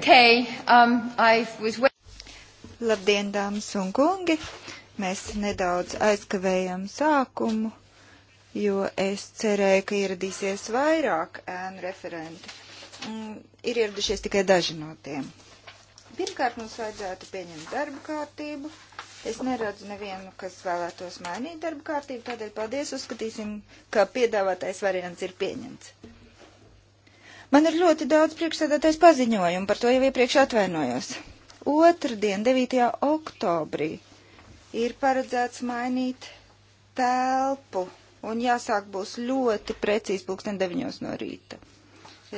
Okay, um, I was... Labdien, dāmas un kungi! Mēs nedaudz aizkavējam sākumu, jo es cerēju, ka ieradīsies vairāk ēnu referenti. Mm, ir ieradušies tikai daži no tiem. Pirmkārt, mums vajadzētu pieņemt darba kārtību. Es neredzu nevienu, kas vēlētos mainīt darba kārtību, tādēļ paldies, uzskatīsim, ka piedāvātais variants ir pieņemts. Man ir ļoti daudz priekšsēdētais paziņojumu, par to jau iepriekš atvainojos. Otrdien, 9. oktobrī, ir paredzēts mainīt telpu, un jāsāk būs ļoti precīzi pulksten 9 no rīta.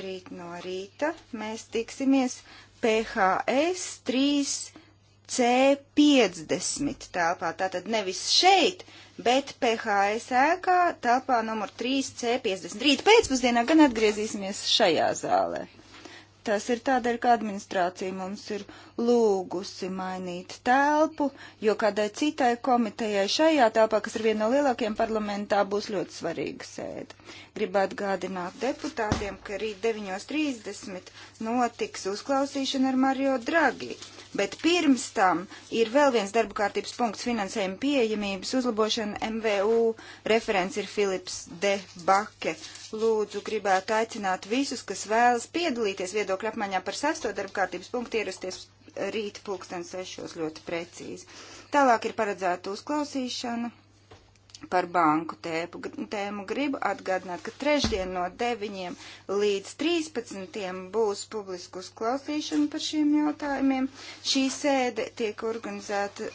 Rīt no rīta mēs tiksimies PHS 3. C50 telpā. Tātad nevis šeit, bet PHS ēkā telpā numur 3C50. Rīt pēcpusdienā gan atgriezīsimies šajā zālē. Tas ir tādēļ, ka administrācija mums ir lūgusi mainīt telpu, jo kādai citai komitejai šajā telpā, kas ir viena no lielākajiem parlamentā, būs ļoti svarīga sēde. Gribu atgādināt deputātiem, ka rīt 9.30 notiks uzklausīšana ar Mario Dragi. Bet pirms tam ir vēl viens darba kārtības punkts finansējuma pieejamības uzlabošana MVU. Referents ir Filips De Bake. Lūdzu, gribētu aicināt visus, kas vēlas piedalīties viedokļu apmaiņā par sesto darba kārtības punktu, ierasties rīt pulksten sešos ļoti precīzi. Tālāk ir paredzēta uzklausīšana par banku tēpu, tēmu gribu atgādināt, ka trešdien no 9 līdz 13 būs publisku uzklausīšana par šiem jautājumiem. Šī sēde tiek organizēta,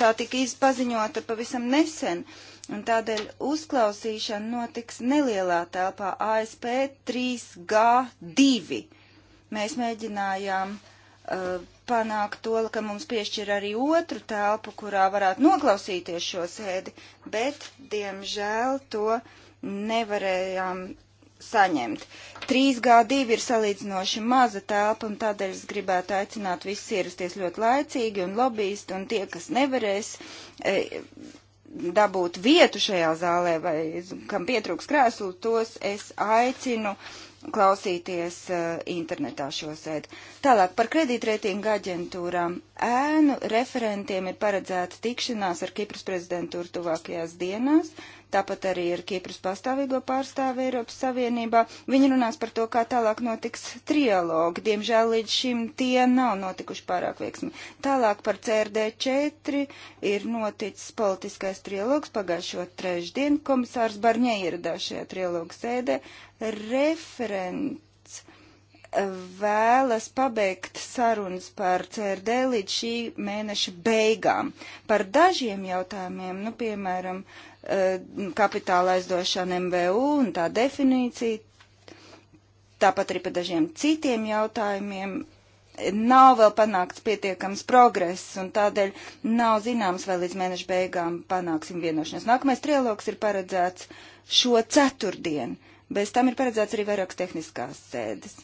tā tika izpaziņota pavisam nesen, un tādēļ uzklausīšana notiks nelielā telpā ASP 3G2. Mēs mēģinājām uh, panākt to, ka mums piešķir arī otru telpu, kurā varētu noklausīties šo sēdi, bet, diemžēl, to nevarējām saņemt. 3G2 ir salīdzinoši maza telpa, un tādēļ es gribētu aicināt visus ierasties ļoti laicīgi un lobbyisti, un tie, kas nevarēs e, dabūt vietu šajā zālē vai kam pietrūks krēslu, tos es aicinu klausīties uh, internetā šo sēdi. Tālāk par kredītreitinga aģentūrām. Ēnu referentiem ir paredzēta tikšanās ar Kipras prezidentūru tuvākajās dienās tāpat arī ar Kipras pastāvīgo pārstāvi Eiropas Savienībā. Viņi runās par to, kā tālāk notiks trialogi. Diemžēl līdz šim tie nav notikuši pārāk veiksmi. Tālāk par CRD4 ir noticis politiskais trialogs. Pagājušo trešdienu komisārs Barņē ieradās šajā trialogu sēdē. Referents eh, vēlas pabeigt sarunas par CRD līdz šī mēneša beigām. Par dažiem jautājumiem, nu, piemēram, uh, Eh, kapitāla aizdošana MVU un tā definīcija, tāpat arī par dažiem citiem jautājumiem. Nav vēl panākts pietiekams progress, un tādēļ nav zināms, vai līdz mēneša beigām panāksim vienošanos. Nākamais trialogs ir paredzēts šo ceturtdienu, bez tam ir paredzēts arī vairākas tehniskās sēdes.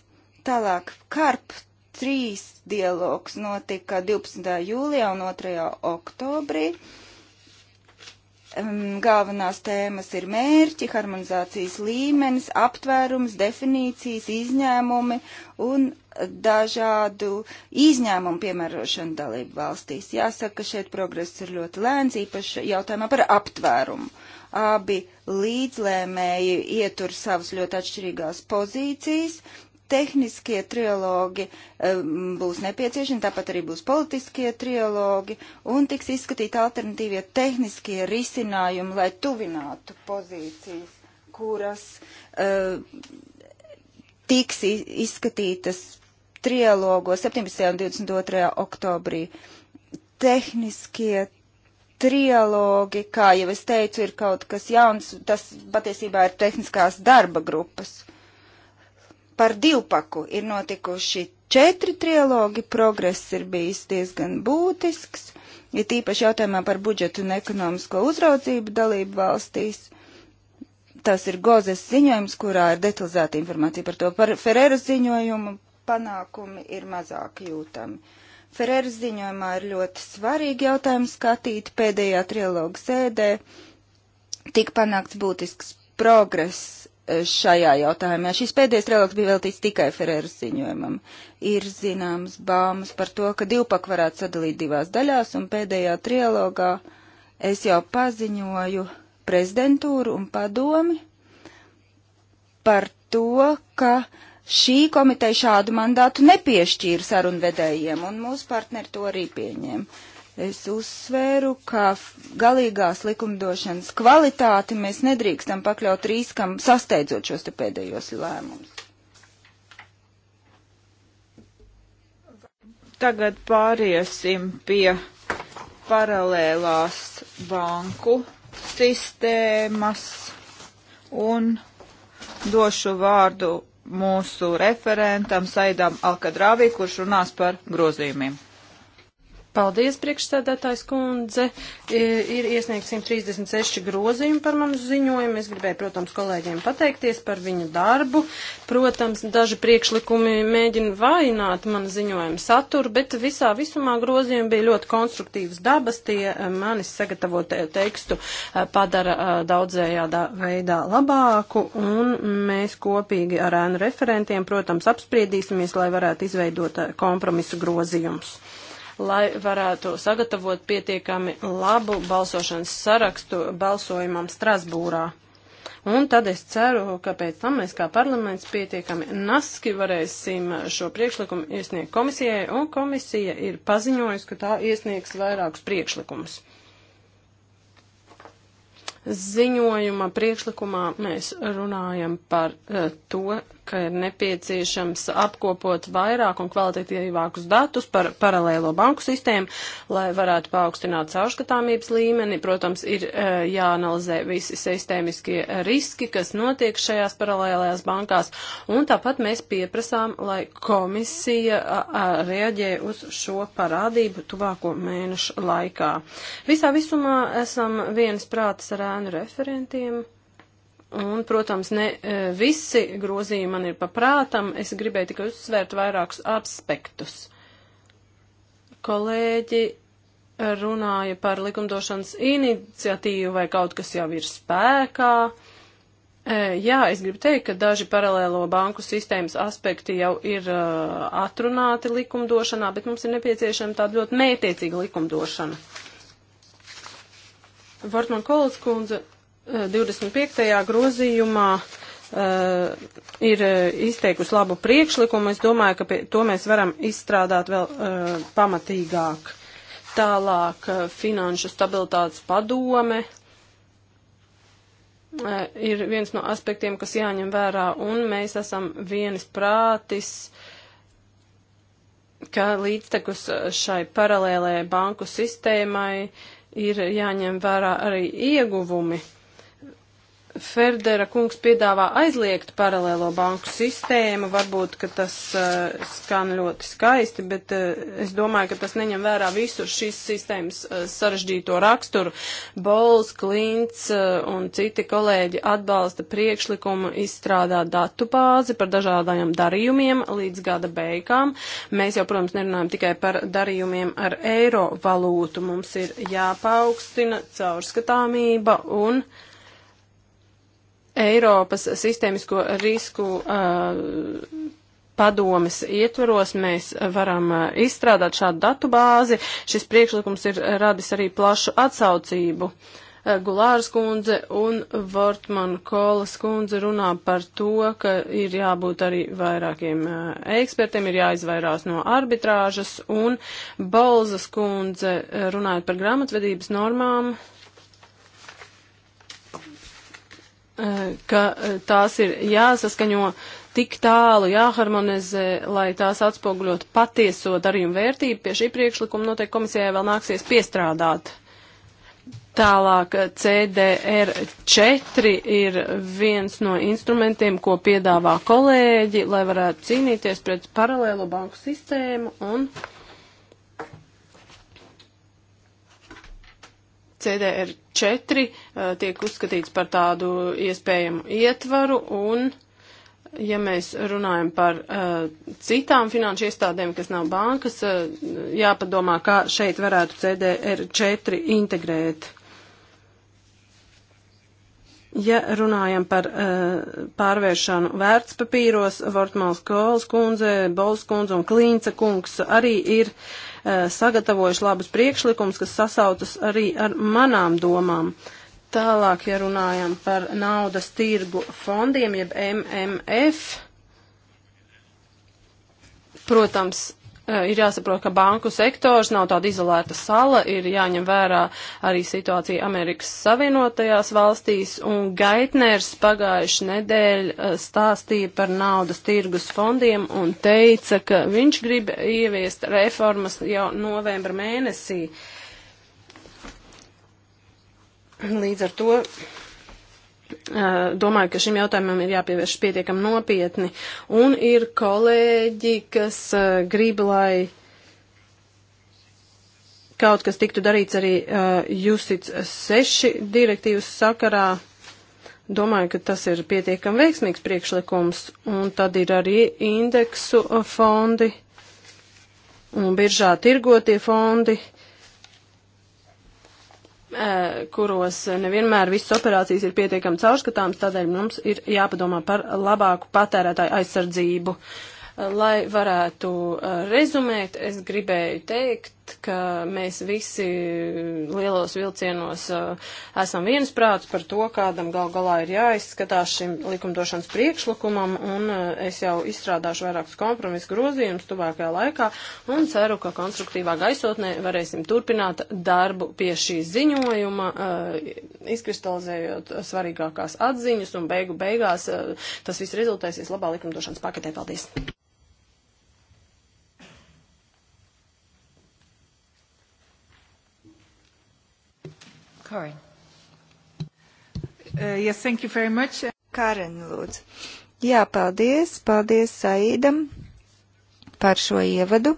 Tālāk, karp trīs dialogs notika 12. jūlijā un 2. oktobrī. Uh, Galvenās tēmas ir mērķi, harmonizācijas līmenis, aptvērums, definīcijas, izņēmumi un dažādu izņēmumu piemērošanu dalību valstīs. Jāsaka, ka šeit progress ir ļoti lēns, īpaši jautājumā par aptvērumu. Abi līdzlēmēji ietur savas ļoti atšķirīgās pozīcijas, tehniskie trilogi um, būs nepieciešami, tāpat arī būs politiskie trilogi un tiks izskatīti alternatīvie tehniskie risinājumi, lai tuvinātu pozīcijas, kuras uh, tiks izskatītas trilogos 17. un 22. oktobrī. Tehniskie trilogi, kā jau es teicu, ir kaut kas jauns, tas patiesībā ir tehniskās darba grupas. Uh, Par divpaku ir notikuši četri trilogi, progress ir bijis diezgan būtisks, ir ja tīpaši jautājumā par budžetu un ekonomisko uzraudzību dalību valstīs. Tas ir Gozes ziņojums, kurā ir detalizēta informācija par to. Par Ferēras ziņojumu panākumi ir mazāk jūtami. Ferēras ziņojumā ir ļoti svarīgi jautājumi skatīt pēdējā trilogu sēdē. Tik panākts būtisks progress šajā jautājumā. Šis pēdējais trilogs bija veltīts tikai Ferēras ziņojumam. Ir zināmas bāmas par to, ka divpak varētu sadalīt divās daļās, un pēdējā trilogā es jau paziņoju prezidentūru un padomi par to, ka šī komiteja šādu mandātu nepiešķīra sarunvedējiem, un mūsu partneri to arī pieņēma. Es uzsvēru, ka galīgās likumdošanas kvalitāti mēs nedrīkstam pakļaut riskam, sasteidzot šos te pēdējos lēmumus. Tagad pāriesim pie paralēlās banku sistēmas un došu vārdu mūsu referentam Saidam Alkadrāvī, kurš runās par grozījumiem. Paldies, priekšsēdētājs kundze. Ir iesniegts 136 grozījumi par manu ziņojumu. Es gribēju, protams, kolēģiem pateikties par viņu darbu. Protams, daži priekšlikumi mēģina vainot manu ziņojumu saturu, bet visā visumā grozījumi bija ļoti konstruktīvas dabas. Tie eh, manis sagatavot tekstu eh, padara eh, daudzējādā veidā labāku, un mēs kopīgi ar ēnu referentiem, protams, apspriedīsimies, lai varētu izveidot kompromisu grozījumus lai varētu sagatavot pietiekami labu balsošanas sarakstu balsojumam Strasbūrā. Un tad es ceru, ka pēc tam mēs kā parlaments pietiekami naski varēsim šo priekšlikumu iesniegt komisijai, un komisija ir paziņojusi, ka tā iesniegs vairākus priekšlikumus. Ziņojuma priekšlikumā mēs runājam par eh, to, ka ir nepieciešams apkopot vairāk un kvalitatīvākus datus par paralēlo banku sistēmu, lai varētu paaugstināt caurskatāmības līmeni. Protams, ir e, jāanalizē visi sistēmiskie riski, kas notiek šajās paralēlajās bankās, un tāpat mēs pieprasām, lai komisija reaģē uz šo parādību tuvāko mēnešu laikā. Visā visumā esam viens prātis ar ēnu referentiem. Un, protams, ne e, visi grozījumi man ir paprātam, es gribēju tikai uzsvērt vairākus aspektus. Kolēģi runāja par likumdošanas iniciatīvu vai kaut kas jau ir spēkā. E, jā, es gribu teikt, ka daži paralēlo banku sistēmas aspekti jau ir e, atrunāti likumdošanā, bet mums ir nepieciešama tāda ļoti mētiecīga likumdošana. Vortman Kolas kundze 25. grozījumā uh, ir eh, izteikusi labu priekšlikumu. Es domāju, ka pie, to mēs varam izstrādāt vēl uh, pamatīgāk. Tālāk uh, finanšu stabilitātes padome uh, ir viens no aspektiem, kas jāņem vērā, un mēs esam vienis prātis uh, ka līdztekus šai paralēlējai banku sistēmai ir jāņem vērā arī ieguvumi. Ferdera kungs piedāvā aizliegt paralēlo banku sistēmu, varbūt, ka tas uh, skan ļoti skaisti, bet uh, es domāju, ka tas neņem vērā visu šīs sistēmas uh, sarežģīto raksturu. Bols, Klints uh, un citi kolēģi atbalsta priekšlikumu izstrādāt datu bāzi par dažādajiem darījumiem līdz gada beigām. Mēs jau, protams, nerunājam tikai par darījumiem ar eiro valūtu. Mums ir jāpaukstina caurskatāmība un. Uh, Eiropas sistēmisko risku uh, padomes ietvaros mēs varam uh, izstrādāt šādu datu bāzi. Šis priekšlikums ir radis arī plašu atsaucību. Uh, Gulāras kundze un Vortman Kolas kundze runā par to, ka ir jābūt arī vairākiem uh, ekspertiem, ir jāizvairās no arbitrāžas, un Bolzas kundze uh, runāja par grāmatvedības normām, ka e, tās ir jāsaskaņo tik tālu, jāharmonizē, lai tās atspoguļot patieso darījumu vērtību. Pie šī priekšlikuma noteikti komisijai vēl nāksies piestrādāt. Tālāk CDR4 ir viens no instrumentiem, ko piedāvā kolēģi, lai varētu cīnīties pret paralēlo banku sistēmu un CDR4. 4 eh, tiek uzskatīts par tādu iespējamu ietvaru un, ja mēs runājam par eh, citām finanšu iestādēm, kas nav bankas, eh, jāpadomā, kā šeit varētu CDR 4 integrēt. Ja runājam par uh, pārvēršanu vērtspapīros, Vortmāls Kols kundze, Bols kundze un Klīnca kungs arī ir uh, Eh, sagatavojuši labus priekšlikumus, kas sasautas arī ar manām domām. Tālāk, ja runājam par naudas tirgu fondiem, jeb MMF, protams, Eh, ir jāsaprot, ka banku sektors nav tāda izolēta sala, ir jāņem vērā arī situācija Amerikas Savienotajās valstīs, un Gaitners pagājuši nedēļ eh, stāstīja par naudas tirgus fondiem un teica, ka viņš grib ieviest reformas jau novembra mēnesī. Līdz ar to domāju, ka šim jautājumam ir jāpievērš pietiekam nopietni. Un ir kolēģi, kas grib, lai kaut kas tiktu darīts arī Jusits 6 direktīvas sakarā. Domāju, ka tas ir pietiekam veiksmīgs priekšlikums. Un tad ir arī indeksu fondi un biržā tirgotie fondi. Uh, kuros nevienmēr visas operācijas ir pietiekami caurskatāmas, tādēļ mums ir jāpadomā par labāku patērētāju aizsardzību. Lai varētu rezumēt, es gribēju teikt, teikt, ka mēs visi lielos vilcienos uh, esam viensprāts par to, kādam gal galā ir jāizskatās šim likumdošanas priekšlikumam, un uh, es jau izstrādāšu vairākus kompromisu grozījumus tuvākajā laikā, un ceru, ka konstruktīvā gaisotnē varēsim turpināt darbu pie šī ziņojuma, uh, izkristalizējot svarīgākās atziņas, un beigu beigās tas viss rezultēsies labā likumdošanas paketē. Paldies! Corin. Uh, yes, thank you very much. Karen, lūdzu. Jā, paldies, paldies Saidam par šo ievadu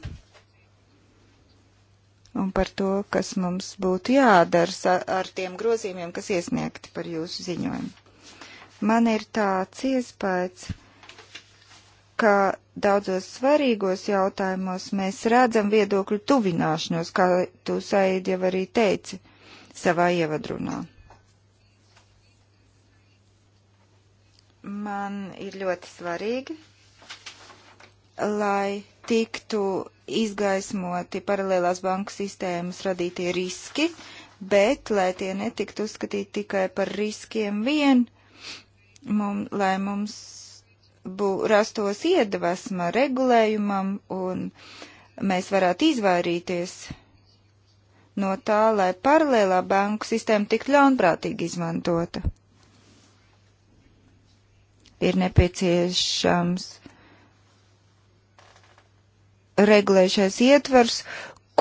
un par to, kas mums būtu jādara ar tiem grozījumiem, kas iesniegti par jūsu ziņojumu. Man ir tāds iespējas, ka daudzos svarīgos jautājumos mēs redzam viedokļu tuvināšanos, kā tu, Said, jau arī teici savā ievadrunā. Man ir ļoti svarīgi, lai tiktu izgaismoti paralēlās banku sistēmas radītie riski, bet lai tie netiktu uzskatīti tikai par riskiem vien, mum, lai mums bū, rastos iedvesma regulējumam un mēs varētu izvairīties no tā, lai paralēlā banku sistēma tik ļaunprātīgi izmantota. Ir nepieciešams regulēšais ietvers,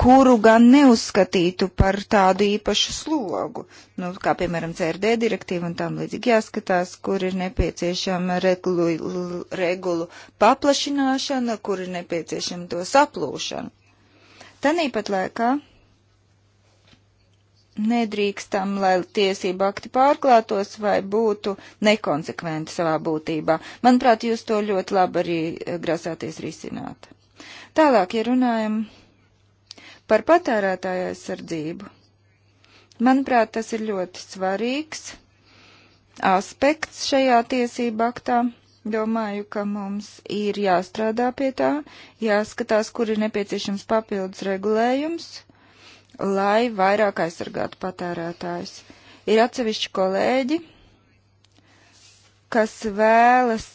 kuru gan neuzskatītu par tādu īpašu slogu, nu, kā piemēram CRD direktīva un tam līdzīgi jāskatās, kur ir nepieciešama regulu, regulu paplašināšana, kur ir nepieciešama to saplūšana. Tanīpat laikā nedrīkstam, lai tiesība akti pārklātos vai būtu nekonsekventi savā būtībā. Manuprāt, jūs to ļoti labi arī eh, grasāties risināt. Tālāk, ja runājam par patērētāju aizsardzību, manuprāt, tas ir ļoti svarīgs aspekts šajā tiesība aktā. Domāju, ka mums ir jāstrādā pie tā, jāskatās, kur ir nepieciešams papildus regulējums lai vairāk aizsargātu patērētājus. Ir atsevišķi kolēģi, kas vēlas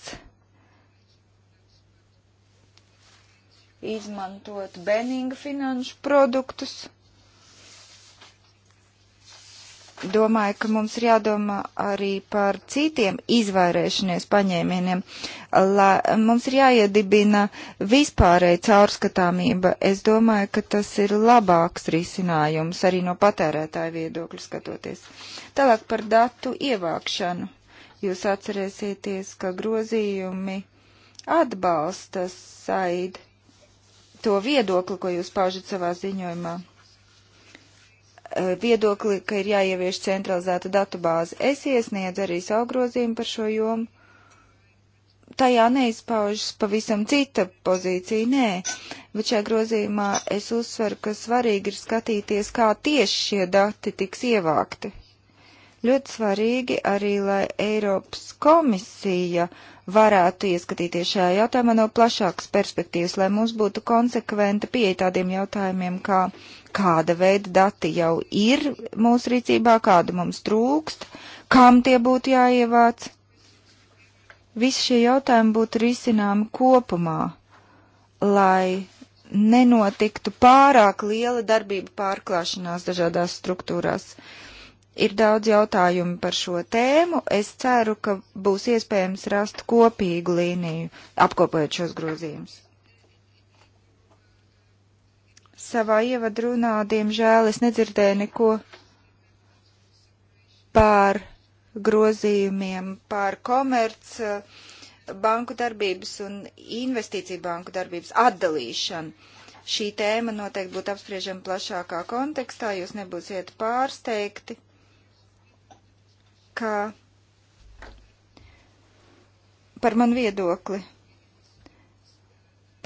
izmantot Beninga finanšu produktus domāju, ka mums ir jādomā arī par citiem izvairēšanies paņēmieniem. La, mums ir jāiedibina vispārēja caurskatāmība. Es domāju, ka tas ir labāks risinājums arī no patērētāja viedokļa skatoties. Tālāk par datu ievākšanu. Jūs atcerēsieties, ka grozījumi atbalsta said to viedokli, ko jūs paužat savā ziņojumā. Eh, viedokli, ka ir jāievieš centralizēta datubāze. Es iesniedzu arī savu grozījumu par šo jomu. Tajā neizpaužas pavisam cita pozīcija, nē, bet šajā grozījumā es uzsveru, ka svarīgi ir skatīties, kā tieši šie dati tiks ievākti. Ļoti svarīgi arī, lai Eiropas komisija varētu ieskatīties šajā jautājumā no plašākas perspektīvas, lai mums būtu konsekventa pieeja tādiem jautājumiem kā kāda veida dati jau ir mūsu rīcībā, kāda mums trūkst, kam tie būtu jāievāc. Visi šie jautājumi būtu risināmi kopumā, lai nenotiktu pārāk liela darbība pārklāšanās dažādās struktūrās. Ir daudz jautājumu par šo tēmu. Es ceru, ka būs iespējams rast kopīgu līniju, apkopojot šos grozījumus. Savā ievadrunā, diemžēl, es nedzirdēju neko pār grozījumiem, pār komerc eh, banku darbības un investīciju banku darbības atdalīšanu. Šī tēma noteikti būtu apspriežama plašākā kontekstā, jūs nebūsiet pārsteigti, ka par manu viedokli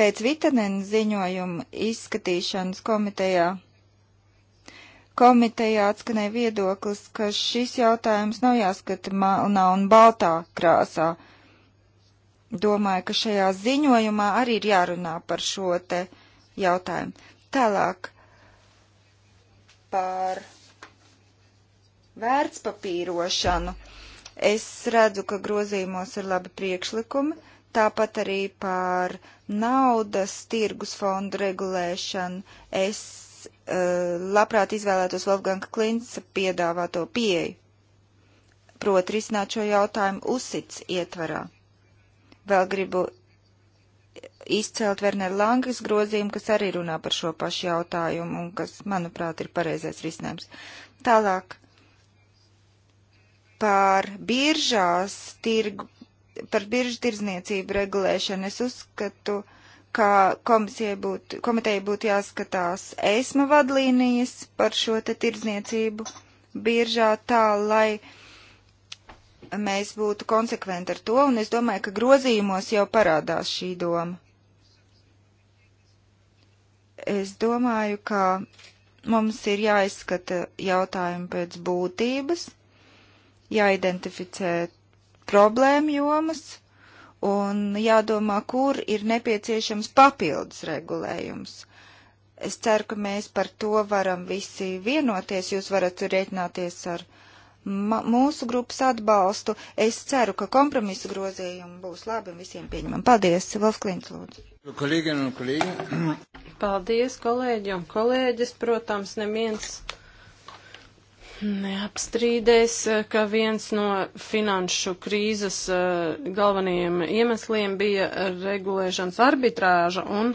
Pēc Vitanenes ziņojuma izskatīšanas komitejā komitejā atskanēja viedoklis, ka šis jautājums nav jāskata melnā un baltā krāsā. Domāju, ka šajā ziņojumā arī ir jārunā par šo te jautājumu. Tālāk par vērtspapīrošanu. Es redzu, ka grozījumos ir labi priekšlikumi. Tāpat arī par naudas tirgus fondu regulēšanu es uh, labprāt izvēlētos Wolfganga Klinca piedāvāto pieeju, proti risināt šo jautājumu uzsits ietvarā. Vēl gribu izcelt Werner Langas grozījumu, kas arī runā par šo pašu jautājumu un kas, manuprāt, ir pareizais risinājums. Tālāk par biržās tirgu par biržu tirdzniecību regulēšanu. Es uzskatu, ka komisijai būtu, komitejai būtu jāskatās ESMA vadlīnijas par šo te tirdzniecību biržā tā, lai mēs būtu konsekventi ar to, un es domāju, ka grozījumos jau parādās šī doma. Es domāju, ka mums ir jāizskata jautājumi pēc būtības, jāidentificē problēma jomas un jādomā, kur ir nepieciešams papildus regulējums. Es ceru, ka mēs par to varam visi vienoties. Jūs varat rēķināties ar mūsu grupas atbalstu. Es ceru, ka kompromisu grozījumi būs labi un visiem pieņemam. Paldies, Valsts Klints, lūdzu. Kolēģi un kolēģi. Paldies, kolēģi un kolēģis. Protams, neviens neapstrīdēs, ka viens no finanšu krīzes eh, galvenajiem iemesliem bija regulēšanas arbitrāža un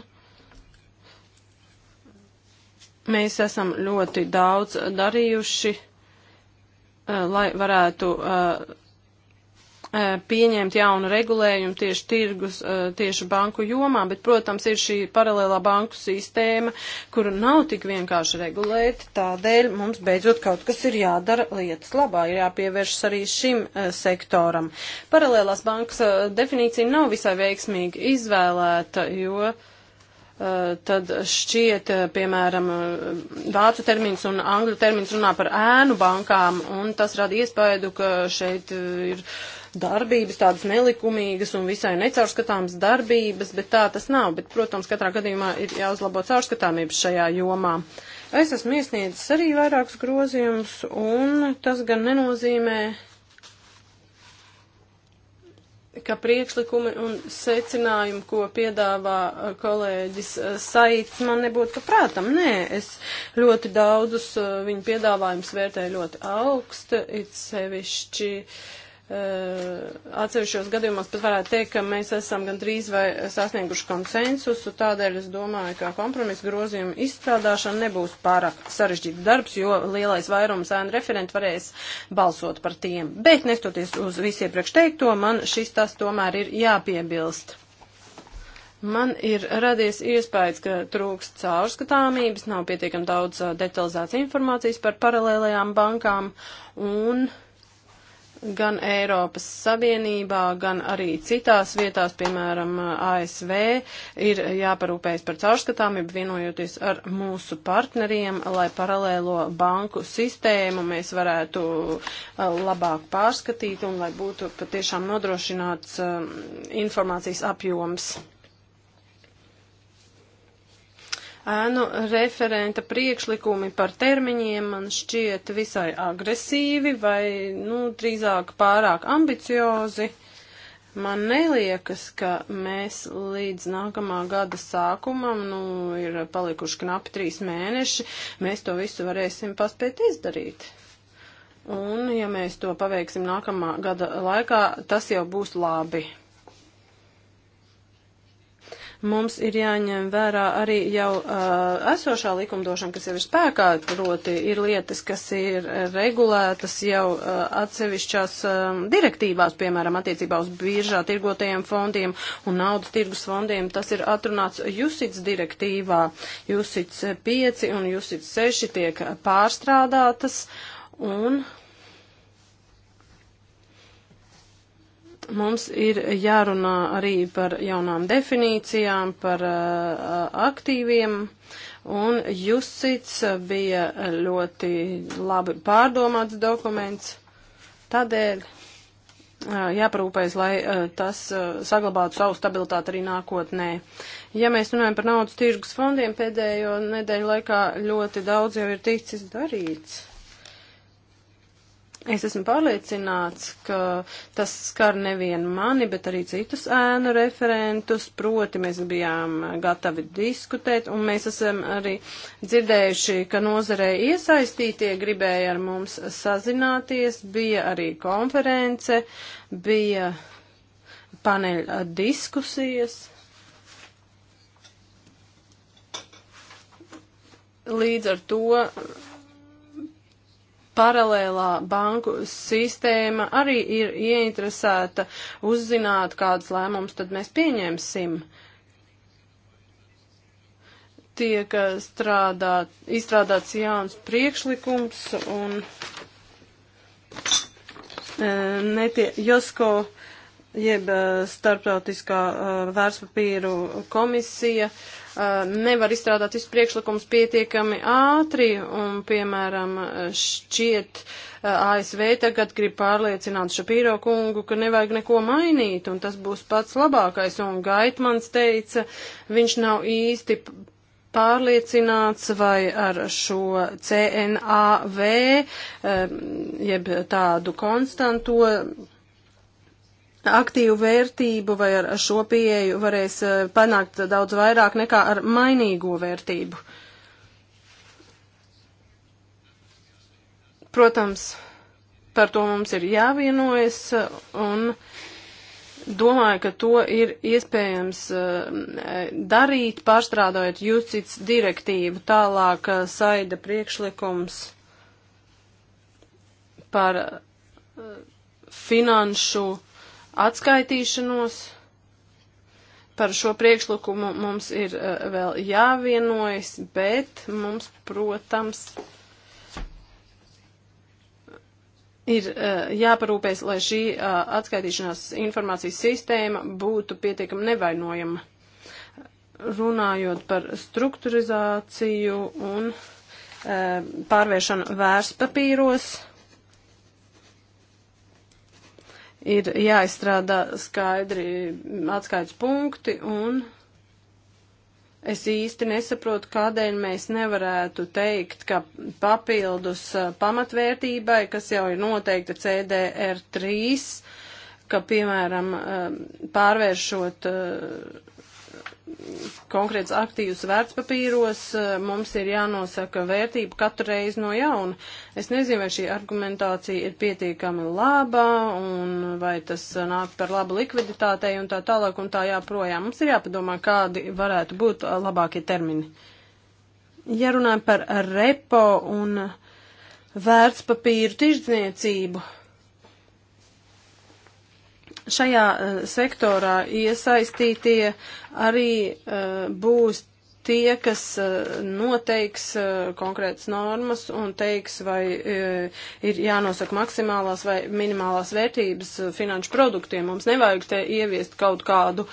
mēs esam ļoti daudz darījuši, eh, lai varētu eh, E, pieņemt jaunu regulējumu tieši tirgus, e, tieši banku jomā, bet, protams, ir šī paralēlā banku sistēma, kuru nav tik vienkārši regulēt, tādēļ mums beidzot kaut kas ir jādara lietas labā, ir jāpievēršas arī šim e, sektoram. Paralēlās bankas definīcija nav visai veiksmīgi izvēlēta, jo tad šķiet, piemēram, vācu termins un angļu termins runā par ēnu bankām, un tas rada iespēju, ka šeit ir uh, darbības, tādas nelikumīgas un visai necaurskatāmas darbības, bet tā tas nav. Bet, protams, katrā gadījumā ir jāuzlabo caurskatāmības šajā jomā. Es esmu iesniedzis arī vairākus grozījumus, un tas gan nenozīmē, ka priekšlikumi un secinājumi, ko piedāvā uh, kolēģis uh, Saits, man nebūtu paprātam. Nē, es ļoti daudzus uh, viņa piedāvājumus vērtēju ļoti augstu, it sevišķi. Uh, Eh, atsevišķos gadījumos pat varētu teikt, ka mēs esam gandrīz vai sasnieguši konsensusu, tādēļ es domāju, ka kompromisa grozījuma izstrādāšana nebūs pārāk sarežģīta darbs, jo lielais vairums ēnu referenti varēs balsot par tiem. Bet, nestoties uz visiem priekšteikto, man šis tas tomēr ir jāpiebilst. Man ir radies iespējas, ka trūkst caurskatāmības, nav pietiekam daudz eh, detalizētas informācijas par paralēlajām bankām un uh, gan Eiropas Savienībā, gan arī citās vietās, piemēram, ASV, ir jāparūpējas par caurskatāmību, vienojoties ar mūsu partneriem, lai paralēlo banku sistēmu mēs varētu labāk pārskatīt un lai būtu patiešām nodrošināts informācijas apjoms. ēnu referenta priekšlikumi par termiņiem man šķiet visai agresīvi vai, nu, drīzāk pārāk ambiciozi. Man neliekas, ka mēs līdz nākamā gada sākumam, nu, ir palikuši knapi trīs mēneši, mēs to visu varēsim paspēt izdarīt. Un, ja mēs to paveiksim nākamā gada laikā, tas jau būs labi mums ir jāņem vērā arī jau uh, esošā likumdošana, kas jau ir spēkā, proti ir lietas, kas ir regulētas jau uh, atsevišķās um, direktīvās, piemēram, attiecībā uz bīržā tirgotajiem fondiem un naudas tirgus fondiem. Tas ir atrunāts Jusits direktīvā. Jusits 5 un Jusits 6 tiek pārstrādātas. Un bet mums ir jārunā arī par jaunām definīcijām, par uh, aktīviem, un Jusits bija ļoti labi pārdomāts dokuments. Tādēļ uh, jāparūpējas, lai uh, tas uh, saglabātu savu stabilitāti arī nākotnē. Ja mēs runājam par naudas tirgus fondiem, pēdējo nedēļu laikā ļoti daudz jau ir ticis darīts. Es esmu pārliecināts, ka tas skar nevienu mani, bet arī citus ēnu referentus, proti mēs bijām gatavi diskutēt, un mēs esam arī dzirdējuši, ka nozarei iesaistītie gribēja ar mums sazināties, bija arī konference, bija paneļa diskusijas. Līdz ar to paralēlā banku sistēma arī ir ieinteresēta uzzināt, kādas lēmumus tad mēs pieņemsim. Tiek eh, strādāt, izstrādāts jauns priekšlikums un e, netie, Josko jeb eh, starptautiskā vērtspapīru komisija uh, Uh, nevar izstrādāt visu priekšlikumus pietiekami ātri, un, piemēram, šķiet, uh, ASV tagad grib pārliecināt Šapīro kungu, ka nevajag neko mainīt, un tas būs pats labākais, un Gaitmans teica, viņš nav īsti pārliecināts vai ar šo CNAV, uh, jeb tādu konstanto aktīvu vērtību vai ar šo pieeju varēs eh, panākt daudz vairāk nekā ar mainīgo vērtību. Protams, par to mums ir jāvienojas eh, un domāju, ka to ir iespējams eh, darīt, pārstrādājot jūcits direktīvu tālāk saida priekšlikums par finanšu atskaitīšanos. Par šo priekšlikumu mums ir eh, vēl jāvienojas, bet mums, protams, ir eh, jāparūpēs, lai šī eh, atskaitīšanās informācijas sistēma būtu pietiekami nevainojama. Runājot par strukturizāciju un pārvēršanu vērtspapīros, ir jāizstrādā skaidri atskaits punkti un es īsti nesaprotu, kādēļ mēs nevarētu teikt, ka papildus pamatvērtībai, kas jau ir noteikta CDR3, ka, piemēram, pārvēršot konkrēts aktīvs vērtspapīros, eh, mums ir jānosaka vērtība katru reizi no jauna. Es nezinu, vai šī argumentācija ir pietiekami laba un vai tas nāk par labu likviditātei un tā tālāk un tā jāprojām. Mums ir jāpadomā, kādi varētu būt labākie termini. Ja runājam par repo un vērtspapīru tirzniecību Šajā uh, sektorā iesaistītie arī uh, būs tie, kas eh, noteiks konkrētas normas un teiks, vai ir jānosaka maksimālās vai minimālās vērtības finanšu produktiem. Mums nevajag te ieviest kaut kādu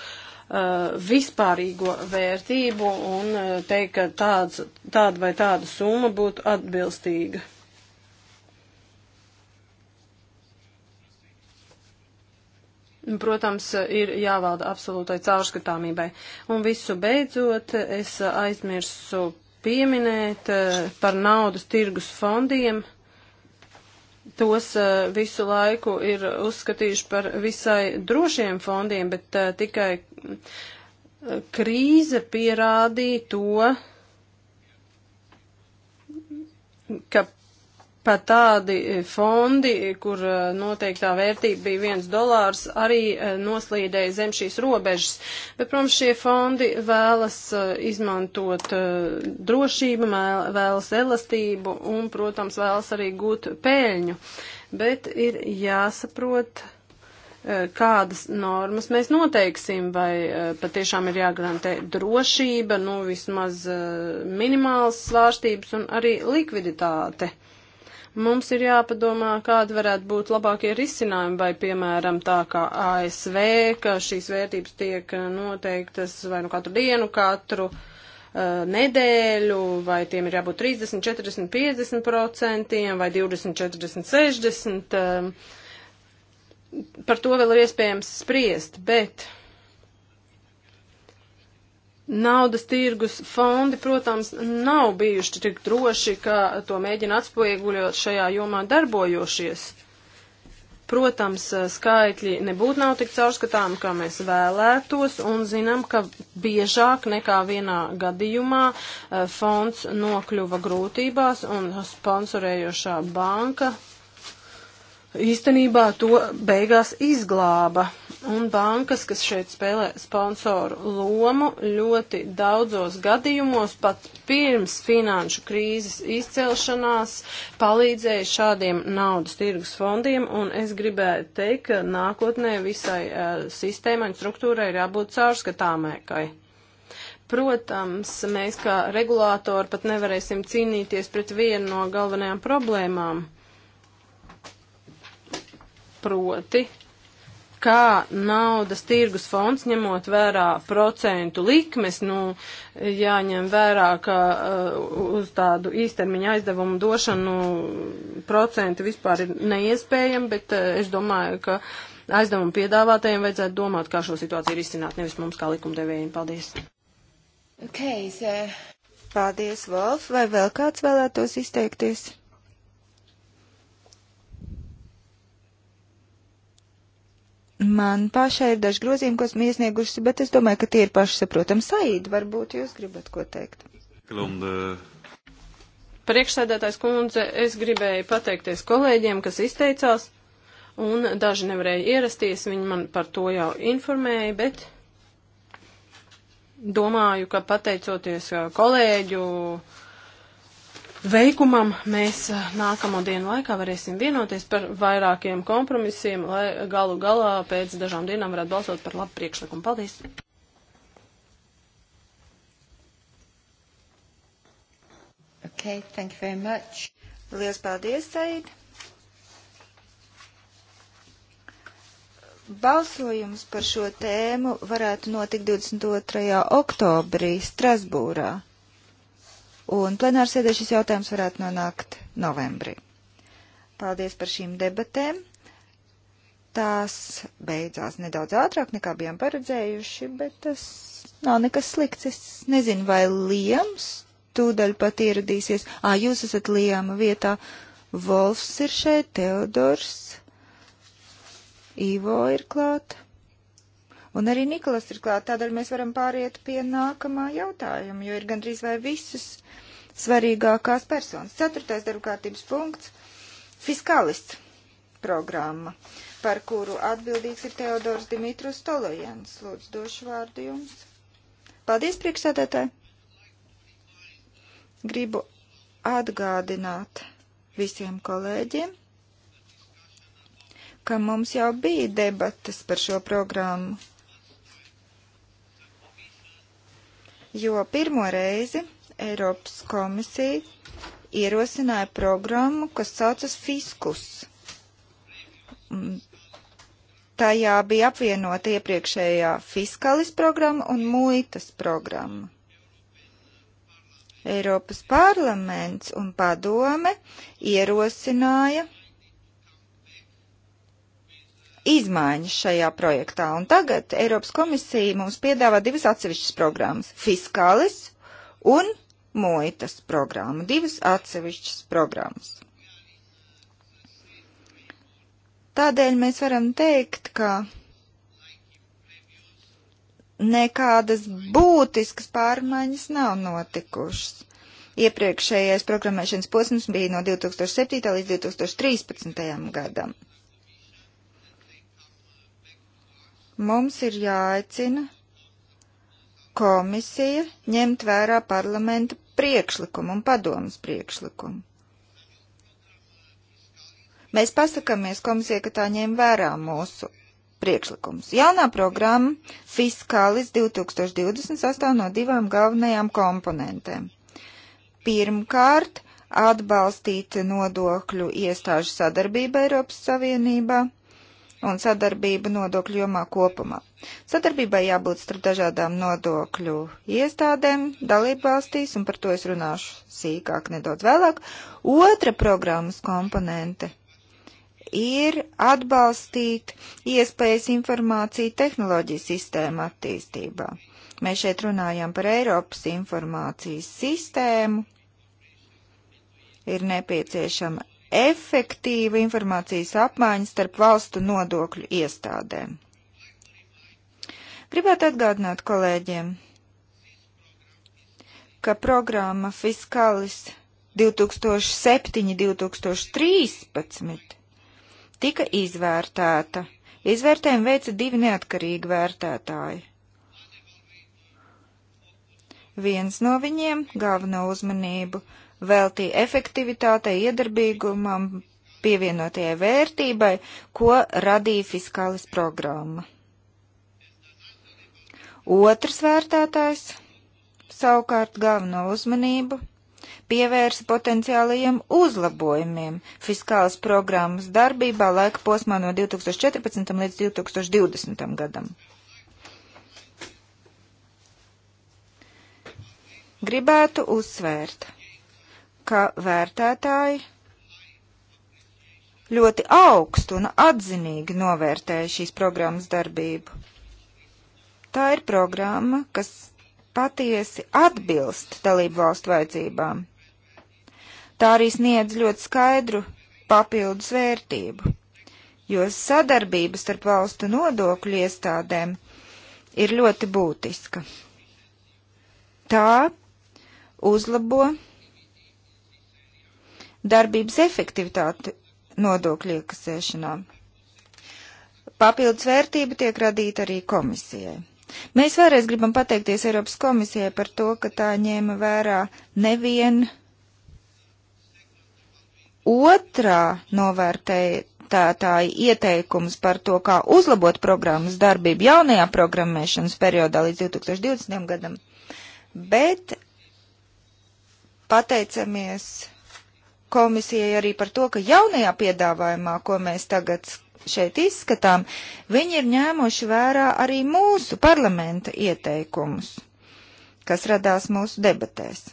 vispārīgo vērtību un teikt, ka tāds, tāda vai tāda summa būtu atbilstīga. protams, ir jāvalda absolūtai caurskatāmībai. Un visu beidzot, es aizmirsu pieminēt eh, par naudas tirgus fondiem. Tos eh, visu laiku ir uzskatījuši par visai drošiem fondiem, bet eh, tikai krīze pierādīja to, ka Pat tādi e, fondi, kur e, noteiktā vērtība bija viens dolārs, arī e, noslīdēja zem šīs robežas. Bet, protams, šie fondi vēlas izmantot drošību, vēlas elastību un, protams, vēlas arī gūt pēļņu. Bet ir jāsaprot, kādas normas mēs noteiksim, vai patiešām ir jāgarantē drošība, nu vismaz minimāls svārstības un arī likviditāte. Mums ir jāpadomā, kāda varētu būt labākie risinājumi, vai, piemēram, tā kā ASV, ka šīs vērtības tiek noteiktas vai nu katru dienu, katru uh, nedēļu, vai tiem ir jābūt 30, 40, 50 procentiem, vai 20, 40, 60. Uh, par to vēl ir iespējams spriest, bet Naudas tirgus fondi, protams, nav bijuši tik droši, ka to mēģina atspoguļot šajā jomā darbojošies. Protams, skaitļi nebūtu nav tik caurskatāmi, kā mēs vēlētos, un zinām, ka biežāk nekā vienā gadījumā eh, fonds nokļuva grūtībās un sponsorējošā banka īstenībā to beigās izglāba. Un bankas, kas šeit spēlē sponsoru lomu, ļoti daudzos gadījumos pat pirms finanšu krīzes izcelšanās palīdzēja šādiem naudas tirgus fondiem, un es gribēju teikt, ka nākotnē visai uh, sistēmai un struktūrai ir jābūt caurskatāmēkai. Protams, mēs kā regulātori pat nevarēsim cīnīties pret vienu no galvenajām problēmām. Proti, kā naudas tirgus fonds, ņemot vērā procentu likmes, nu, jāņem vērā, ka uh, uz tādu īstermiņa aizdevumu došanu procenti vispār ir neiespējami, bet uh, es domāju, ka aizdevumu piedāvātajiem vajadzētu domāt, kā šo situāciju risināt, nevis mums kā likumdevējiem. Paldies! Okay, so... Paldies, Wolf! Vai vēl kāds vēlētos izteikties? Man pašai ir daži grozījumi, ko esmu iesnieguši, bet es domāju, ka tie ir pašsaprotami. Saīd, varbūt jūs gribat ko teikt? Priekšsēdētājs kundze, es gribēju pateikties kolēģiem, kas izteicās, un daži nevarēja ierasties, viņi man par to jau informēja, bet domāju, ka pateicoties uh, kolēģu uh, veikumam mēs eh, nākamo dienu laikā varēsim vienoties par vairākiem kompromisiem, lai galu galā pēc dažām dienām varētu balsot par labu priekšlikumu. Paldies! Okay, thank you very much. Lielas paldies, Said! Balsojums par šo tēmu varētu notikt 22. oktobrī Strasbūrā un plenārsēdē šis jautājums varētu nonākt novembrī. Paldies par šīm debatēm. Tās beidzās nedaudz ātrāk nekā bijām paredzējuši, bet tas nav nekas slikts. Es nezinu, vai Liems tūdaļ pat ieradīsies. Ā, jūs esat Liema vietā. Volfs ir šeit, Teodors, Ivo ir klāt. Un arī Nikolas ir klāt, tādēļ mēs varam pāriet pie nākamā jautājuma, jo ir gandrīz vai visas svarīgākās personas. Ceturtais darbkārtības punkts - fiskalists programma, par kuru atbildīgs ir Teodors Dimitrus Tolojans. Lūdzu, došu vārdu jums. Paldies, priekšsēdētāji! Gribu atgādināt visiem kolēģiem, ka mums jau bija debatas par šo programmu. jo pirmo reizi Eiropas komisija ierosināja programmu, kas saucas Fiskus. Mm. Tajā bija apvienota iepriekšējā fiskalis programma un muitas programma. Eiropas parlaments un padome ierosināja izmaiņas šajā projektā. Un tagad Eiropas komisija mums piedāvā divas atsevišķas programmas - fiskālis un muitas programmu. Divas atsevišķas programmas. Tādēļ mēs varam teikt, ka nekādas būtiskas pārmaiņas nav notikušas. Iepriekšējais programmēšanas posms bija no 2007. līdz 2013. gadam. Mums ir jāaicina komisija ņemt vērā parlamenta priekšlikumu un padomas priekšlikumu. Mēs pasakāmies komisijai, ka tā ņem vērā mūsu priekšlikums. Jaunā programma Fiskālis 2020 sastāv no divām galvenajām komponentēm. Pirmkārt, atbalstīt nodokļu iestāžu sadarbību Eiropas Savienībā – un sadarbība nodokļu jomā kopumā. Sadarbībai jābūt starp dažādām nodokļu iestādēm, dalībvalstīs, un par to es runāšu sīkāk nedaudz vēlāk. Otra programmas komponente ir atbalstīt iespējas informāciju tehnoloģiju sistēmu attīstībā. Mēs šeit runājam par Eiropas informācijas sistēmu. Ir nepieciešama efektīva informācijas apmaiņa starp valstu nodokļu iestādēm. Gribētu atgādināt kolēģiem, ka programma Fiskalis 2007-2013 tika izvērtēta. Izvērtējumu veica divi neatkarīgi vērtētāji. Viens no viņiem galveno uzmanību veltīja efektivitātei, iedarbīgumam, pievienotajai vērtībai, ko radīja fiskālis programma. Otrs vērtētājs savukārt galveno uzmanību pievērsa potenciālajiem uzlabojumiem fiskālas programmas darbībā laika posmā no 2014. līdz 2020. gadam. Gribētu uzsvērt, ka vērtētāji ļoti augstu un atzinīgi novērtēja šīs programmas darbību. Tā ir programma, kas patiesi atbilst dalību valstu vajadzībām. Tā arī sniedz ļoti skaidru papildus vērtību, jo sadarbība starp valstu nodokļu iestādēm ir ļoti būtiska. Tā uzlabo darbības efektivitāti nodokļu iekasēšanā. Papildus vērtība tiek radīta arī komisijai. Mēs vēlreiz gribam pateikties Eiropas komisijai par to, ka tā ņēma vērā nevien otrā novērtētāja ieteikums par to, kā uzlabot programmas darbību jaunajā programmēšanas periodā līdz 2020. gadam, bet pateicamies komisijai arī par to, ka jaunajā piedāvājumā, ko mēs tagad šeit izskatām, viņi ir ņēmuši vērā arī mūsu parlamenta ieteikumus, kas radās mūsu debatēs.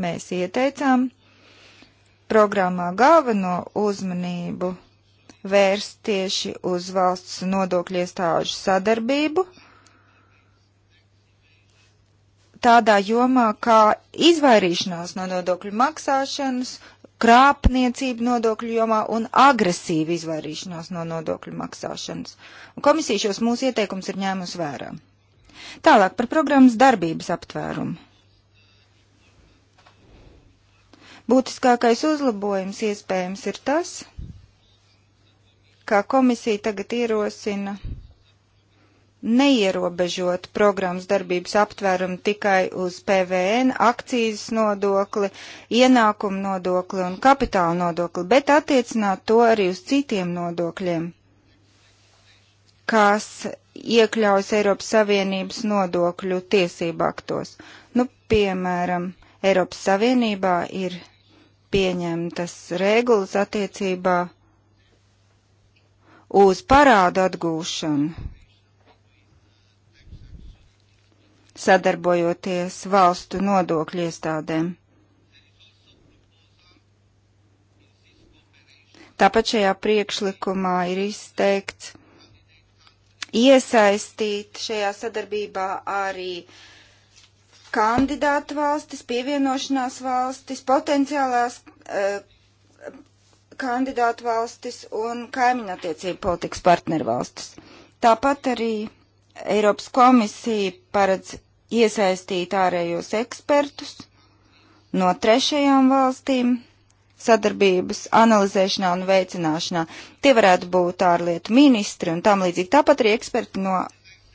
Mēs ieteicām programmā galveno uzmanību vērst tieši uz valsts nodokļu iestāžu sadarbību tādā jomā kā izvairīšanās no nodokļu maksāšanas, krāpniecība nodokļu jomā un agresīva izvairīšanās no nodokļu maksāšanas. Un komisija šos mūsu ieteikums ir ņēmusi vērā. Tālāk par programmas darbības aptvērumu. Būtiskākais uzlabojums iespējams ir tas, kā komisija tagad ierosina neierobežot programmas darbības aptvērumu tikai uz PVN, akcijas nodokli, ienākumu nodokli un kapitāla nodokli, bet attiecināt to arī uz citiem nodokļiem, kas iekļaujas Eiropas Savienības nodokļu tiesību aktos. Nu, piemēram, Eiropas Savienībā ir pieņemtas regulas attiecībā uz parādu atgūšanu sadarbojoties valstu nodokļu iestādēm. Tāpat šajā priekšlikumā ir izteikts iesaistīt šajā sadarbībā arī kandidātu valstis, pievienošanās valstis, potenciālās uh, kandidātu valstis un kaimiņattiecību politikas partneru valstis. Tāpat arī Eiropas komisija paredz iesaistīt ārējos ekspertus no trešajām valstīm sadarbības analizēšanā un veicināšanā. Tie varētu būt ārlietu ministri un tam līdzīgi, tāpat arī eksperti no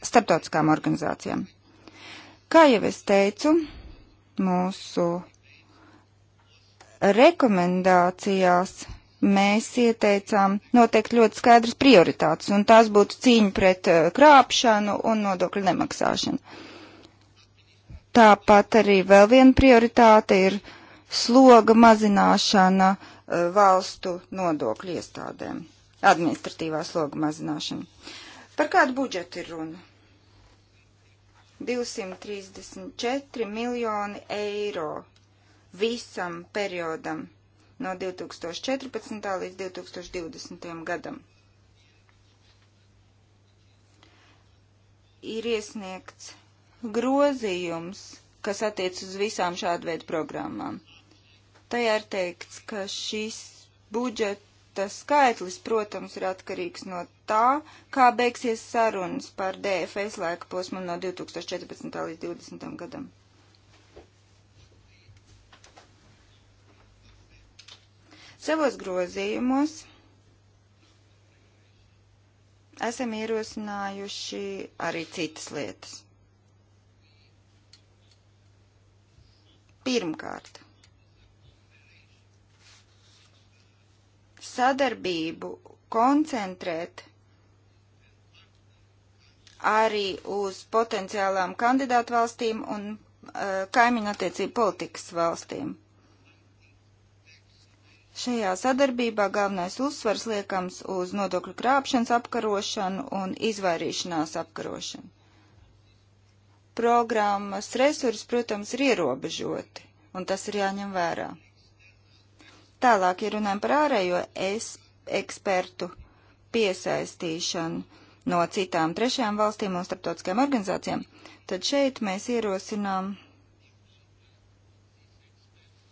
starptautiskām organizācijām. Kā jau es teicu, mūsu rekomendācijās mēs ieteicām noteikti ļoti skaidras prioritātes, un tās būtu cīņa pret eh, krāpšanu un nodokļu nemaksāšanu. Tāpat arī vēl viena prioritāte ir sloga mazināšana eh, valstu nodokļu iestādēm, administratīvā sloga mazināšana. Par kādu budžetu ir runa? 234 miljoni eiro visam periodam no 2014. līdz 2020. gadam. Ir iesniegts grozījums, kas attiec uz visām šādu veidu programmām. Tajā ir teikts, ka šis budžeta skaitlis, protams, ir atkarīgs no tā, kā beigsies sarunas par DFS laika posmu no 2014. līdz 2020. gadam. Savos grozījumos esam ierosinājuši arī citas lietas. Pirmkārt, sadarbību koncentrēt arī uz potenciālām kandidātu valstīm un uh, kaimiņu attiecību politikas valstīm. Šajā sadarbībā galvenais uzsvars liekams uz nodokļu krāpšanas apkarošanu un izvairīšanās apkarošanu. Programmas resursi, protams, ir ierobežoti, un tas ir jāņem vērā. Tālāk, ja runājam par ārējo es, ekspertu piesaistīšanu no citām trešajām valstīm un starptautiskajām organizācijām, tad šeit mēs ierosinām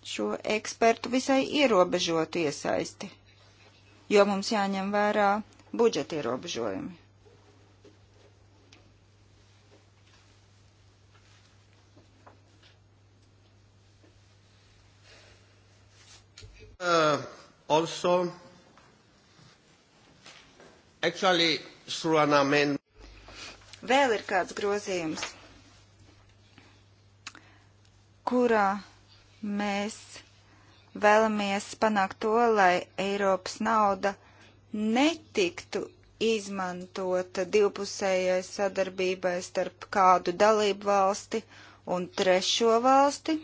šo ekspertu visai ierobežotu iesaisti, jo mums jāņem vērā budžeta ierobežojumi. Uh, also, actually, through an amendment. Vēl ir kāds grozījums, kurā Mēs vēlamies panākt to, lai Eiropas nauda netiktu izmantota divpusējai sadarbībai starp kādu dalību valsti un trešo valsti.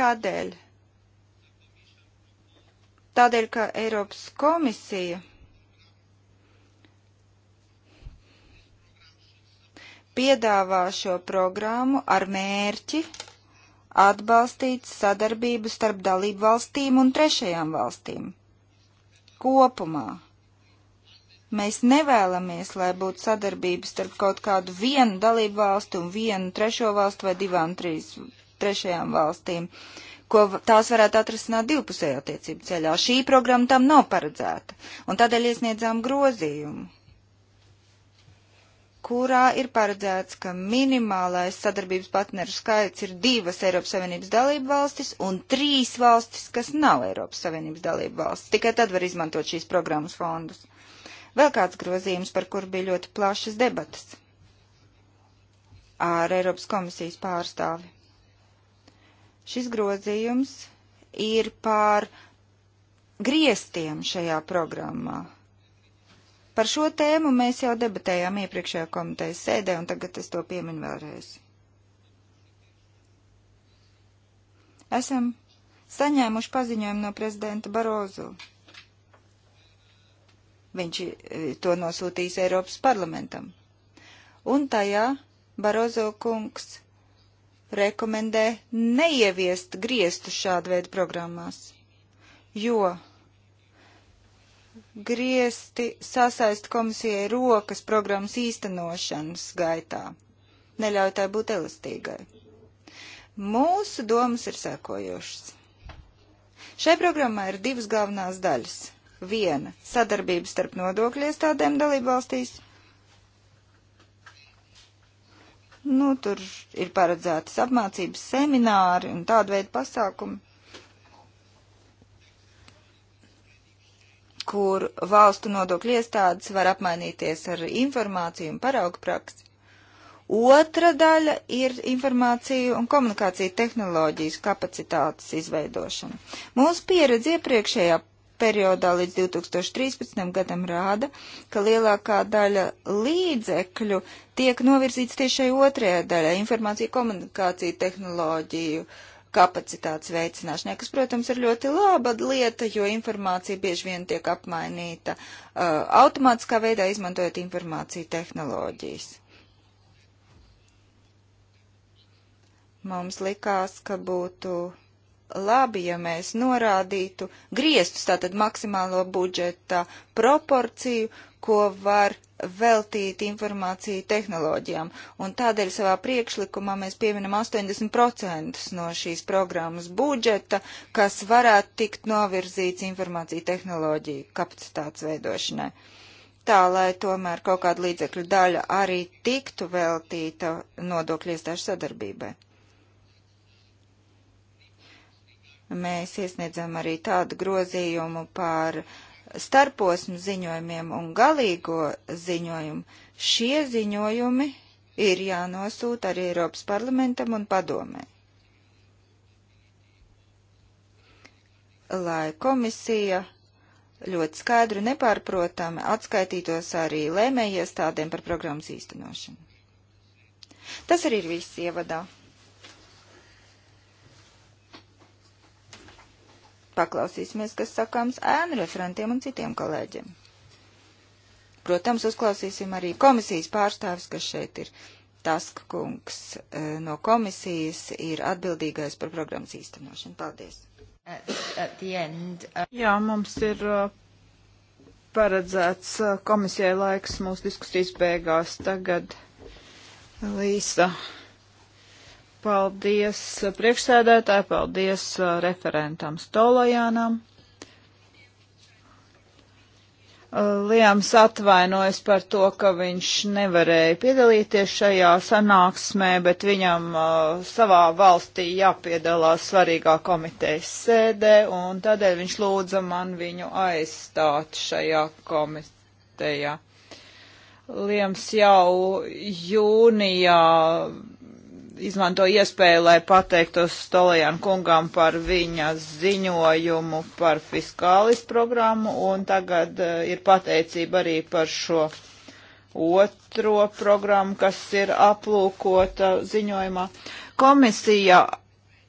Kādēļ? Tādēļ, ka Eiropas komisija piedāvā šo programmu ar mērķi atbalstīt sadarbību starp dalību valstīm un trešajām valstīm. Kopumā Mēs nevēlamies, lai būtu sadarbība starp kaut kādu vienu dalību valstu un vienu trešo valstu vai divām trīs, trešajām valstīm, ko tās varētu atrisināt divpusējā attiecību ceļā. Šī programma tam nav paredzēta, un tādēļ iesniedzām grozījumu kurā ir paredzēts, ka minimālais sadarbības partneru skaits ir divas Eiropas Savienības dalību valstis un trīs valstis, kas nav Eiropas Savienības dalību valstis. Tikai tad var izmantot šīs programmas fondus. Vēl kāds grozījums, par kur bija ļoti plašas debatas ar Eiropas komisijas pārstāvi. Šis grozījums ir par griestiem šajā programmā Par šo tēmu mēs jau debatējām iepriekšējā komitejas sēdē, un tagad es to pieminu vēlreiz. Esam saņēmuši paziņojumu no prezidenta Barozu. Viņš e, to nosūtīs Eiropas parlamentam. Un tajā Barozo kungs rekomendē neieviest griestu šādu veidu programmās, jo griezti sasaist komisijai rokas programmas īstenošanas gaitā, neļauj tai būt elastīgai. Mūsu domas ir sekojošas. Šai programmai ir divas galvenās daļas. Viena - sadarbība starp nodokļu iestādēm dalībvalstīs. Nu, tur ir paredzētas apmācības semināri un tāda veida pasākumi. kur valstu nodokļu iestādes var apmainīties ar informāciju un paraugu praksi. Otra daļa ir informācija un komunikācija tehnoloģijas kapacitātes izveidošana. Mūsu pieredze iepriekšējā periodā līdz 2013. gadam rāda, ka lielākā daļa līdzekļu tiek novirzīts tieši šai otrajai daļai - informācija komunikācija tehnoloģiju uh, kapacitātes veicināšanai, kas, protams, ir ļoti laba lieta, jo informācija bieži vien tiek apmainīta uh, automātiskā veidā, izmantojot informāciju tehnoloģijas. Mums likās, ka būtu labi, ja mēs norādītu griestus, tātad maksimālo budžeta proporciju ko var veltīt informāciju tehnoloģijām. Un tādēļ savā priekšlikumā mēs pieminam 80% no šīs programmas budžeta, kas varētu tikt novirzīts informāciju tehnoloģiju kapacitātes veidošanai. Tā, lai tomēr kaut kāda līdzekļu daļa arī tiktu veltīta nodokļu iestāžu sadarbībai. Mēs iesniedzam arī tādu grozījumu par uh, starposmu ziņojumiem un galīgo ziņojumu, šie ziņojumi ir jānosūta arī Eiropas parlamentam un padomē. Lai komisija ļoti skaidri un nepārprotami atskaitītos arī lēmējiestādēm par programmas īstenošanu. Tas arī ir viss ievadā. Paklausīsimies, kas sakāms ēnu referentiem un citiem kolēģiem. Protams, uzklausīsim arī komisijas pārstāvis, kas šeit ir. Taska kungs eh, no komisijas ir atbildīgais par programmas īstenošanu. Paldies! End, uh... Jā, mums ir eh, paredzēts eh, komisijai laiks mūsu diskusijas beigās. Tagad Līsa Paldies uh, priekšsēdētāji, paldies uh, referentam Stolajānam. Uh, Liams atvainojas par to, ka viņš nevarēja piedalīties šajā sanāksmē, bet viņam uh, savā valstī jāpiedalās svarīgā komitejas sēdē, un tādēļ viņš lūdza man viņu aizstāt šajā komitejā. Liams jau jūnijā izmanto iespēju, lai pateiktos Stolajan kungam par viņa ziņojumu par fiskālis programmu, un tagad uh, ir pateicība arī par šo otro programmu, kas ir aplūkota ziņojumā. Komisija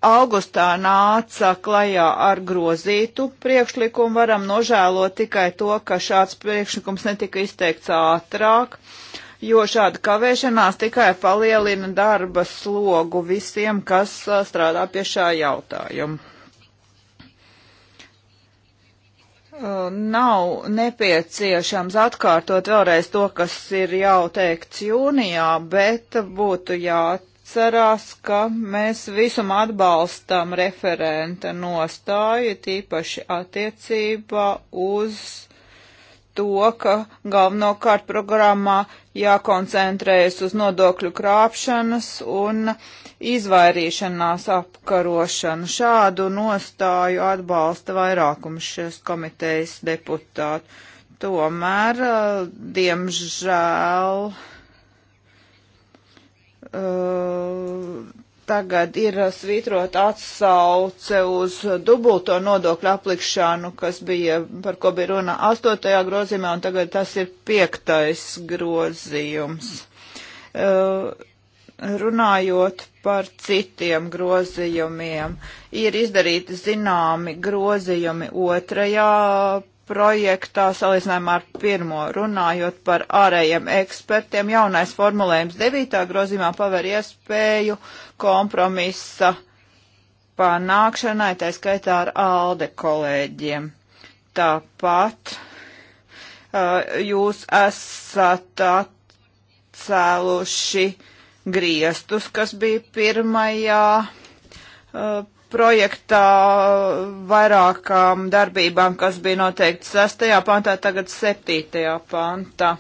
augustā nāca klajā ar grozītu priekšlikumu, varam nožēlot tikai to, ka šāds priekšlikums netika izteikts ātrāk. Uh, jo šāda kavēšanās tikai palielina darba slogu visiem, kas strādā pie šā jautājuma. Nav nepieciešams atkārtot vēlreiz to, kas ir jau teikts jūnijā, bet būtu jāatcerās, ka mēs visumā atbalstam referenta nostāju, tīpaši attiecībā uz to, ka galvenokārt programmā jākoncentrējas uz nodokļu krāpšanas un izvairīšanās apkarošanu. Šādu nostāju atbalsta vairākums šīs komitejas deputātu. Tomēr, diemžēl, uh, tagad ir svītrot atsauce uz dubulto nodokļu aplikšanu, kas bija, par ko bija runa astotajā grozījumā, un tagad tas ir piektais grozījums. Uh, runājot par citiem grozījumiem, ir izdarīti zināmi grozījumi otrajā projektā salīdzinājumā ar pirmo runājot par ārējiem ekspertiem. Jaunais formulējums 9. grozīmā paver iespēju kompromisa panākšanai, tā skaitā ar ALDE kolēģiem. Tāpat uh, jūs esat atcēluši griestus, kas bija pirmajā uh, projektā vairākām darbībām, kas bija noteikti 6. pantā, tagad 7. pantā.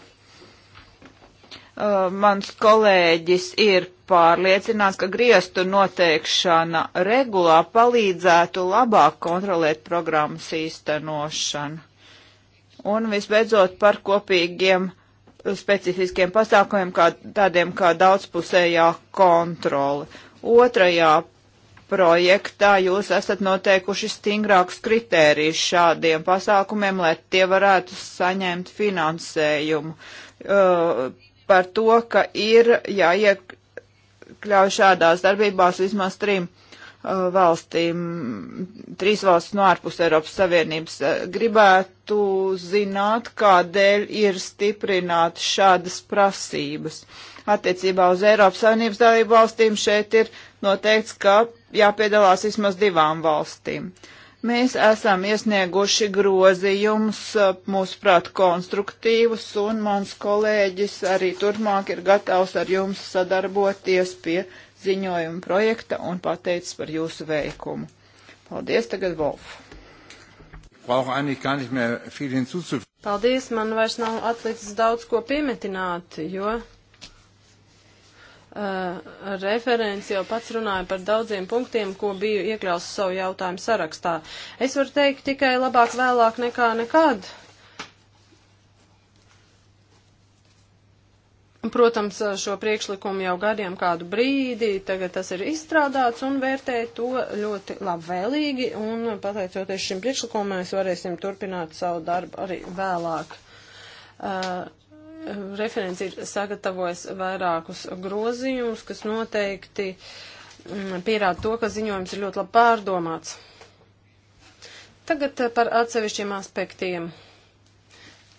Uh, mans kolēģis ir pārliecināts, ka griestu noteikšana regulā palīdzētu labāk kontrolēt programmas īstenošanu. Un visbeidzot par kopīgiem specifiskiem pasākumiem, kā, tādiem kā daudzpusējā kontrole. Otrajā projektā jūs esat noteikuši stingrākus kritērijus šādiem pasākumiem, lai tie varētu saņemt finansējumu. Uh, par to, ka ir jāiekļauj šādās darbībās vismaz trim uh, valstīm, trīs valsts no ārpus Eiropas Savienības. Uh, gribētu zināt, kādēļ ir stiprināts šādas prasības. Attiecībā uz Eiropas Savienības dalību valstīm šeit ir noteikts, ka jāpiedalās vismaz divām valstīm. Mēs esam iesnieguši grozījumus, mūsuprāt, konstruktīvus, un mans kolēģis arī turpmāk ir gatavs ar jums sadarboties pie ziņojuma projekta un pateicis par jūsu veikumu. Paldies tagad, Wolf! Paldies, man vairs nav atlicis daudz ko piemetināt, jo Eh, referents jau pats runāja par daudziem punktiem, ko biju iekļaus savu jautājumu sarakstā. Es varu teikt tikai labāk vēlāk nekā nekad. Protams, eh, šo priekšlikumu jau gadiem kādu brīdi, tagad tas ir izstrādāts un vērtēju to ļoti labvēlīgi, un pateicoties šim priekšlikumam, mēs varēsim turpināt savu darbu arī vēlāk. Uh, Referents ir sagatavojis vairākus grozījumus, kas noteikti mm, pierāda to, ka ziņojums ir ļoti labi pārdomāts. Tagad eh, par atsevišķiem aspektiem.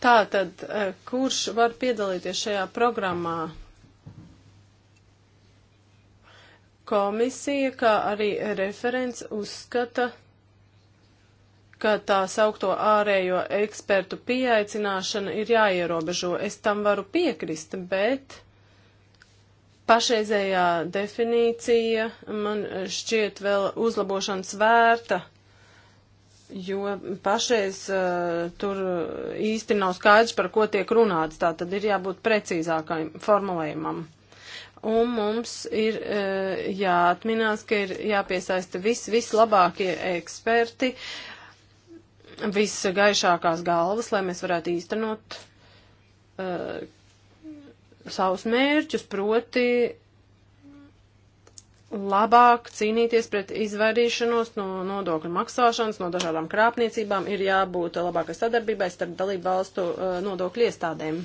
Tātad, eh, kurš var piedalīties šajā programmā? Komisija, kā arī referents, uzskata, ka ka tā saukto ārējo ekspertu pieaicināšana ir jāierobežo. Es tam varu piekrist, bet pašreizējā definīcija man šķiet vēl uzlabošanas vērta, jo pašreiz uh, tur īsti nav skaidrs, par ko tiek runāts. Tā tad ir jābūt precīzākam formulējumam. Un mums ir uh, jāatminās, ka ir jāpiesaista vis, vislabākie eksperti, visgaišākās galvas, lai mēs varētu īstenot uh, savus mērķus, proti labāk cīnīties pret izvairīšanos no nodokļu maksāšanas, no dažādām krāpniecībām, ir jābūt labākai sadarbībai starp dalību valstu uh, nodokļu iestādēm.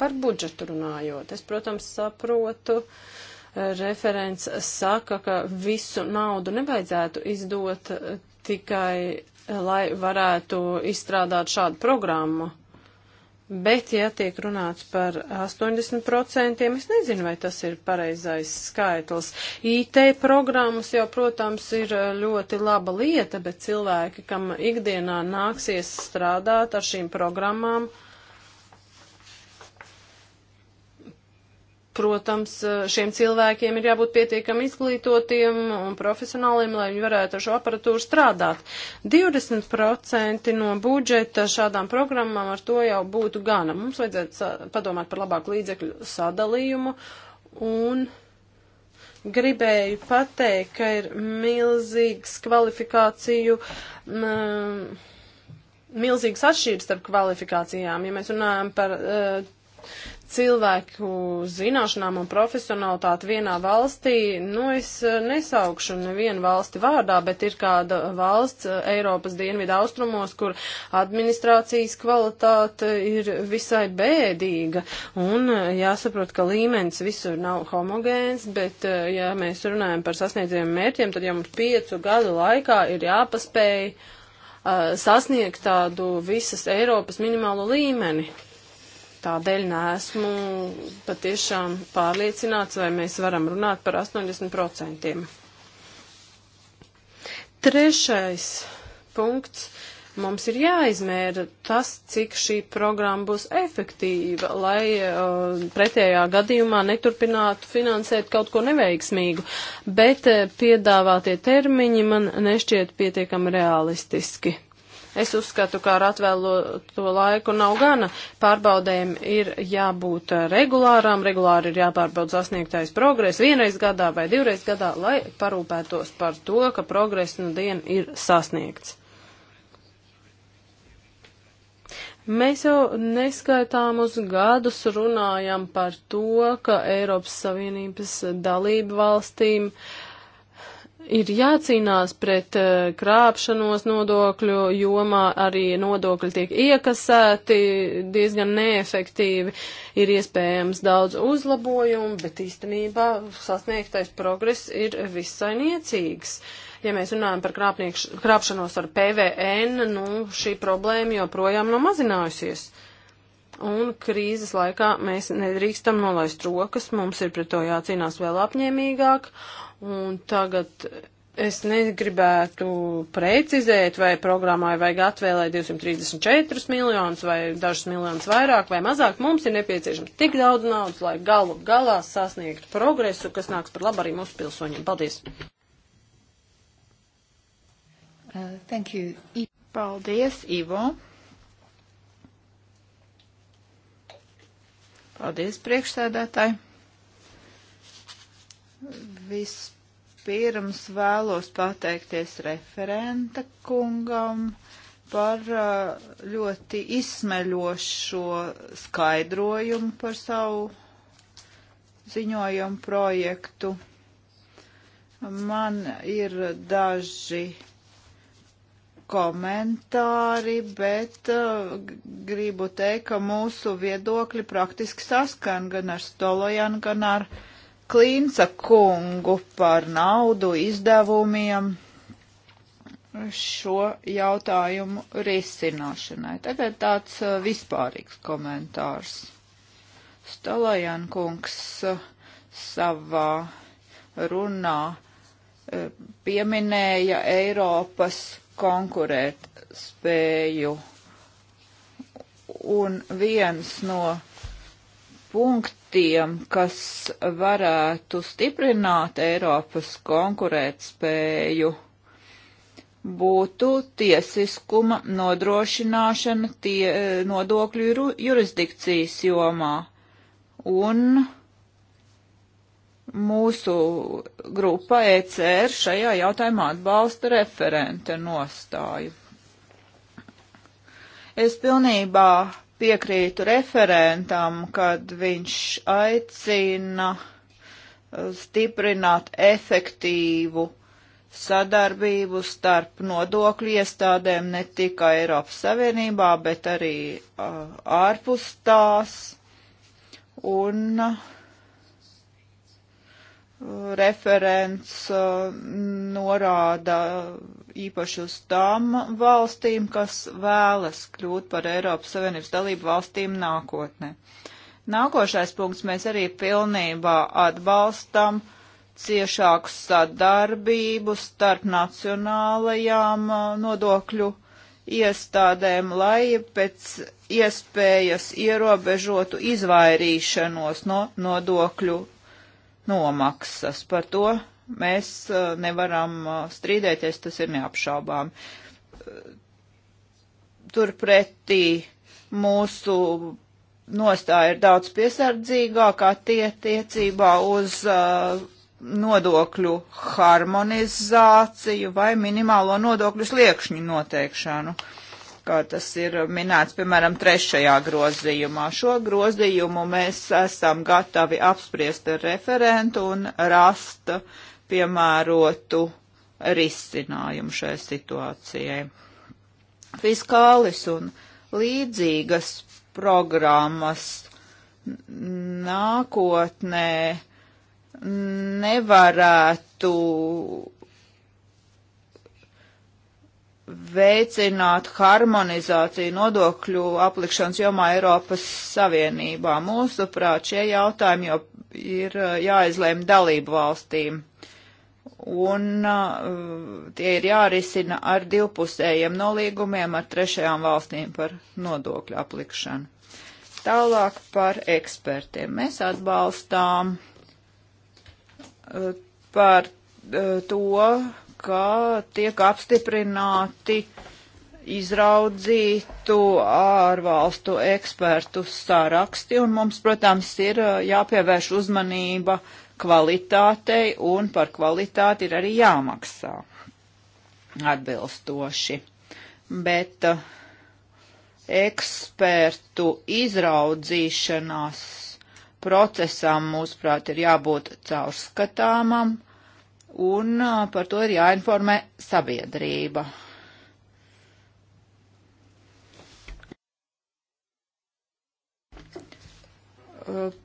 Par budžetu runājot, es, protams, saprotu, uh, referents saka, ka visu naudu nevajadzētu izdot uh, tikai lai varētu izstrādāt šādu programmu. Bet, ja tiek runāts par 80%, es nezinu, vai tas ir pareizais skaitlis. IT programmas jau, protams, ir eh, ļoti laba lieta, bet cilvēki, kam ikdienā nāksies strādāt ar šīm programmām, uh, Protams, eh, šiem cilvēkiem ir jābūt pietiekami izglītotiem un profesionāliem, lai viņi varētu ar šo aparatūru strādāt. 20% no budžeta šādām programmām ar to jau būtu gana. Mums vajadzētu padomāt par labāku līdzekļu sadalījumu un gribēju pateikt, ka ir milzīgs kvalifikāciju. M, mm, milzīgas atšķirības starp kvalifikācijām. Ja mēs runājam par uh, cilvēku zināšanām un profesionalitāti vienā valstī, nu es eh, nesaukšu nevienu valsti vārdā, bet ir kāda valsts eh, Eiropas dienvidu austrumos, kur administrācijas kvalitāte ir visai bēdīga. Un eh, jāsaprot, ka līmenis visur nav homogēns, bet ja mēs runājam par sasniedzējiem mērķiem, tad jau mums piecu gadu laikā ir jāpaspēj uh, sasniegt tādu visas Eiropas minimālo līmeni. Tādēļ neesmu patiešām pārliecināts, vai mēs varam runāt par 80%. Trešais punkts. Mums ir jāizmēra tas, cik šī programma būs efektīva, lai uh, pretējā gadījumā neturpinātu finansēt kaut ko neveiksmīgu, bet uh, piedāvātie termiņi man nešķiet pietiekami realistiski. Es uzskatu, ka ar atvēloto laiku nav gana. Pārbaudēm ir jābūt eh, regulārām, regulāri ir jāpārbauda sasniegtais progress vienreiz gadā vai divreiz gadā, lai parūpētos par to, ka progress nu dienu ir sasniegts. Mēs jau neskaitāmus gadus runājam par to, ka Eiropas Savienības dalību valstīm uh, ir jācīnās pret eh, krāpšanos nodokļu jomā, arī nodokļi tiek iekasēti diezgan neefektīvi, ir iespējams daudz uzlabojumu, bet īstenībā sasniegtais progress ir visai niecīgs. Ja mēs runājam par krāpšanos ar PVN, nu, šī problēma joprojām nav mazinājusies. Un krīzes laikā mēs nedrīkstam nolaist rokas, mums ir pret to jācīnās vēl apņēmīgāk, Un tagad es negribētu precizēt, vai programmai vajag atvēlēt 234 miljonus, vai dažus miljonus vairāk vai mazāk. Mums ir nepieciešams tik daudz naudas, lai galu galā sasniegtu progresu, kas nāks par labu arī mūsu pilsoņiem. Paldies! Uh, thank you. I Paldies, Ivo. Paldies, priekšsēdētāji. Vispirms vēlos pateikties referenta kungam par uh, ļoti izsmeļošo skaidrojumu par savu ziņojumu projektu. Man ir daži komentāri, bet uh, gribu teikt, ka mūsu viedokļi praktiski saskan gan ar Stolojanu, gan ar uh, Klīnca kungu par naudu izdevumiem šo jautājumu risināšanai. Tagad tāds uh, vispārīgs komentārs. Stalajan kungs uh, savā runā uh, pieminēja Eiropas konkurēt spēju. Un viens no punktiem, kas varētu stiprināt Eiropas konkurētspēju, būtu tiesiskuma nodrošināšana tie, nodokļu jurisdikcijas jomā un mūsu grupa ECR šajā jautājumā atbalsta referente nostāju. Es pilnībā piekrītu referentam, kad viņš aicina uh, stiprināt efektīvu sadarbību starp nodokļu iestādēm ne tikai Eiropas Savienībā, bet arī uh, ārpus tās. Un uh, referents uh, norāda īpaši uz tām valstīm, kas vēlas kļūt par Eiropas Savienības dalību valstīm nākotnē. Nākošais punkts mēs arī pilnībā atbalstam ciešāku sadarbību starp nacionālajām nodokļu iestādēm, lai pēc iespējas ierobežotu izvairīšanos no nodokļu nomaksas. Par to mēs uh, nevaram uh, strīdēties, tas ir neapšaubām. Uh, turpretī mūsu nostāja ir daudz piesardzīgākā attiecībā uz uh, nodokļu harmonizāciju vai minimālo nodokļu sliekšņu noteikšanu, kā tas ir minēts, piemēram, trešajā grozījumā. Šo grozījumu mēs esam gatavi apspriest ar referentu un rast piemērotu risinājumu šai situācijai. Fiskālis un līdzīgas programmas nākotnē nevarētu veicināt harmonizāciju nodokļu aplikšanas jomā Eiropas Savienībā. Mūsuprāt, šie jautājumi jau ir uh, jāizlēm dalību valstīm un uh, tie ir jārisina ar divpusējiem nolīgumiem ar trešajām valstīm par nodokļu aplikšanu. Tālāk par ekspertiem. Mēs atbalstām uh, par uh, to, ka tiek apstiprināti izraudzītu ārvalstu ekspertu saraksti, un mums, protams, ir uh, jāpievērš uzmanība uh, kvalitātei, un par kvalitāti ir arī jāmaksā atbilstoši. Bet uh, ekspertu izraudzīšanās procesam, mūsuprāt, ir jābūt caurskatāmam, un uh, par to ir jāinformē sabiedrība.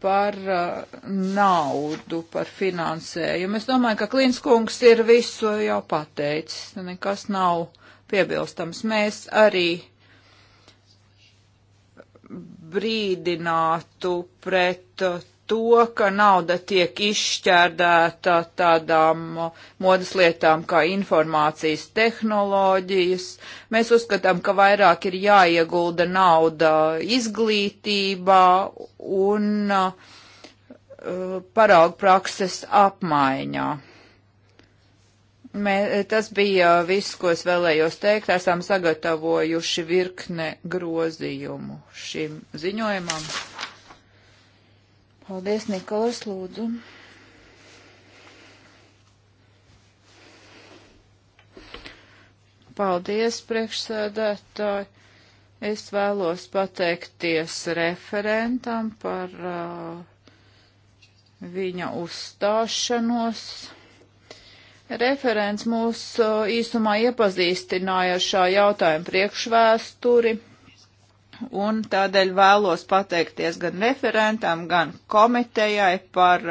par uh, naudu, par finansējumu. Es domāju, ka Klīns kungs ir visu jau pateicis, nu, nekas nav piebilstams. Mēs arī brīdinātu pret to, ka nauda tiek izšķērdēta tādām uh, modas lietām kā informācijas tehnoloģijas. Mēs uzskatām, ka vairāk ir jāiegulda nauda izglītībā un uh, paraugu prakses apmaiņā. Mē, tas bija viss, ko es vēlējos teikt. Esam sagatavojuši virkne grozījumu šim ziņojumam. Paldies, Nikolas, lūdzu. Paldies, priekšsēdētāji. Es vēlos pateikties referentam par uh, viņa uzstāšanos. Referents mūs uh, īsumā iepazīstināja ar šā jautājuma priekšvēsturi un tādēļ vēlos pateikties gan referentam, gan komitejai par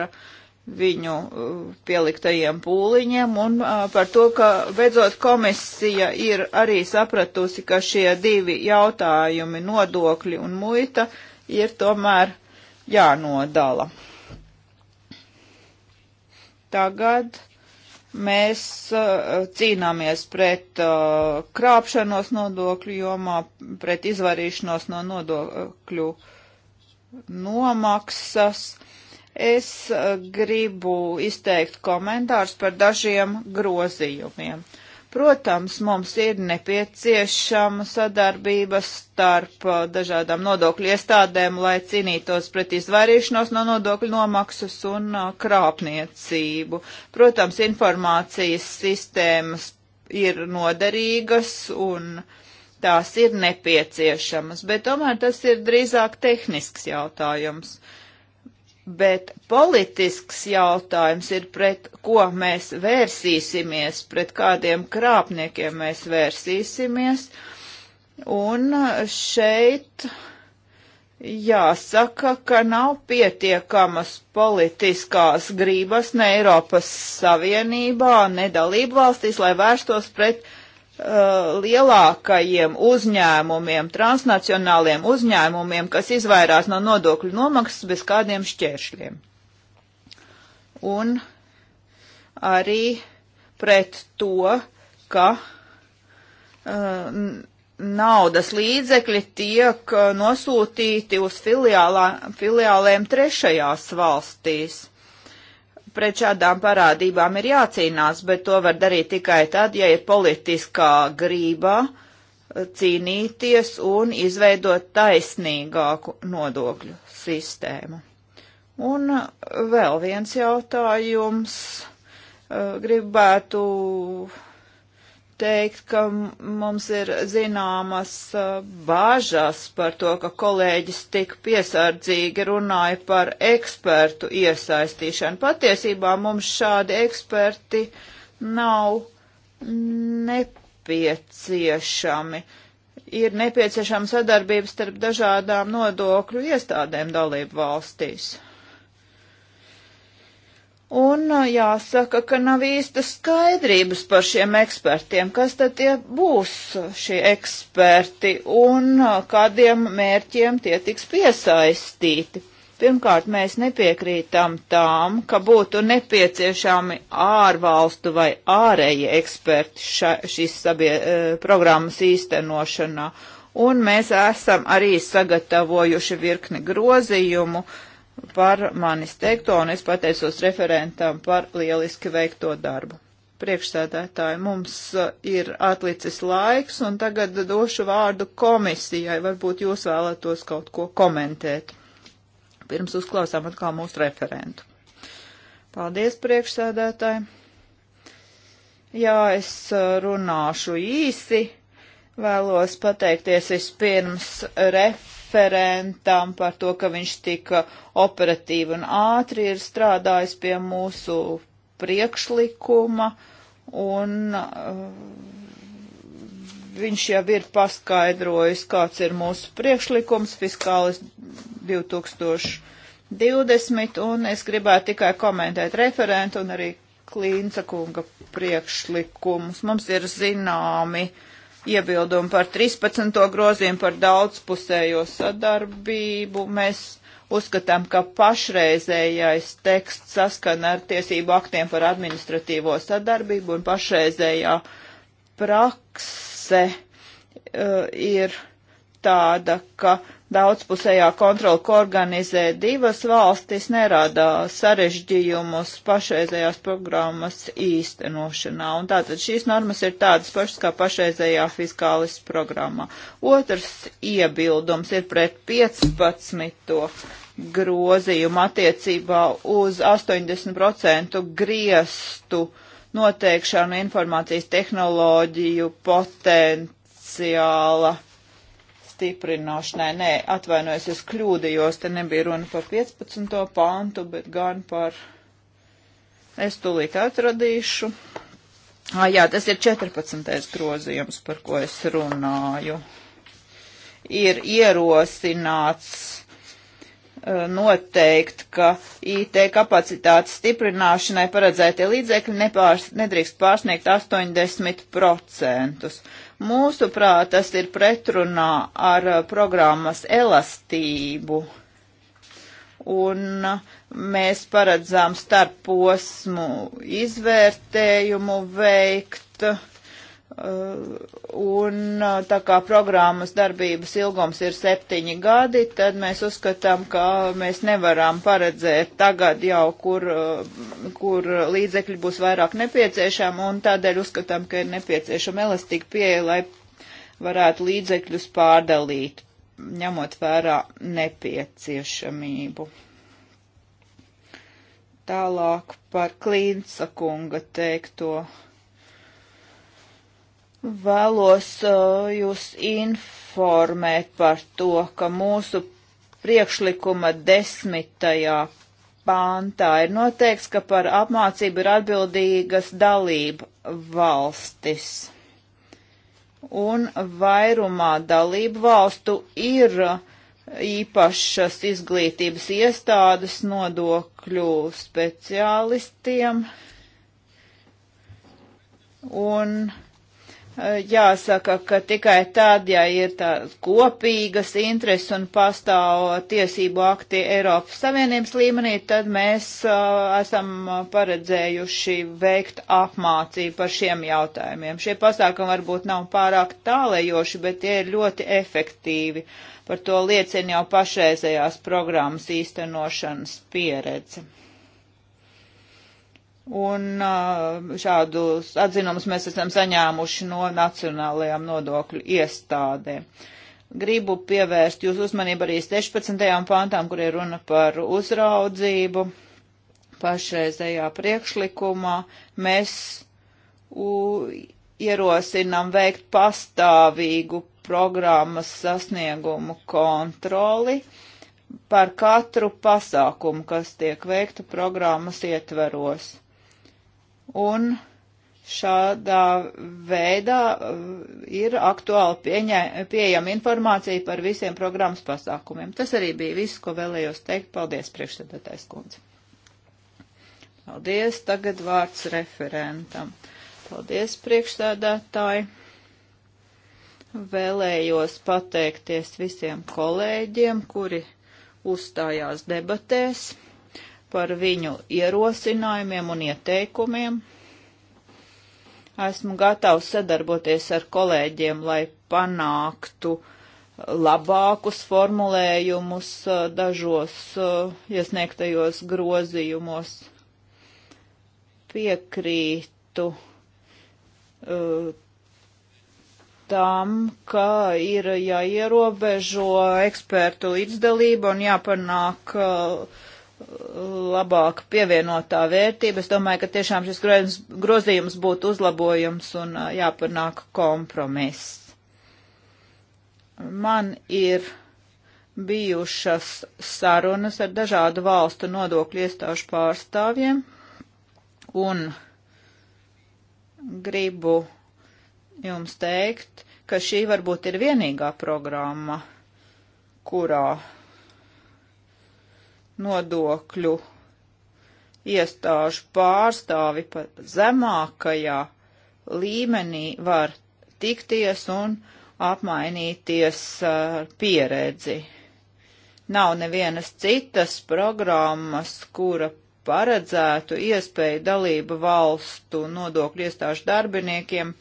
viņu uh, pieliktajiem pūliņiem un uh, par to, ka beidzot komisija ir arī sapratusi, ka šie divi jautājumi nodokļi un muita ir tomēr jānodala. Tagad Mēs uh, cīnāmies pret uh, krāpšanos nodokļu jomā, pret izvarīšanos no nodokļu nomaksas. Es uh, gribu izteikt komentārus par dažiem grozījumiem. Uh, Protams, mums ir nepieciešama sadarbība starp uh, dažādām nodokļu iestādēm, lai cīnītos pret izvairīšanos no nodokļu nomaksas un uh, krāpniecību. Protams, informācijas sistēmas ir noderīgas un tās ir nepieciešamas, bet tomēr tas ir drīzāk tehnisks jautājums. Uh, bet politisks jautājums ir, pret ko mēs vērsīsimies, pret kādiem krāpniekiem mēs vērsīsimies. Un šeit jāsaka, ka nav pietiekamas politiskās grības ne Eiropas Savienībā, ne dalību valstīs, lai vērstos pret krāpniekiem Uh, lielākajiem uzņēmumiem, transnacionāliem uzņēmumiem, kas izvairās no nodokļu nomaksas bez kādiem šķēršļiem. Un arī pret to, ka uh, naudas līdzekļi tiek uh, nosūtīti uz filiālā, filiālēm trešajās valstīs pret šādām parādībām ir jācīnās, bet to var darīt tikai tad, ja ir politiskā grība cīnīties un izveidot taisnīgāku nodokļu sistēmu. Un vēl viens jautājums. Gribētu teikt, ka mums ir zināmas bāžas par to, ka kolēģis tik piesardzīgi runāja par ekspertu iesaistīšanu. Patiesībā mums šādi eksperti nav nepieciešami. Ir nepieciešama sadarbības starp dažādām nodokļu iestādēm dalību valstīs. Un uh, jāsaka, ka nav īstas skaidrības par šiem ekspertiem, kas tad tie būs šie eksperti un uh, kādiem mērķiem tie tiks piesaistīti. Pirmkārt, mēs nepiekrītam tām, ka būtu nepieciešami ārvalstu vai ārēji eksperti ša, šīs sabie, uh, programmas īstenošanā. Un mēs esam arī sagatavojuši virkni grozījumu, uh, par manis teikto, un es pateicos referentam par lieliski veikto darbu. Priekšsēdētāji, mums uh, ir atlicis laiks, un tagad došu vārdu komisijai. Varbūt jūs vēlētos kaut ko komentēt. Pirms uzklausām atkal mūsu referentu. Paldies, priekšsēdētāji. Jā, es uh, runāšu īsi. Vēlos pateikties vispirms referentam referentam par to, ka viņš tik operatīvi un ātri ir strādājis pie mūsu priekšlikuma, un uh, viņš jau ir paskaidrojis, kāds ir mūsu priekšlikums fiskālis 2020, un es gribētu tikai komentēt referentu un arī Klīnca kunga priekšlikumus. Mums ir zināmi uh, iebildumu par 13. grozījumu par daudzpusējo sadarbību. Mēs uzskatām, ka pašreizējais teksts saskana ar tiesību aktiem par administratīvo sadarbību un pašreizējā prakse uh, ir tāda, ka daudzpusējā kontrola, ko organizē divas valstis, nerada sarežģījumus pašreizējās programmas īstenošanā. Un tātad šīs normas ir tādas pašas kā pašreizējā fiskālis programmā. Otrs iebildums ir pret 15. grozījumu attiecībā uz 80% griestu noteikšanu informācijas tehnoloģiju potenciāla stiprināšanai. Nē, atvainojos, es kļūdījos, te nebija runa par 15. pāntu, bet gan par. Es tūlīt atradīšu. Ah, jā, tas ir 14. grozījums, par ko es runāju. Ir ierosināts noteikt, ka IT kapacitātes stiprināšanai paredzētie līdzekļi nepārs, nedrīkst pārsniegt 80%. Mūsuprāt, tas ir pretrunā ar uh, programmas elastību. Un uh, mēs paredzām starp posmu izvērtējumu veikt. Uh, Uh, un uh, tā kā programmas darbības ilgums ir septiņi gadi, tad mēs uzskatām, ka mēs nevaram paredzēt tagad jau, kur, uh, kur līdzekļi būs vairāk nepieciešami, un tādēļ uzskatām, ka ir nepieciešama elastīga pieeja, lai varētu līdzekļus pārdalīt, ņemot vērā nepieciešamību. Tālāk par Klīnsa kunga teikto. Vēlos uh, jūs informēt par to, ka mūsu priekšlikuma desmitajā pāntā ir noteikts, ka par apmācību ir atbildīgas dalība valstis. Un vairumā dalību valstu ir īpašas izglītības iestādes nodokļu speciālistiem. Un jāsaka, ka tikai tad, ja ir tādas kopīgas intereses un pastāv tiesību akti Eiropas Savienības līmenī, tad mēs uh, esam paredzējuši veikt apmācību par šiem jautājumiem. Šie pasākumi varbūt nav pārāk tālējoši, bet tie ir ļoti efektīvi. Par to liecina jau pašreizējās programmas īstenošanas pieredze. Un uh, šādus atzinumus mēs esam saņēmuši no nacionālajām nodokļu iestādēm. Gribu pievērst jūs uzmanību arī 16. pantām, kur ir runa par uzraudzību. Pašreizējā priekšlikumā mēs ierosinām veikt pastāvīgu programmas sasniegumu kontroli par katru pasākumu, kas tiek veikta programmas ietveros un šādā veidā uh, ir aktuāli pieņa, pieejama informācija par visiem programmas pasākumiem. Tas arī bija viss, ko vēlējos teikt. Paldies, priekšsēdētājs kundze. Paldies, tagad vārds referentam. Paldies, priekšsēdētāji. Vēlējos pateikties visiem kolēģiem, kuri uzstājās debatēs par viņu ierosinājumiem un ieteikumiem. Esmu gatavs sadarboties ar kolēģiem, lai panāktu labākus formulējumus uh, dažos uh, iesniegtajos grozījumos. Piekrītu uh, tam, ka ir jāierobežo ekspertu līdzdalība un jāpanāk uh, labāka pievienotā vērtība. Es domāju, ka tiešām šis grozījums, grozījums būtu uzlabojums un jāpanāk kompromiss. Man ir bijušas sarunas ar dažādu valstu nodokļu iestāžu pārstāvjiem un gribu jums teikt, ka šī varbūt ir vienīgā programma, kurā nodokļu iestāžu pārstāvi pa zemākajā līmenī var tikties un apmainīties ar pieredzi. Nav nevienas citas programmas, kura paredzētu iespēju dalību valstu nodokļu iestāžu darbiniekiem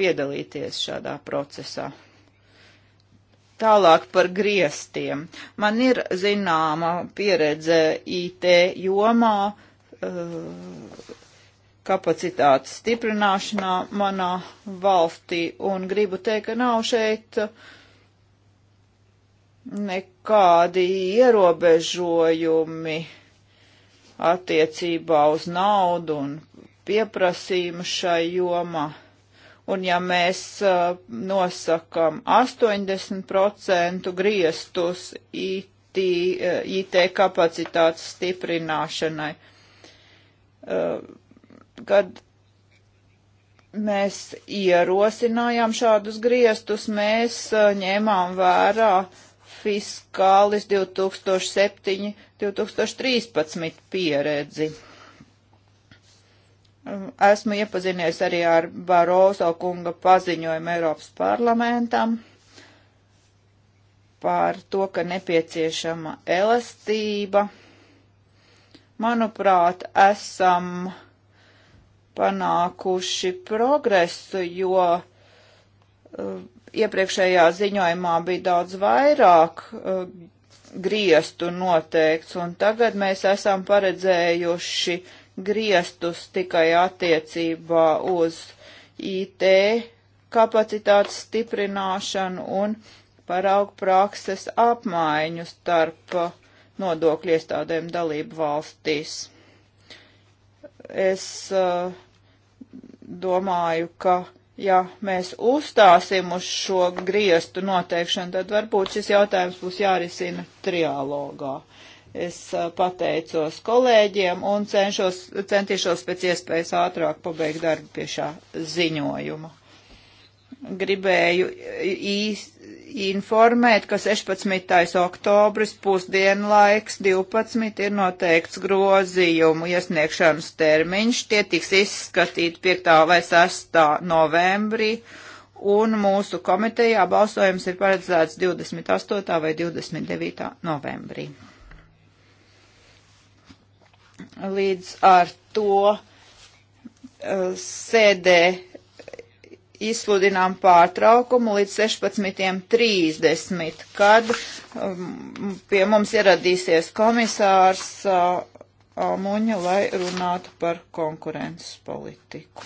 piedalīties šādā procesā. Tālāk par griestiem. Man ir zināma pieredze IT jomā, eh, kapacitātes stiprināšanā manā valstī, un gribu teikt, ka nav šeit nekādi ierobežojumi attiecībā uz naudu un pieprasījumu šai jomai Un ja mēs uh, nosakam 80% griestus IT, uh, IT kapacitātes stiprināšanai, uh, kad mēs ierosinājām šādus griestus, mēs ņēmām vērā fiskālis 2007-2013 pieredzi. Esmu iepazinies arī ar Barozo kunga paziņojumu Eiropas parlamentam par to, ka nepieciešama elastība. Manuprāt, esam panākuši progresu, jo uh, iepriekšējā ziņojumā bija daudz vairāk uh, griestu noteikts, un tagad mēs esam paredzējuši uh, griestus tikai attiecībā uz IT kapacitātes stiprināšanu un paraugu prakses apmaiņu starp nodokļu iestādēm dalību valstīs. Es uh, domāju, ka ja mēs uzstāsim uz šo griestu noteikšanu, tad varbūt šis jautājums būs jārisina triālogā. Uh, Es pateicos kolēģiem un cenšos, centīšos pēc iespējas ātrāk pabeigt darbu pie šā ziņojuma. Gribēju īs, informēt, ka 16. oktobris pusdienlaiks 12 ir noteikts grozījumu iesniegšanas termiņš. Tie tiks izskatīti 5. vai 6. novembrī, un mūsu komitejā balsojums ir paredzēts 28. vai 29. novembrī. Līdz ar to eh, sēdē izsludinām pārtraukumu līdz 16.30, kad um, pie mums ieradīsies komisārs uh, eh, Almuņa, lai runātu par konkurences politiku.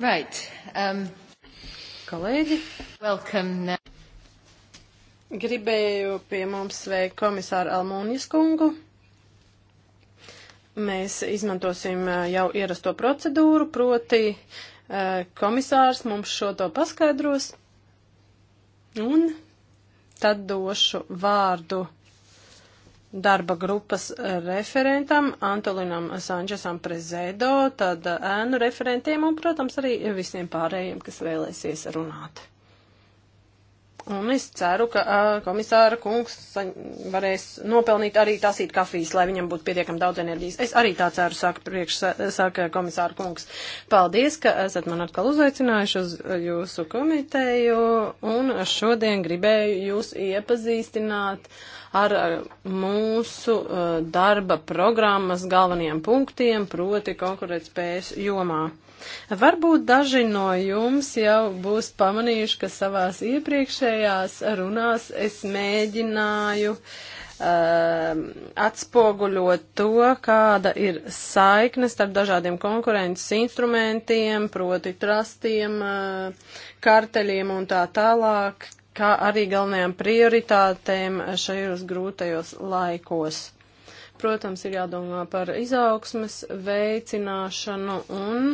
Right. Um, Kolēģi, welcome. Gribēju pie mums sveikt komisāru Almūnijas kungu. Mēs izmantosim uh, jau ierasto procedūru, proti uh, komisārs mums šo to paskaidros. Un tad došu vārdu darba grupas referentam Antolinam Sančesam Prezedo, tad ēnu referentiem un, protams, arī visiem pārējiem, kas vēlēsies runāt. Un es ceru, ka uh, komisāra kungs varēs nopelnīt arī tasīt kafijas, lai viņam būtu pietiekami daudz enerģijas. Es arī tā ceru, saka, priekš, saka komisāra kungs. Paldies, ka esat man atkal uzaicinājuši uz jūsu komiteju. Un šodien gribēju jūs iepazīstināt ar mūsu uh, darba programmas galvenajiem punktiem, proti konkurētspējas jomā. Varbūt daži no jums jau būs pamanījuši, ka savās iepriekšējās runās es mēģināju uh, atspoguļot to, kāda ir saikne starp dažādiem konkurences instrumentiem, proti trastiem, uh, karteļiem un tā tālāk, kā arī galvenajām prioritātēm šajos grūtajos laikos. Protams, ir jādomā par izaugsmes veicināšanu un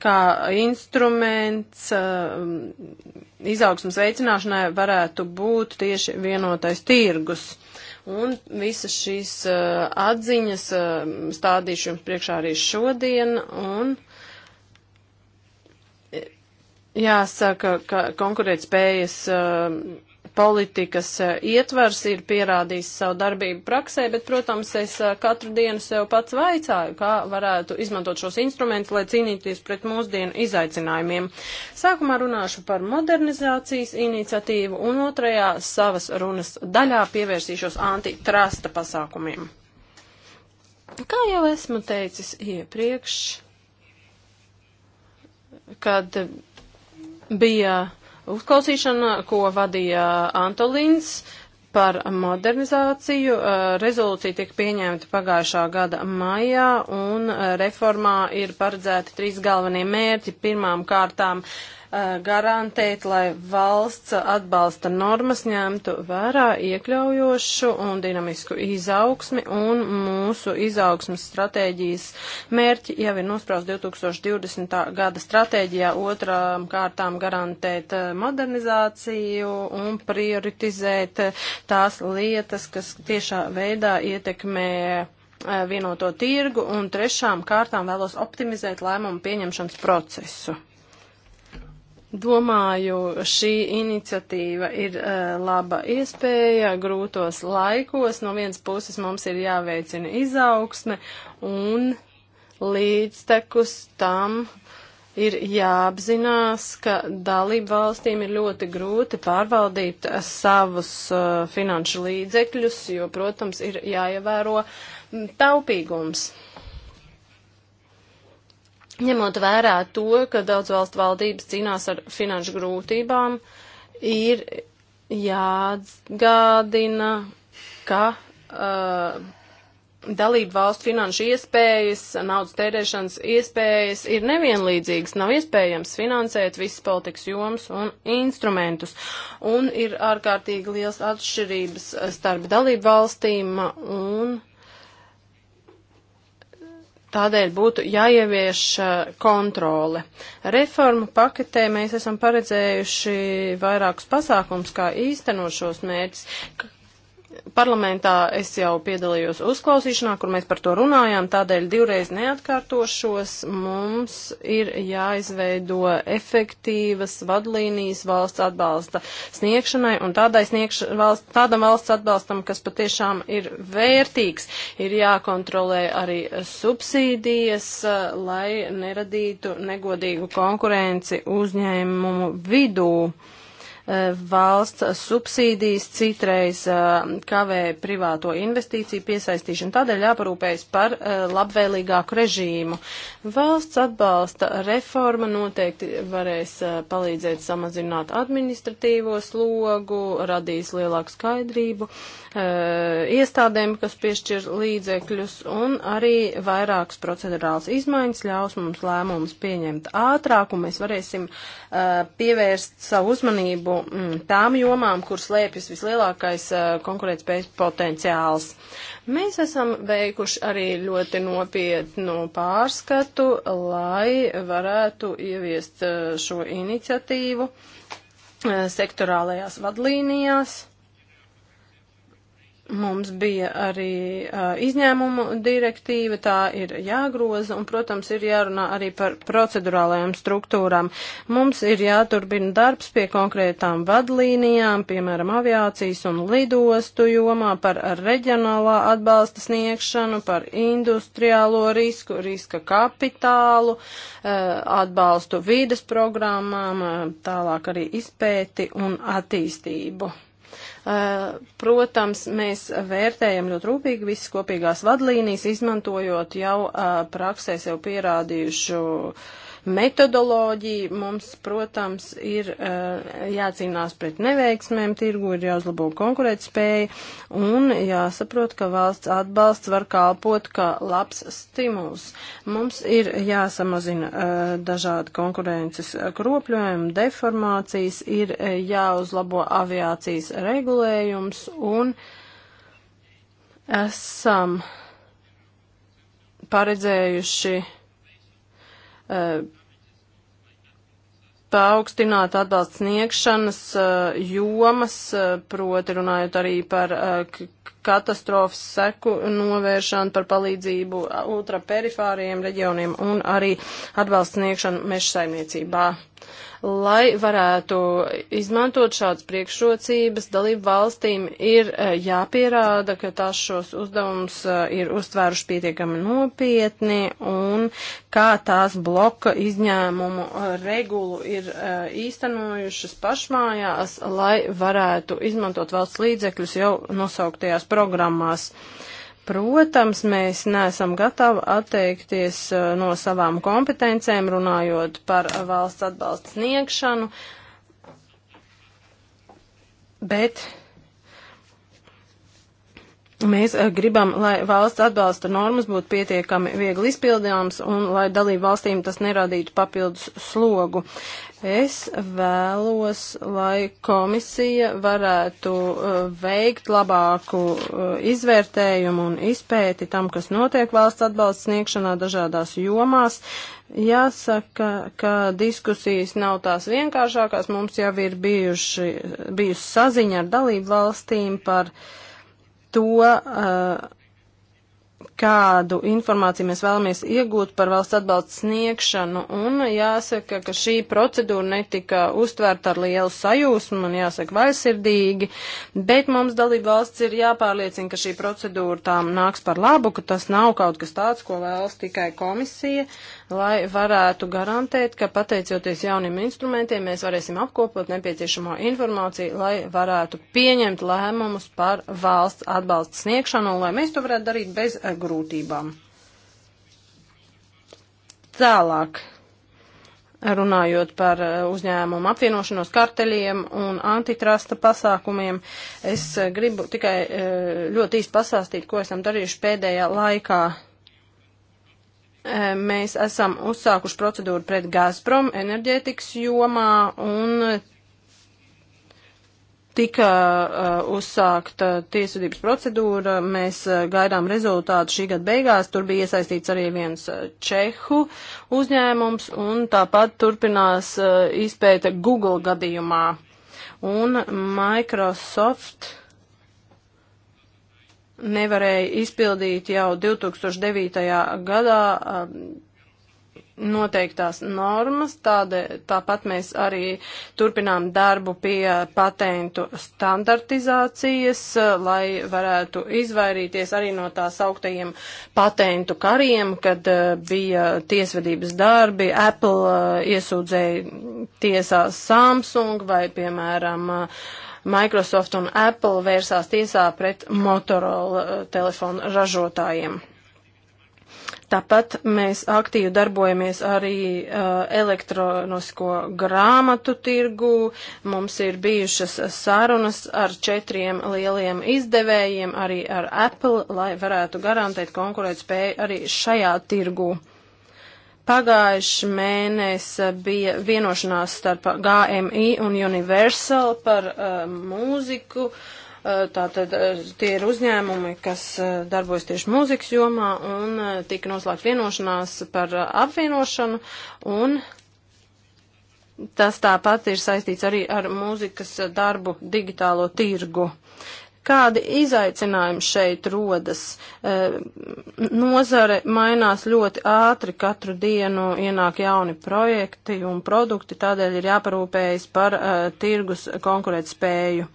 kā instruments eh, izaugsmas veicināšanai varētu būt tieši vienotais tirgus. Un visas šīs eh, atziņas eh, stādīšu jums priekšā arī šodien. Un jāsaka, ka konkurētspējas. spējas politikas eh, ietvers ir pierādījis savu darbību praksē, bet, protams, es eh, katru dienu sev pats vaicāju, kā varētu izmantot šos instrumentus, lai cīnīties pret mūsdienu izaicinājumiem. Sākumā runāšu par modernizācijas iniciatīvu un otrajā savas runas daļā pievērsīšos antitrasta pasākumiem. Kā jau esmu teicis iepriekš, kad bija uzklausīšana, ko vadīja Antolins par modernizāciju. Rezolūcija tika pieņemta pagājušā gada maijā, un reformā ir paredzēti trīs galvenie mērķi. Pirmām kārtām uh, Eh, garantēt, lai valsts atbalsta normas ņemtu vērā iekļaujošu un dinamisku izaugsmi un mūsu izaugsmas stratēģijas mērķi jau ir nospraust 2020. gada stratēģijā otrām kārtām garantēt eh, modernizāciju un prioritizēt eh, tās lietas, kas tiešā veidā ietekmē vienoto tirgu un trešām kārtām vēlos optimizēt lēmumu pieņemšanas procesu. Domāju, šī iniciatīva ir uh, laba iespēja grūtos laikos. No vienas puses mums ir jāveicina izaugsme un līdztekus tam ir jāapzinās, ka dalību valstīm ir ļoti grūti pārvaldīt eh, savus uh, finanšu līdzekļus, jo, protams, ir jāievēro taupīgums. Ņemot vērā to, ka daudz valstu valdības cīnās ar finanšu grūtībām, ir jāatgādina, ka uh, dalību valstu finanšu iespējas, naudas tērēšanas iespējas ir nevienlīdzīgas. Nav iespējams finansēt visas politikas jomas un instrumentus. Un ir ārkārtīgi liels atšķirības starp dalību valstīm un Tādēļ būtu jāievieš kontrole. Reformu paketē mēs esam paredzējuši vairākus pasākums, kā īstenot šos mērķus. Parlamentā es jau piedalījos uzklausīšanā, kur mēs par to runājām, tādēļ divreiz neatkārtošos. Mums ir jāizveido efektīvas vadlīnijas valsts atbalsta sniegšanai un tādai sniegš, valsts, tādam valsts atbalstam, kas patiešām ir vērtīgs, ir jākontrolē arī subsīdijas, lai neradītu negodīgu konkurenci uzņēmumu vidū. Eh, valsts subsīdijas citreiz eh, kavē privāto investīciju piesaistīšanu, tādēļ jāparūpējas par eh, labvēlīgāku režīmu. Valsts atbalsta reforma noteikti varēs palīdzēt samazināt administratīvo slogu, radīs lielāku skaidrību iestādēm, kas piešķir līdzekļus, un arī vairākas procedurāls izmaiņas ļaus mums lēmumus pieņemt ātrāk, un mēs varēsim pievērst savu uzmanību uzmanību mm, tām jomām, kur slēpjas vislielākais eh, konkurētspējas potenciāls. Mēs esam veikuši arī ļoti nopietnu pārskatu, lai varētu ieviest eh, šo iniciatīvu eh, sektorālajās vadlīnijās Mums bija arī uh, izņēmumu direktīva, tā ir jāgroza, un, protams, ir jārunā arī par procedurālajām struktūrām. Mums ir jāturbina darbs pie konkrētām vadlīnijām, piemēram, aviācijas un lidostu jomā, par reģionālā atbalsta sniegšanu, par industriālo risku, riska kapitālu, uh, atbalstu vīdes programmām, uh, tālāk arī izpēti un attīstību. Eh, protams, mēs vērtējam ļoti rūpīgi visas kopīgās vadlīnijas, izmantojot jau eh, praksē sev pierādījušu uh, metodoloģiju. Mums, protams, ir eh, jācīnās pret neveiksmēm, tirgu ir jāuzlabo konkurētspēja un jāsaprot, ka valsts atbalsts var kalpot kā labs stimuls. Mums ir jāsamazina eh, dažādi konkurences kropļojumi, deformācijas, ir eh, jāuzlabo aviācijas regulējums un esam paredzējuši Uh, paaugstināt atbalsts sniegšanas uh, jomas, uh, proti runājot arī par katastrofas seku novēršanu, par palīdzību ultraperifāriem reģioniem un arī atbalsts sniegšanu mežsaimniecībā. saimniecībā lai varētu izmantot šādas priekšrocības, dalību valstīm ir e, jāpierāda, ka tās šos uzdevumus e, ir uztvēruši pietiekami nopietni un kā tās bloka izņēmumu e, regulu ir īstenojušas pašmājās, lai varētu izmantot valsts līdzekļus jau nosauktajās programmās. Uh, Protams, mēs neesam gatavi atteikties eh, no savām kompetencēm, runājot par eh, valsts atbalsta sniegšanu, bet Mēs eh, gribam, lai valsts atbalsta normas būtu pietiekami viegli izpildāms un lai dalību valstīm tas neradītu papildus slogu. Es vēlos, lai komisija varētu uh, veikt labāku uh, izvērtējumu un izpēti tam, kas notiek valsts atbalsts sniegšanā dažādās jomās. Jāsaka, ka diskusijas nav tās vienkāršākās. Mums jau ir bijuši, bijusi saziņa ar dalību valstīm par to, uh, kādu informāciju mēs vēlamies iegūt par valsts atbalstu sniegšanu, un jāsaka, ka šī procedūra netika uztvērta ar lielu sajūsmu, man jāsaka vaisirdīgi, bet mums dalība valsts ir jāpārliecina, ka šī procedūra tām nāks par labu, ka tas nav kaut kas tāds, ko vēlas tikai komisija, uh, lai varētu garantēt, ka pateicoties jauniem instrumentiem, mēs varēsim apkopot nepieciešamo informāciju, lai varētu pieņemt lēmumus par valsts atbalsta sniegšanu, un lai mēs to varētu darīt bez eh, grūtībām. Tālāk, runājot par eh, uzņēmumu apvienošanos karteļiem un antitrasta pasākumiem, es eh, gribu tikai ļoti īsti pasāstīt, ko esam darījuši pēdējā laikā mēs esam uzsākuši procedūru pret Gazprom enerģētikas jomā un tika uh, uzsākta tiesvedības procedūra. Mēs uh, gaidām rezultātu šī gada beigās. Tur bija iesaistīts arī viens čehu uzņēmums un tāpat turpinās uh, izpēta Google gadījumā. Un Microsoft nevarēja izpildīt jau 2009. gadā um, noteiktās normas, tādē, tāpat mēs arī turpinām darbu pie patentu standartizācijas, uh, lai varētu izvairīties arī no tās augtajiem patentu kariem, kad uh, bija tiesvedības darbi, Apple uh, iesūdzēja tiesās Samsung vai, piemēram, uh, Microsoft un Apple vērsās tiesā pret Motorola eh, telefonu ražotājiem. Tāpat mēs aktīvi darbojamies arī uh, elektronisko grāmatu tirgu. Mums ir bijušas sarunas ar četriem lieliem izdevējiem, arī ar Apple, lai varētu garantēt konkurētspēju arī šajā tirgu. Pagājuši mēnesi bija vienošanās starp GMI un Universal par uh, mūziku. Uh, tātad uh, tie ir uzņēmumi, kas uh, darbojas tieši mūzikas jomā un uh, tika noslēgta vienošanās par uh, apvienošanu un tas tāpat ir saistīts arī ar mūzikas darbu digitālo tirgu. Kādi izaicinājumi šeit rodas? E, nozare mainās ļoti ātri, katru dienu ienāk jauni projekti un produkti, tādēļ ir jāparūpējas par e, tirgus konkurētspēju.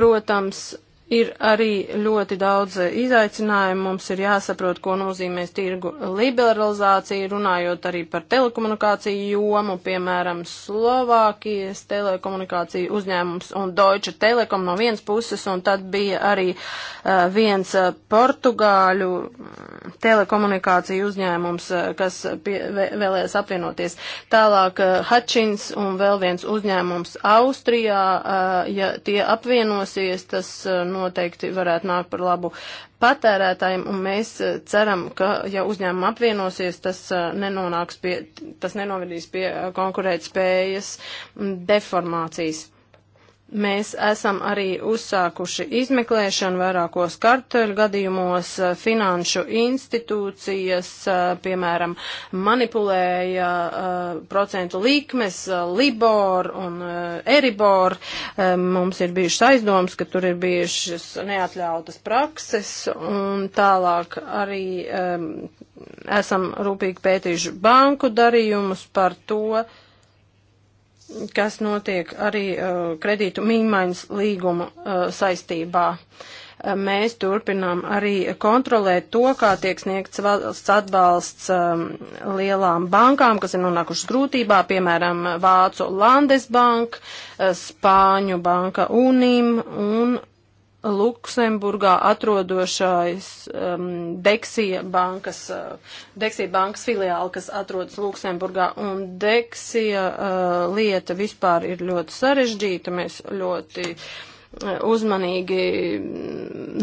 Protams, Ir arī ļoti daudz izaicinājumu. Mums ir jāsaprot, ko nozīmē tirgu liberalizācija, runājot arī par telekomunikāciju jomu, piemēram, Slovākijas telekomunikāciju uzņēmums un Deutsche Telekom no vienas puses, un tad bija arī uh, viens eh, portugāļu mm, telekomunikāciju uzņēmums, eh, kas pie, vēlējās apvienoties. Tālāk uh, Hutchins un vēl viens uzņēmums Austrijā, uh, ja tie apvienosies, tas. Uh, noteikti varētu nākt par labu patērētājiem, un mēs eh, ceram, ka, ja uzņēmumi apvienosies, tas eh, nenonāks pie, tas nenovedīs pie eh, konkurētspējas deformācijas. Mēs esam arī uzsākuši izmeklēšanu vairākos karteļu gadījumos. Eh, finanšu institūcijas, eh, piemēram, manipulēja eh, procentu likmes, Libor un Eribor. Mums ir bijušas aizdomas, ka tur ir bijušas neatļautas prakses un tālāk arī esam rūpīgi pētījuši banku darījumus par to, kas notiek arī uh, kredītu mīmaiņas līguma uh, saistībā. Uh, mēs turpinām arī kontrolēt to, kā tiek sniegts valsts atbalsts um, lielām bankām, kas ir nonākušas grūtībā, piemēram, Vācu Landesbank, uh, Spāņu banka Unim un Luksemburgā atrodošais um, Deksija bankas, uh, Deksija bankas filiāli, kas atrodas Luksemburgā, un Deksija uh, lieta vispār ir ļoti sarežģīta. Mēs ļoti uh, uzmanīgi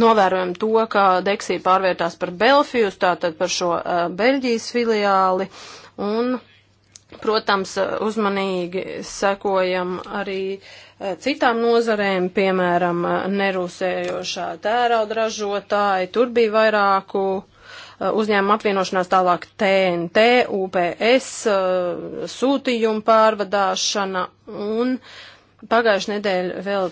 novērojam to, kā Deksija pārvērtās par Belfijus, tātad par šo uh, Beļģijas filiāli, un, protams, uzmanīgi sekojam arī uh, Eh, citām nozarēm, piemēram, eh, nerūsējošā tērauda ražotāji, tur bija vairāku eh, uzņēmumu apvienošanās tālāk TNT, UPS, sūtījumu pārvadāšana un pagājuši nedēļa vēl.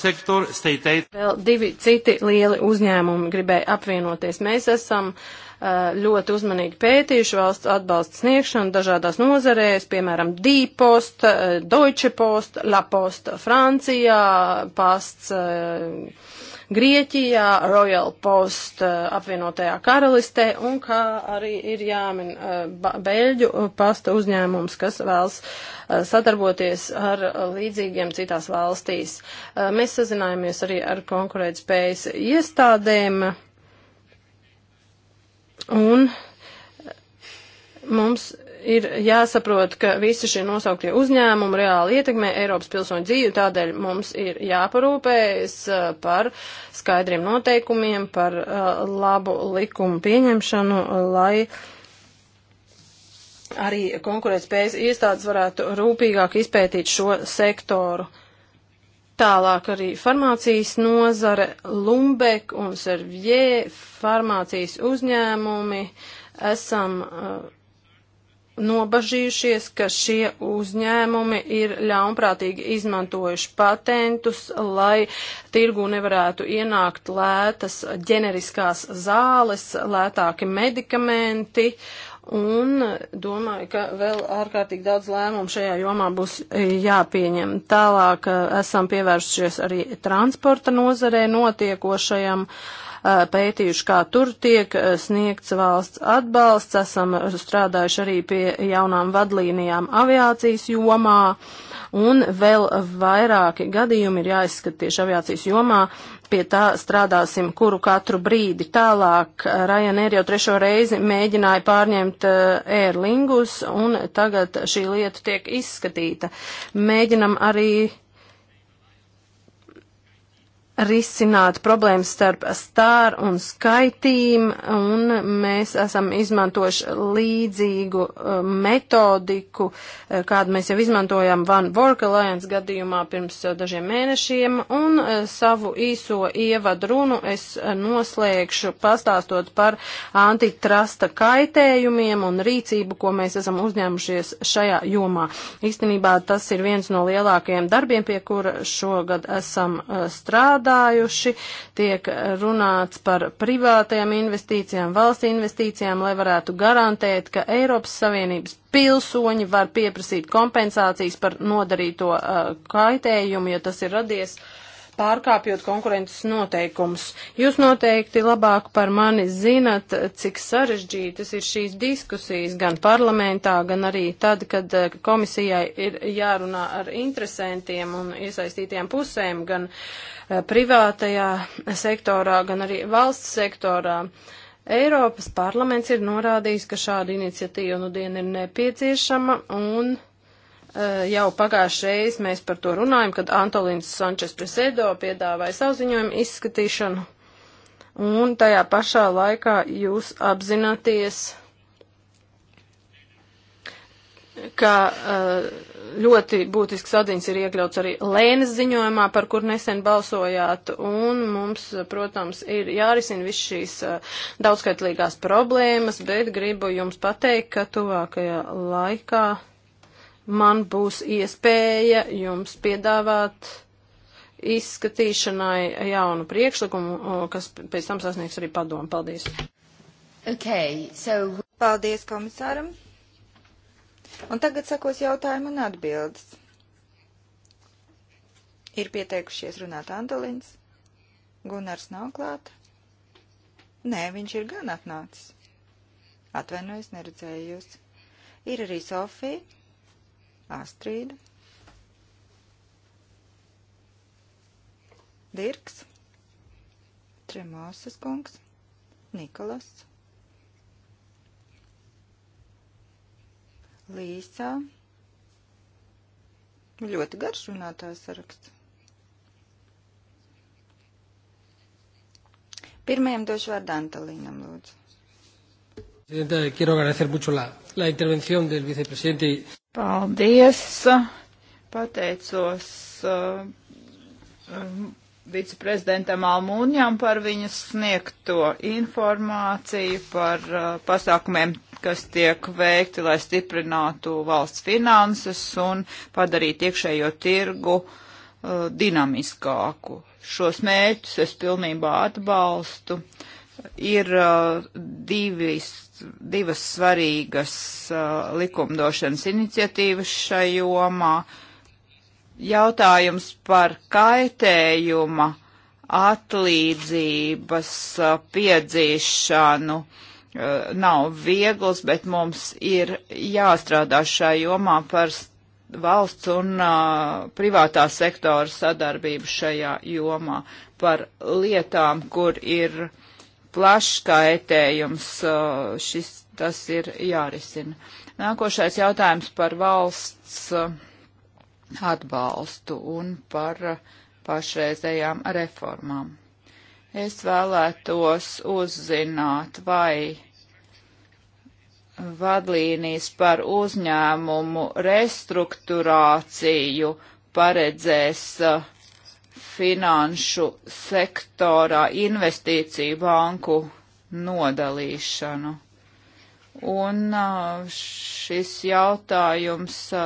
Sektor, Vēl divi citi lieli uzņēmumi gribēja apvienoties. Mēs esam uh, Eh, ļoti uzmanīgi pētījuši valsts atbalsta sniegšanu dažādās nozarēs, piemēram, Dīpost, eh, Deutsche Post, La Post Francijā, Pasts eh, Grieķijā, Royal Post apvienotajā karalistē un kā arī ir jāmin Beļģu pasta uzņēmums, kas vēlas sadarboties ar līdzīgiem citās valstīs. Mēs sazinājāmies arī ar konkurētspējas iestādēm. Un mums ir jāsaprot, ka visi šie nosauktie uzņēmumi reāli ietekmē Eiropas pilsoņu dzīvi, tādēļ mums ir jāparūpējas uh, par skaidriem noteikumiem, par uh, labu likumu pieņemšanu, uh, lai arī konkurētspējas iestādes varētu rūpīgāk izpētīt šo sektoru. Tālāk arī farmācijas nozare, Lumbek un Servie, farmācijas uzņēmumi. Esam uh, nobažījušies, ka šie uzņēmumi ir ļaunprātīgi izmantojuši patentus, lai tirgu nevarētu ienākt lētas ģeneriskās zāles, lētāki medikamenti, Un domāju, ka vēl ārkārtīgi daudz lēmumu šajā jomā būs e, jāpieņem. Tālāk e, esam pievērsušies arī transporta nozarē notiekošajam. Uh, pētījuši, kā tur tiek sniegts valsts atbalsts, esam strādājuši arī pie jaunām vadlīnijām aviācijas jomā, un vēl vairāki gadījumi ir jāizskat tieši aviācijas jomā, pie tā strādāsim kuru katru brīdi. Tālāk eh, Ryanair jau trešo reizi mēģināja pārņemt eh, Air Lingus, un tagad šī lieta tiek izskatīta. Mēģinam arī risināt problēmas starp stāru un skaitīm, un mēs esam izmantojuši līdzīgu uh, metodiku, uh, kādu mēs jau izmantojām Van Work Alliance gadījumā pirms uh, dažiem mēnešiem, un savu īso ievadu runu es noslēgšu pastāstot par antitrusta kaitējumiem un rīcību, ko mēs esam uzņēmušies šajā jomā. Īstenībā tas ir viens no lielākajiem darbiem, pie kura šogad esam strādājuši strādājuši, tiek eh, runāts par privātajām investīcijām, valsts investīcijām, lai varētu garantēt, ka Eiropas Savienības pilsoņi var pieprasīt kompensācijas par nodarīto uh, kaitējumu, ja tas ir radies pārkāpjot konkurences noteikumus. Jūs noteikti labāk par mani zinat, cik sarežģītas ir šīs diskusijas gan parlamentā, gan arī tad, kad eh, komisijai ir jārunā ar interesantiem un iesaistītiem pusēm, gan uh, Eh, privātajā sektorā, gan arī valsts sektorā. Eiropas parlaments ir norādījis, ka šāda iniciatīva nu diena ir nepieciešama un eh, jau pagājušajā reizē mēs par to runājam, kad Antolīns Sančes Presedo piedāvāja savu ziņojumu izskatīšanu. Un tajā pašā laikā jūs apzināties, ka eh, ļoti būtisks sadiņas ir iekļauts arī Lēnas ziņojumā, par kur nesen balsojāt, un mums, protams, ir jārisina viss šīs eh, daudzskaitlīgās problēmas, bet gribu jums pateikt, ka tuvākajā laikā man būs iespēja jums piedāvāt izskatīšanai jaunu priekšlikumu, kas pēc tam sasniegs arī padomu. Paldies! Okay, so... Paldies komisāram! Un tagad sakos jautājumu un atbildes. Ir pieteikušies runāt Antolins. Gunārs nav klāt. Nē, viņš ir gan atnācis. Atvainojos, neredzēju jūs. Ir arī Sofija, Astrīda, Dirks, Tremosas kungs, Nikolas. Līsā. Ļoti garš runātājs saraksts. Pirmajam došu vārdu Antalīnam, lūdzu. Paldies! Pateicos uh, um, viceprezidentam Almūņam par viņas sniegto informāciju par uh, pasākumiem, kas tiek veikti, lai stiprinātu valsts finanses un padarītu iekšējo tirgu uh, dinamiskāku. Šos mērķus es pilnībā atbalstu. Ir uh, divis, divas svarīgas uh, likumdošanas iniciatīvas šajomā. jomā jautājums par kaitējuma atlīdzības uh, piedzīšanu uh, nav viegls, bet mums ir jāstrādā šajā jomā par valsts un uh, privātā sektora sadarbību šajā jomā, par lietām, kur ir plašs kaitējums, uh, šis tas ir jārisina. Nākošais jautājums par valsts. Uh, atbalstu un par pašreizējām reformām. Es vēlētos uzzināt, vai vadlīnijas par uzņēmumu restruktūrāciju paredzēs uh, finanšu sektorā investīciju banku nodalīšanu. Un uh, šis jautājums uh,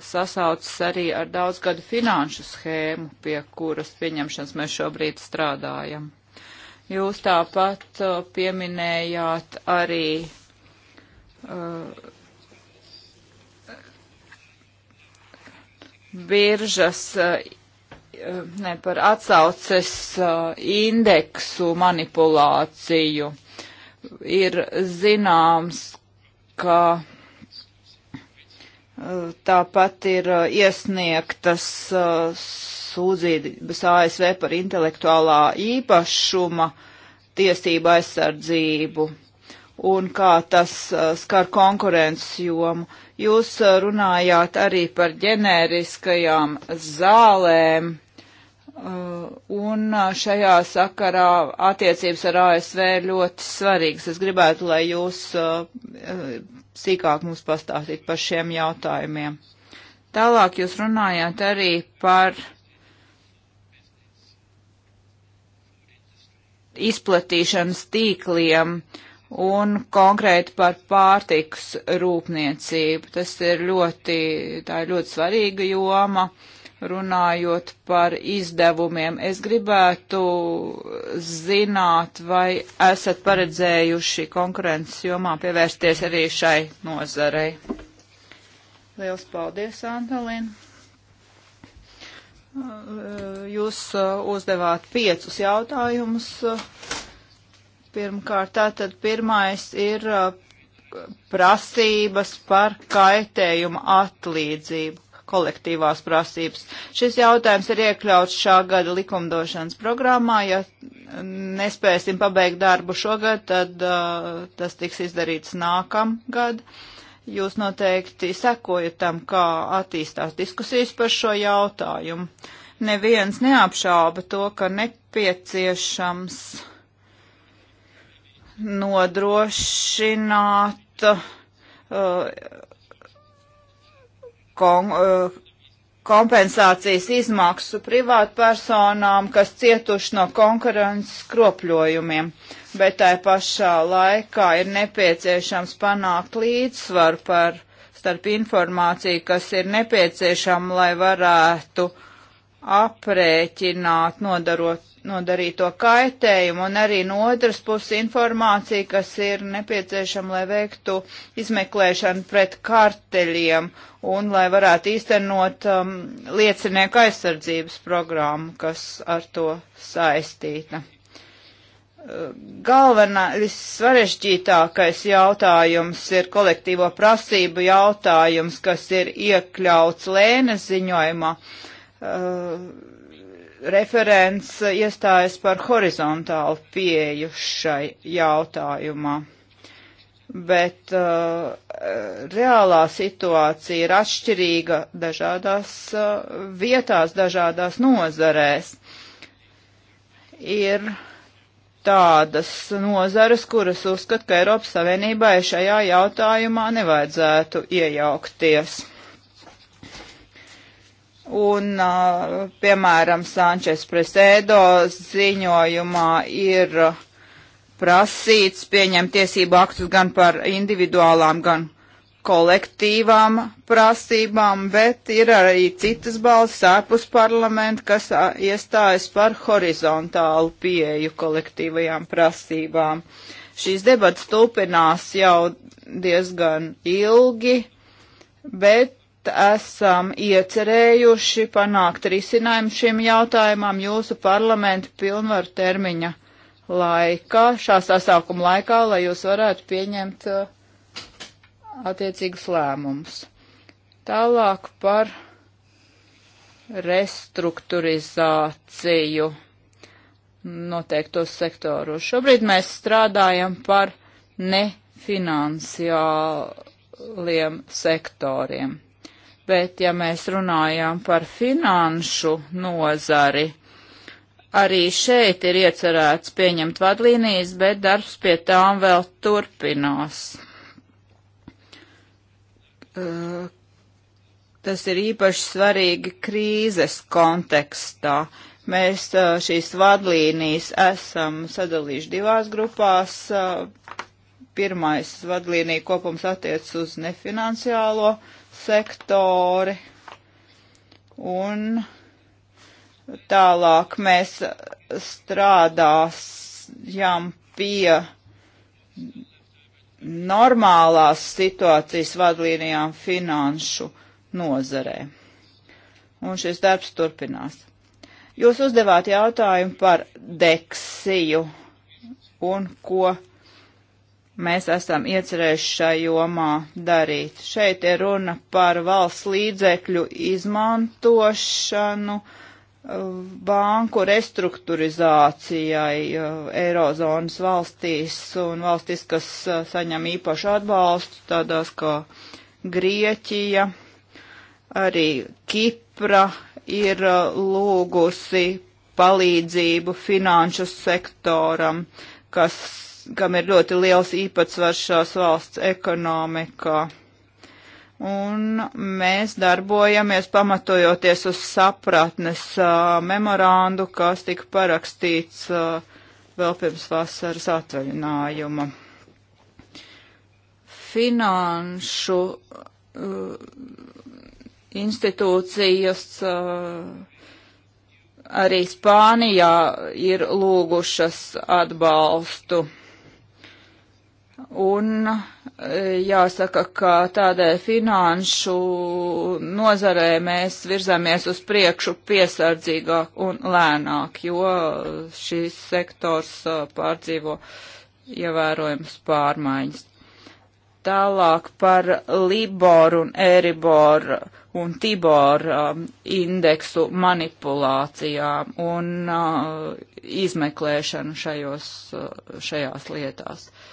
sasaucas arī ar daudzgadu finanšu schēmu, pie kuras pieņemšanas mēs šobrīd strādājam. Jūs tāpat uh, pieminējāt arī uh, biržas, uh, uh ne par atsauces uh, indeksu manipulāciju. Ir zināms, ka Tāpat ir uh, iesniegtas uh, sūdzības ASV par intelektuālā īpašuma tiesību aizsardzību un kā tas uh, skar konkurences jomu. Jūs runājāt arī par ģenēriskajām zālēm, un šajā sakarā attiecības ar ASV ir ļoti svarīgas. Es gribētu, lai jūs sīkāk mums pastāstīt par šiem jautājumiem. Tālāk jūs runājāt arī par izplatīšanas tīkliem un konkrēti par pārtiks rūpniecību. Tas ir ļoti, tā ir ļoti svarīga joma. Uh, runājot par izdevumiem. Es gribētu zināt, vai esat paredzējuši konkurences jomā pievērsties arī šai nozarei. Liels paldies, Antolīna. Jūs uh, uzdevāt piecus jautājumus. Pirmkārt, tātad pirmais ir uh, prasības par kaitējumu atlīdzību kolektīvās prasības. Šis jautājums ir iekļauts šā gada likumdošanas programmā. Ja nespēsim pabeigt darbu šogad, tad uh, tas tiks izdarīts nākamgad. Jūs noteikti sekojat tam, kā attīstās diskusijas par šo jautājumu. Neviens neapšāba to, ka nepieciešams nodrošināt uh, kom, eh, kompensācijas izmaksu privātpersonām, kas cietuši no konkurences kropļojumiem, bet tai pašā laikā ir nepieciešams panākt līdzsvaru par starp informāciju, kas ir nepieciešama, lai varētu aprēķināt nodarot nodarīto kaitējumu un arī no otras puses informācija, kas ir nepieciešama, lai veiktu izmeklēšanu pret karteļiem un lai varētu īstenot um, liecinieku aizsardzības programmu, kas ar to saistīta. Galvenā, visvarešķītākais jautājums ir kolektīvo prasību jautājums, kas ir iekļauts lēnes ziņojumā. Uh, referents iestājas par horizontālu pieeju šai jautājumā. Bet uh, reālā situācija ir atšķirīga dažādās uh, vietās, dažādās nozarēs. Ir tādas nozares, kuras uzskata, ka Eiropas Savienībai šajā jautājumā nevajadzētu iejaukties. Un, piemēram, Sančes Presēdo ziņojumā ir prasīts pieņemt tiesību aktus gan par individuālām, gan kolektīvām prasībām, bet ir arī citas balss ārpus parlamenta, kas iestājas par horizontālu pieeju kolektīvajām prasībām. Šīs debatas turpinās jau diezgan ilgi, bet esam iecerējuši panākt risinājumu šim jautājumam jūsu parlamentu pilnvaru termiņa laikā, šā sasaukuma laikā, lai jūs varētu pieņemt uh, attiecīgus lēmumus. Tālāk par restruktūrizāciju noteiktos sektoros. Šobrīd mēs strādājam par nefinansiāliem sektoriem bet ja mēs runājam par finanšu nozari, arī šeit ir iecerēts pieņemt vadlīnijas, bet darbs pie tām vēl turpinās. Uh, tas ir īpaši svarīgi krīzes kontekstā. Mēs uh, šīs vadlīnijas esam sadalījuši divās grupās. Uh, pirmais vadlīnija kopums attiec uz nefinanciālo uh, sektori. Un tālāk mēs strādāsim pie normālās situācijas vadlīnijām finanšu nozarē. Un šis darbs turpinās. Jūs uzdevāt jautājumu par deksiju un ko mēs esam iecerējuši šai jomā darīt. Šeit ir runa par valsts līdzekļu izmantošanu eh, banku restruktūrizācijai eh, Eirozonas valstīs un valstīs, kas eh, saņem īpašu atbalstu, tādās kā Grieķija, arī Kipra ir lūgusi palīdzību finanšu sektoram, kas kam ir ļoti liels īpatsvars šās valsts ekonomikā. Un mēs darbojamies pamatojoties uz sapratnes uh, memorandu, kas tika parakstīts uh, vēl pirms vasaras atvaļinājuma. Finanšu uh, institūcijas uh, arī Spānijā ir lūgušas atbalstu. Un e, jāsaka, ka tādēļ finanšu nozarē mēs virzāmies uz priekšu piesardzīgāk un lēnāk, jo šis sektors e, pārdzīvo ievērojams pārmaiņas. Tālāk par Liboru un Eriboru un Tiboru um, e, indeksu manipulācijām un uh, izmeklēšanu šajos, šajās lietās. Uh,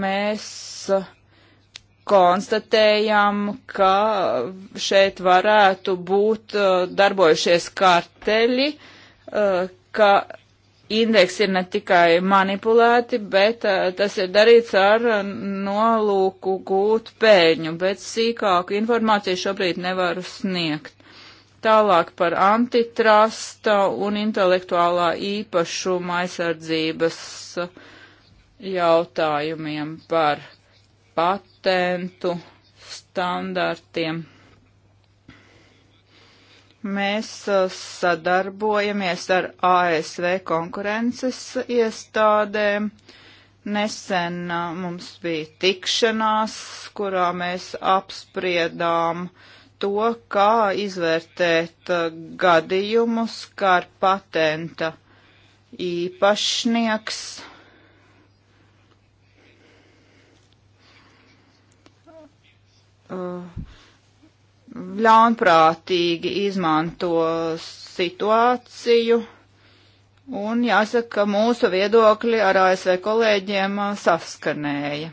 mēs eh, konstatējam, ka šeit varētu būt eh, darbojušies karteļi, eh, ka indeksi ir ne tikai manipulēti, bet tas ir darīts ar nolūku gūt pēļņu, bet sīkāku informāciju šobrīd nevaru sniegt. Tālāk par antitrusta un intelektuālā īpašuma aizsardzības uh, jautājumiem par patentu standartiem. Mēs uh, sadarbojamies ar ASV konkurences iestādēm. Nesen uh, mums bija tikšanās, kurā mēs apspriedām to, kā izvērtēt uh, gadījumus, kā ar patenta īpašnieks Uh, ļaunprātīgi izmanto situāciju. Un jāsaka, ka mūsu viedokļi ar ASV kolēģiem uh, saskanēja.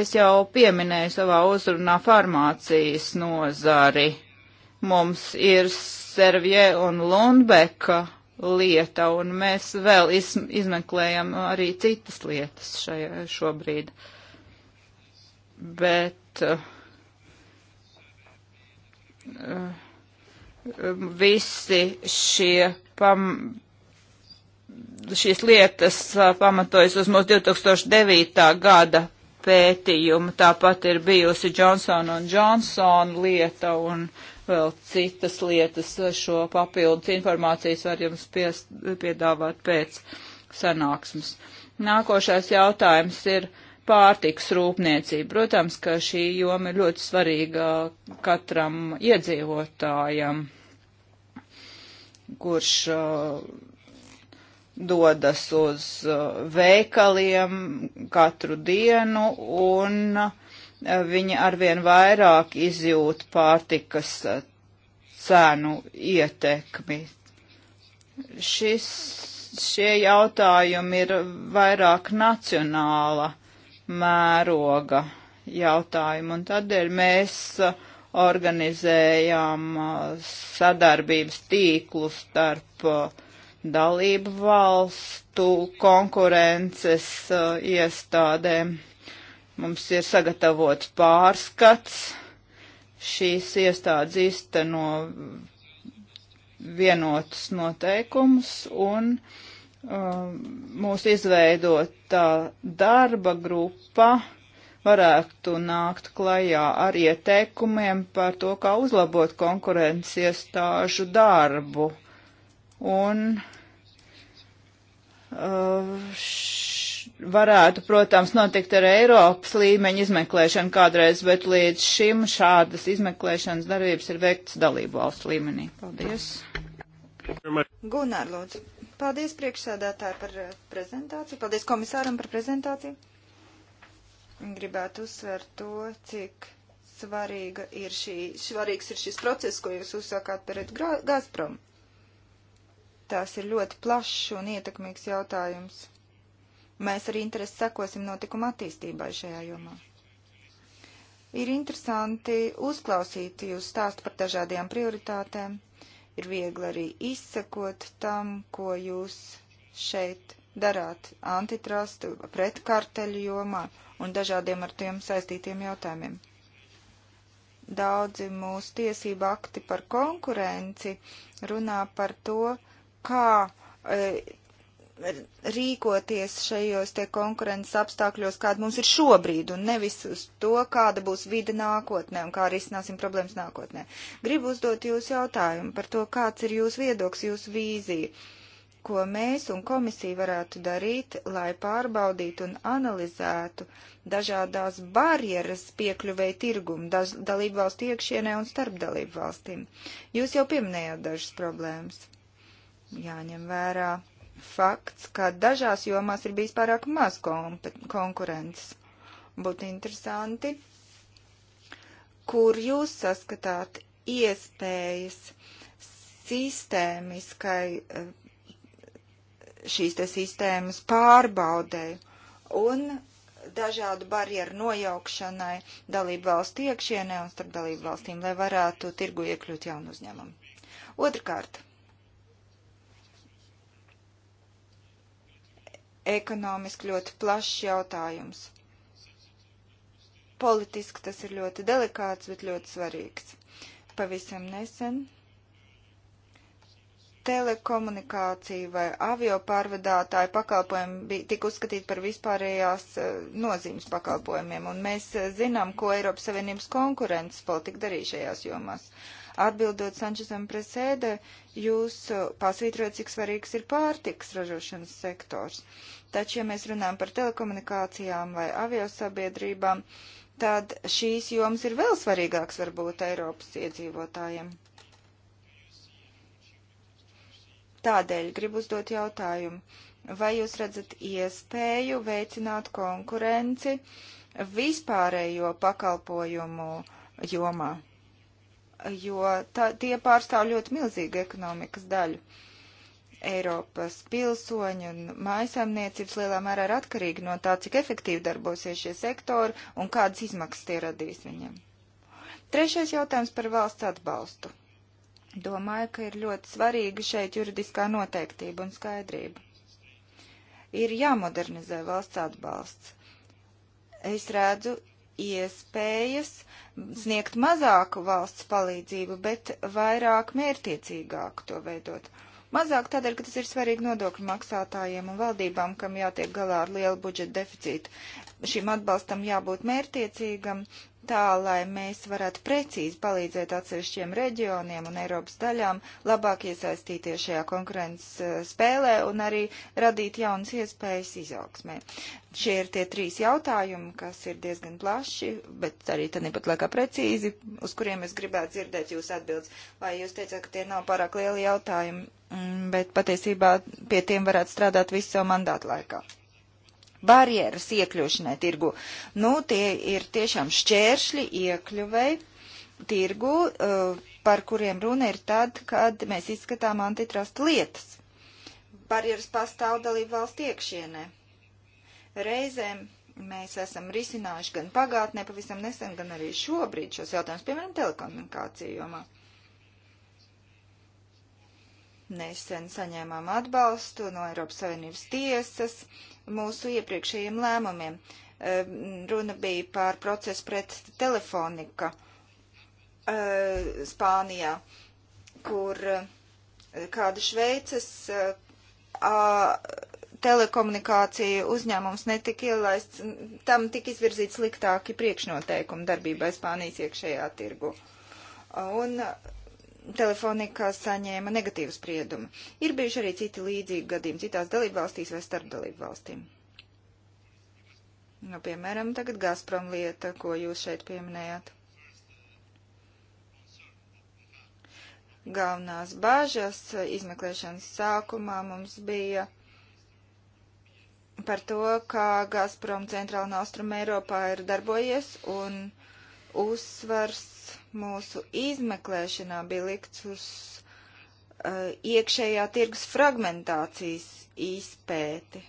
Es jau pieminēju savā uzrunā farmācijas nozari. Mums ir Servie un Lundbeka lieta, un mēs vēl iz, izmeklējam arī citas lietas šajā, šobrīd. Bet pret eh, eh, visi šie pam, šīs lietas eh, pamatojas uz mūsu 2009. gada pētījumu. Tāpat ir bijusi Johnson un Johnson lieta un vēl citas lietas. Šo papildus informācijas var jums pies, piedāvāt pēc sanāksmes. Nākošais jautājums ir pārtiks rūpniecību. Protams, ka šī joma ir ļoti svarīga katram iedzīvotājam, kurš uh, dodas uz uh, veikaliem katru dienu un uh, viņi arvien vairāk izjūt pārtikas uh, cenu ietekmi. Šis, šie jautājumi ir vairāk nacionāla mēroga jautājumu. Un tādēļ mēs uh, organizējām uh, sadarbības tīklu starp uh, dalību valstu konkurences iestādēm. Mums ir sagatavots pārskats. Šīs iestādes īsteno vienotus noteikumus un uh, Um, mūsu izveidotā darba grupa varētu nākt klajā ar ieteikumiem par to, kā uzlabot konkurences iestāžu darbu. Un uh, š, varētu, protams, notikt ar Eiropas līmeņa izmeklēšanu kādreiz, bet līdz šim šādas izmeklēšanas darbības ir veikts dalību valstu līmenī. Paldies. Gunār, lūdzu. Paldies priekšsēdētāji par eh, prezentāciju. Paldies komisāram par prezentāciju. Gribētu uzsvērt to, cik svarīga ir šī, svarīgs ir šis process, ko jūs uzsākāt pret Gazprom. Tās ir ļoti plašs un ietekmīgs jautājums. Mēs ar interesi sekosim notikuma attīstībai šajā jomā. Ir interesanti uzklausīt jūs stāstu par dažādajām prioritātēm Ir viegli arī izsekot tam, ko jūs šeit darāt antitrustu, pretkarteļu jomā un dažādiem ar tiem saistītiem jautājumiem. Daudzi mūsu tiesību akti par konkurenci runā par to, kā e, rīkoties šajos te konkurences apstākļos, kāda mums ir šobrīd, un nevis uz to, kāda būs vide nākotnē un kā risināsim problēmas nākotnē. Gribu uzdot jūs jautājumu par to, kāds ir jūs viedoklis, jūs vīzija, ko mēs un komisija varētu darīt, lai pārbaudītu un analizētu dažādās barjeras piekļuvēja tirgumu daž, dalību valstu iekšienē un starp dalību valstīm. Jūs jau pieminējāt dažas problēmas. Jāņem vērā fakts, ka dažās jomās ir bijis pārāk maz konkurences. Būtu interesanti, kur jūs saskatāt iespējas sistēmiskai eh, šīs te sistēmas pārbaudēji un dažādu barjeru nojaukšanai dalību valstu iekšienē un starp dalību valstīm, lai varētu tirgu iekļūt jaunu uzņēmumu. Otrakārt, ekonomiski ļoti plašs jautājums. Politiski tas ir ļoti delikāts, bet ļoti svarīgs. Pavisam nesen telekomunikācija vai avio pārvadātāju pakalpojumi bija tik uzskatīti par vispārējās eh, nozīmes pakalpojumiem, un mēs eh, zinām, ko Eiropas Savienības konkurences politika darīja šajās jomās. Uh, Atbildot Sančesam presēdē, jūs uh, pasvītrojat, cik svarīgs ir pārtiks ražošanas sektors. Taču, ja mēs runājam par telekomunikācijām vai aviosabiedrībām, tad šīs jomas ir vēl svarīgākas varbūt Eiropas iedzīvotājiem. Tādēļ gribu uzdot jautājumu, vai jūs redzat iespēju veicināt konkurenci vispārējo pakalpojumu jomā? jo tā, tie pārstāv ļoti milzīgu ekonomikas daļu. Eiropas pilsoņi un mājasemniecības lielā mērā ir atkarīgi no tā, cik efektīvi darbosies šie sektori un kādas izmaksas tie radīs viņiem. Trešais jautājums par valsts atbalstu. Domāju, ka ir ļoti svarīga šeit juridiskā noteiktība un skaidrība. Ir jāmodernizē valsts atbalsts. Es redzu iespējas sniegt mazāku valsts palīdzību, bet vairāk mērtiecīgāku to veidot. Mazāk tādēļ, ka tas ir svarīgi nodokļu maksātājiem un valdībām, kam jātiek galā ar lielu budžeta deficītu. Šim atbalstam jābūt mērtiecīgam, tā, lai mēs varētu precīzi palīdzēt atsevišķiem reģioniem un Eiropas daļām labāk iesaistīties šajā konkurences eh, spēlē un arī radīt jaunas iespējas izaugsmē. Šie ir tie trīs jautājumi, kas ir diezgan plaši, bet arī tad nepat laikā precīzi, uz kuriem es gribētu dzirdēt jūs atbildes. Vai jūs teicāt, ka tie nav pārāk lieli jautājumi, mm, bet patiesībā pie tiem varētu strādāt visu savu mandātu laikā? barjeras iekļūšanai tirgu. Nu, tie ir tiešām šķēršļi iekļuvai tirgu, eh, par kuriem runa ir tad, kad mēs izskatām antitrustu lietas. Barjeras pastāv dalību valstu iekšienē. Reizēm mēs esam risinājuši gan pagātnē, pavisam nesen, gan arī šobrīd šos jautājumus, piemēram, telekomunikāciju jomā. Nesen saņēmām atbalstu no Eiropas Savienības tiesas mūsu iepriekšējiem lēmumiem. Ehm, runa bija par procesu pret telefonika ehm, Spānijā, kur eh, kāda Šveices eh, telekomunikāciju uzņēmums netika ielaists, tam tika izvirzīti sliktāki priekšnoteikumi darbībai Spānijas iekšējā tirgu. Un telefonika saņēma negatīvu spriedumu. Ir bijuši arī citi līdzīgi gadījumi citās dalībvalstīs vai starp dalībvalstīm. Nu, piemēram, tagad Gazprom lieta, ko jūs šeit pieminējāt. Galvenās bāžas izmeklēšanas sākumā mums bija par to, kā Gazprom centrāla un austruma Eiropā ir darbojies un uzsvars mūsu izmeklēšanā bija likts uz uh, iekšējā tirgus fragmentācijas izpēti.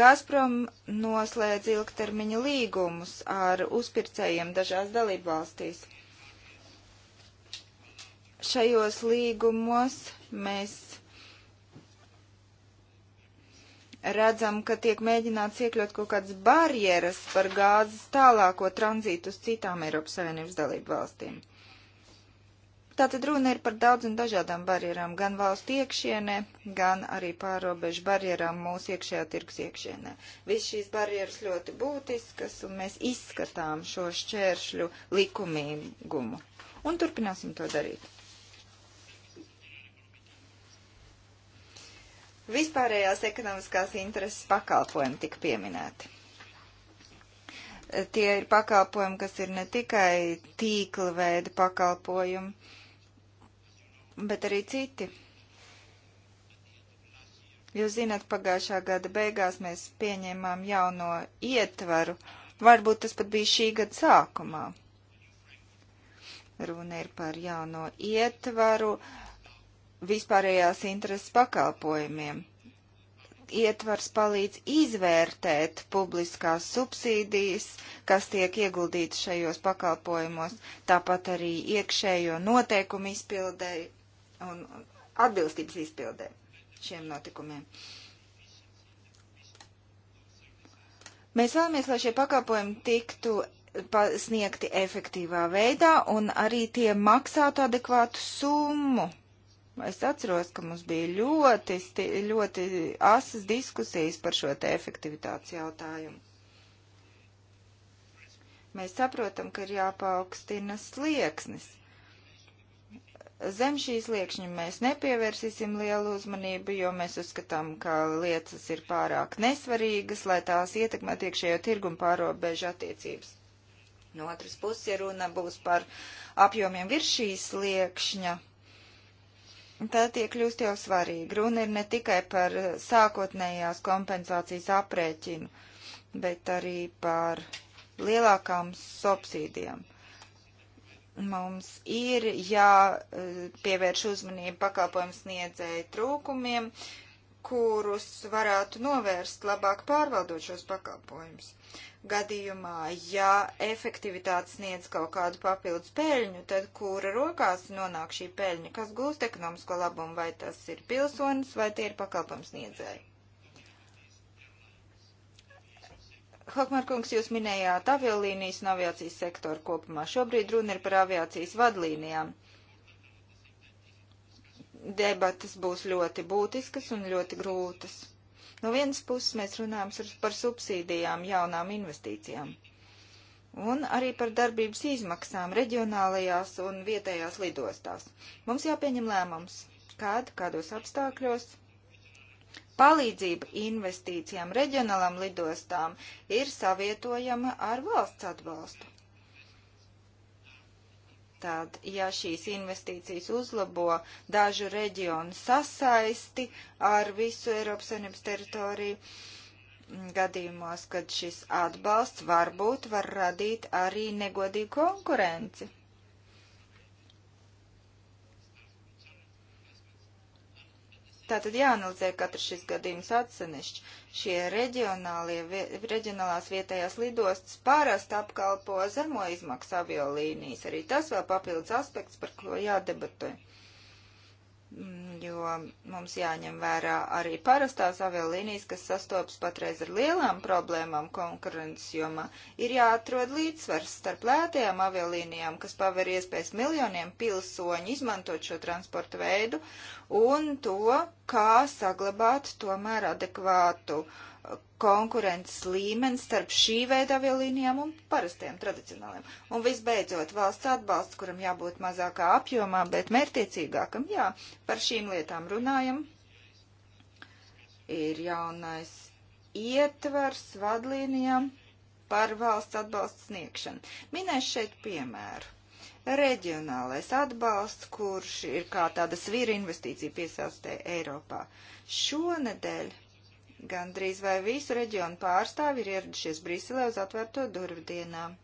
Gazprom noslēdz ilgtermiņa līgumus ar uzpircējiem dažās dalībvalstīs. Šajos līgumos mēs redzam, ka tiek mēģināts iekļaut kaut kādas barjeras par gāzes tālāko tranzītu uz citām Eiropas Savienības dalību valstīm. Tātad runa ir par daudz un dažādām barjerām, gan valstu iekšienē, gan arī pārobežu barjerām mūsu iekšējā tirgus iekšienē. Viss šīs barjeras ļoti būtiskas, un mēs izskatām šo šķēršļu likumīgumu. Un turpināsim to darīt. Vispārējās ekonomiskās intereses pakalpojumi tika pieminēti. Tie ir pakalpojumi, kas ir ne tikai tīkla veida pakalpojumi, bet arī citi. Jūs zināt, pagājušā gada beigās mēs pieņēmām jauno ietvaru, varbūt tas pat bija šī gada sākumā. Runa ir par jauno ietvaru vispārējās intereses pakalpojumiem. Ietvars palīdz izvērtēt publiskās subsīdijas, kas tiek ieguldītas šajos pakalpojumos, tāpat arī iekšējo noteikumu izpildēji un atbilstības izpildē šiem notikumiem. Mēs vēlamies, lai šie pakalpojumi tiktu sniegti efektīvā veidā un arī tie maksātu adekvātu summu Es atceros, ka mums bija ļoti, ļoti asas diskusijas par šo te efektivitātes jautājumu. Mēs saprotam, ka ir jāpaukstina slieksnis zem šīs liekšņa mēs nepievērsīsim lielu uzmanību, jo mēs uzskatām, ka lietas ir pārāk nesvarīgas, lai tās ietekmētu iekšējo tirgu un pārobežu attiecības. No otras puses, ja runa būs par apjomiem virs šīs liekšņa, tā tie kļūst jau svarīgi. Runa ir ne tikai par eh, sākotnējās kompensācijas aprēķinu, bet arī par lielākām subsīdijām. Mums ir jāpievērš eh, uzmanība pakalpojumu sniedzēju trūkumiem, uh, kurus varētu novērst, labāk pārvaldot šos pakalpojumus. Gadījumā, ja efektivitāte sniedz kaut kādu papildus peļņu, tad kura rokās nonāk šī peļņa, kas gūst ekonomisko labumu, vai tas ir pilsonis, vai tie ir pakalpojums sniedzēji? Hokmārkungs, jūs minējāt aviolīnijas un aviācijas sektoru kopumā. Šobrīd runa ir par aviācijas vadlīnijām debatas būs ļoti būtiskas un ļoti grūtas. No vienas puses mēs runājam par subsīdijām, jaunām investīcijām un arī par darbības izmaksām reģionālajās un vietējās lidostās. Mums jāpieņem lēmums, kād, kādos apstākļos palīdzība investīcijām reģionālām lidostām ir savietojama ar valsts atbalstu. Tātad, ja šīs investīcijas uzlabo dažu reģionu sasaisti ar visu Eiropas Savienības teritoriju, mm, gadījumos, kad šis atbalsts varbūt var radīt arī negodīgu konkurenci. Tātad jāanalizē katrs šis gadījums atsevišķi. Šie reģionālie, reģionālās vietējās lidostas parasti apkalpo zemo izmaksu aviolīnijas. Arī tas vēl papildus aspekts, par ko jādebatē. Mm, jo mums jāņem vērā arī parastās aviolīnijas, kas sastopas patreiz ar lielām problēmām konkurences jomā. Ir jāatrod līdzsvars starp lētajām aviolīnijām, kas paver iespējas miljoniem pilsoņu izmantot šo transporta veidu, un to, kā saglabāt tomēr adekvātu uh, konkurences līmenis starp šī veida aviolīnijām un parastiem tradicionāliem. Un visbeidzot, valsts atbalsts, kuram jābūt mazākā apjomā, bet mērtiecīgākam, jā, par šīm lietām runājam. Ir jaunais ietvers vadlīnijām par valsts atbalsts sniegšanu. Minēšu šeit piemēru. Reģionālais atbalsts, kurš ir kā tāda svīra investīcija piesaistē Eiropā. Šonedēļ Gan drīz vai visu reģionu pārstāvi ir ieradušies Briselē uz atvērto durvju dienām.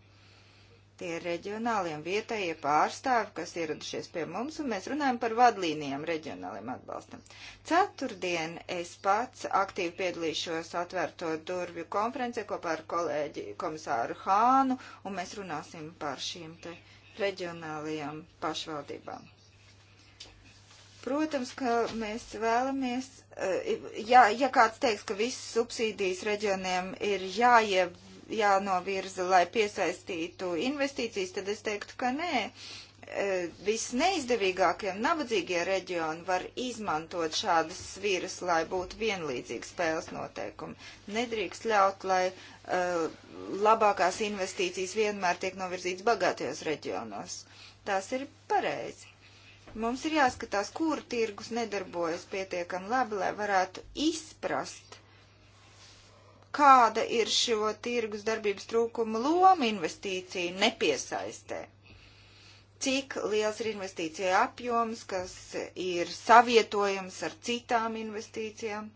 Tie ir reģionāliem vietējie pārstāvi, kas ieradušies pie mums, un mēs runājam par vadlīnijām reģionāliem atbalstam. Ceturtdien es pats aktīvi piedalīšos atvērto durvju konferencē kopā ar kolēģi komisāru Hānu, un mēs runāsim par šīm te reģionālajām pašvaldībām. Protams, ka mēs vēlamies, eh, ja, ja kāds teiks, ka visas subsīdijas reģioniem ir jāiev, jānovirza, lai piesaistītu investīcijas, tad es teiktu, ka nē eh, visneizdevīgākie un nabadzīgie reģioni var izmantot šādas sviras, lai būtu vienlīdzīgi spēles noteikumi. Nedrīkst ļaut, lai uh, labākās investīcijas vienmēr tiek novirzītas bagātajos reģionos. Tas ir pareizi. Mums ir jāskatās, kur tirgus nedarbojas pietiekami labi, lai varētu izprast, kāda ir šo tirgus darbības trūkuma loma investīciju nepiesaistē. Cik liels ir investīcija apjoms, kas ir savietojams ar citām investīcijām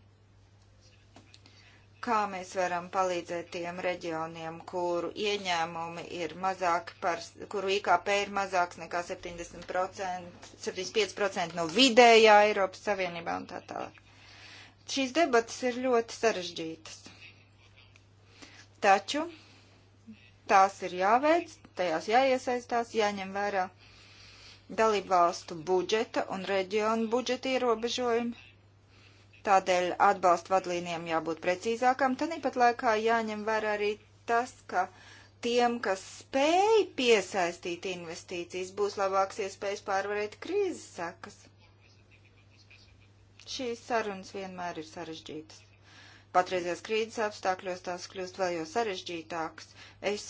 kā mēs varam palīdzēt tiem reģioniem, kuru ieņēmumi ir mazāk par, kuru IKP ir mazāks nekā 70%, 75% no vidējā Eiropas Savienībā un tā tālāk. Šīs debatas ir ļoti sarežģītas. Taču tās ir jāveic, tajās jāiesaistās, jāņem vērā dalību valstu budžeta un reģionu budžeta ierobežojumi Tādēļ atbalsta vadlīnijām jābūt precīzākam. Tāpat laikā jāņem vērā arī tas, ka tiem, kas spēj piesaistīt investīcijas, būs labāks iespējas pārvarēt krīzes sekas. Šīs sarunas vienmēr ir sarežģītas. Patreizējās krīzes apstākļos tās kļūst vēl jau sarežģītākas. Es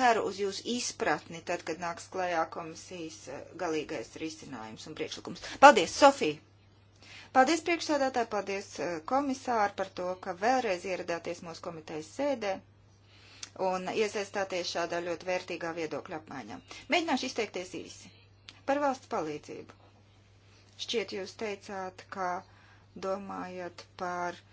ceru uz jūsu izpratni, tad, kad nāks klajā komisijas galīgais risinājums un priekšlikums. Paldies, Sofija! Paldies priekšsēdētāji, paldies eh, komisāri par to, ka vēlreiz ieradāties mūsu komitejas sēdē un iesaistāties šādā ļoti vērtīgā viedokļa apmaiņā. Mēģināšu izteikties īsi par valsts palīdzību. Šķiet, jūs teicāt, ka domājat par uh,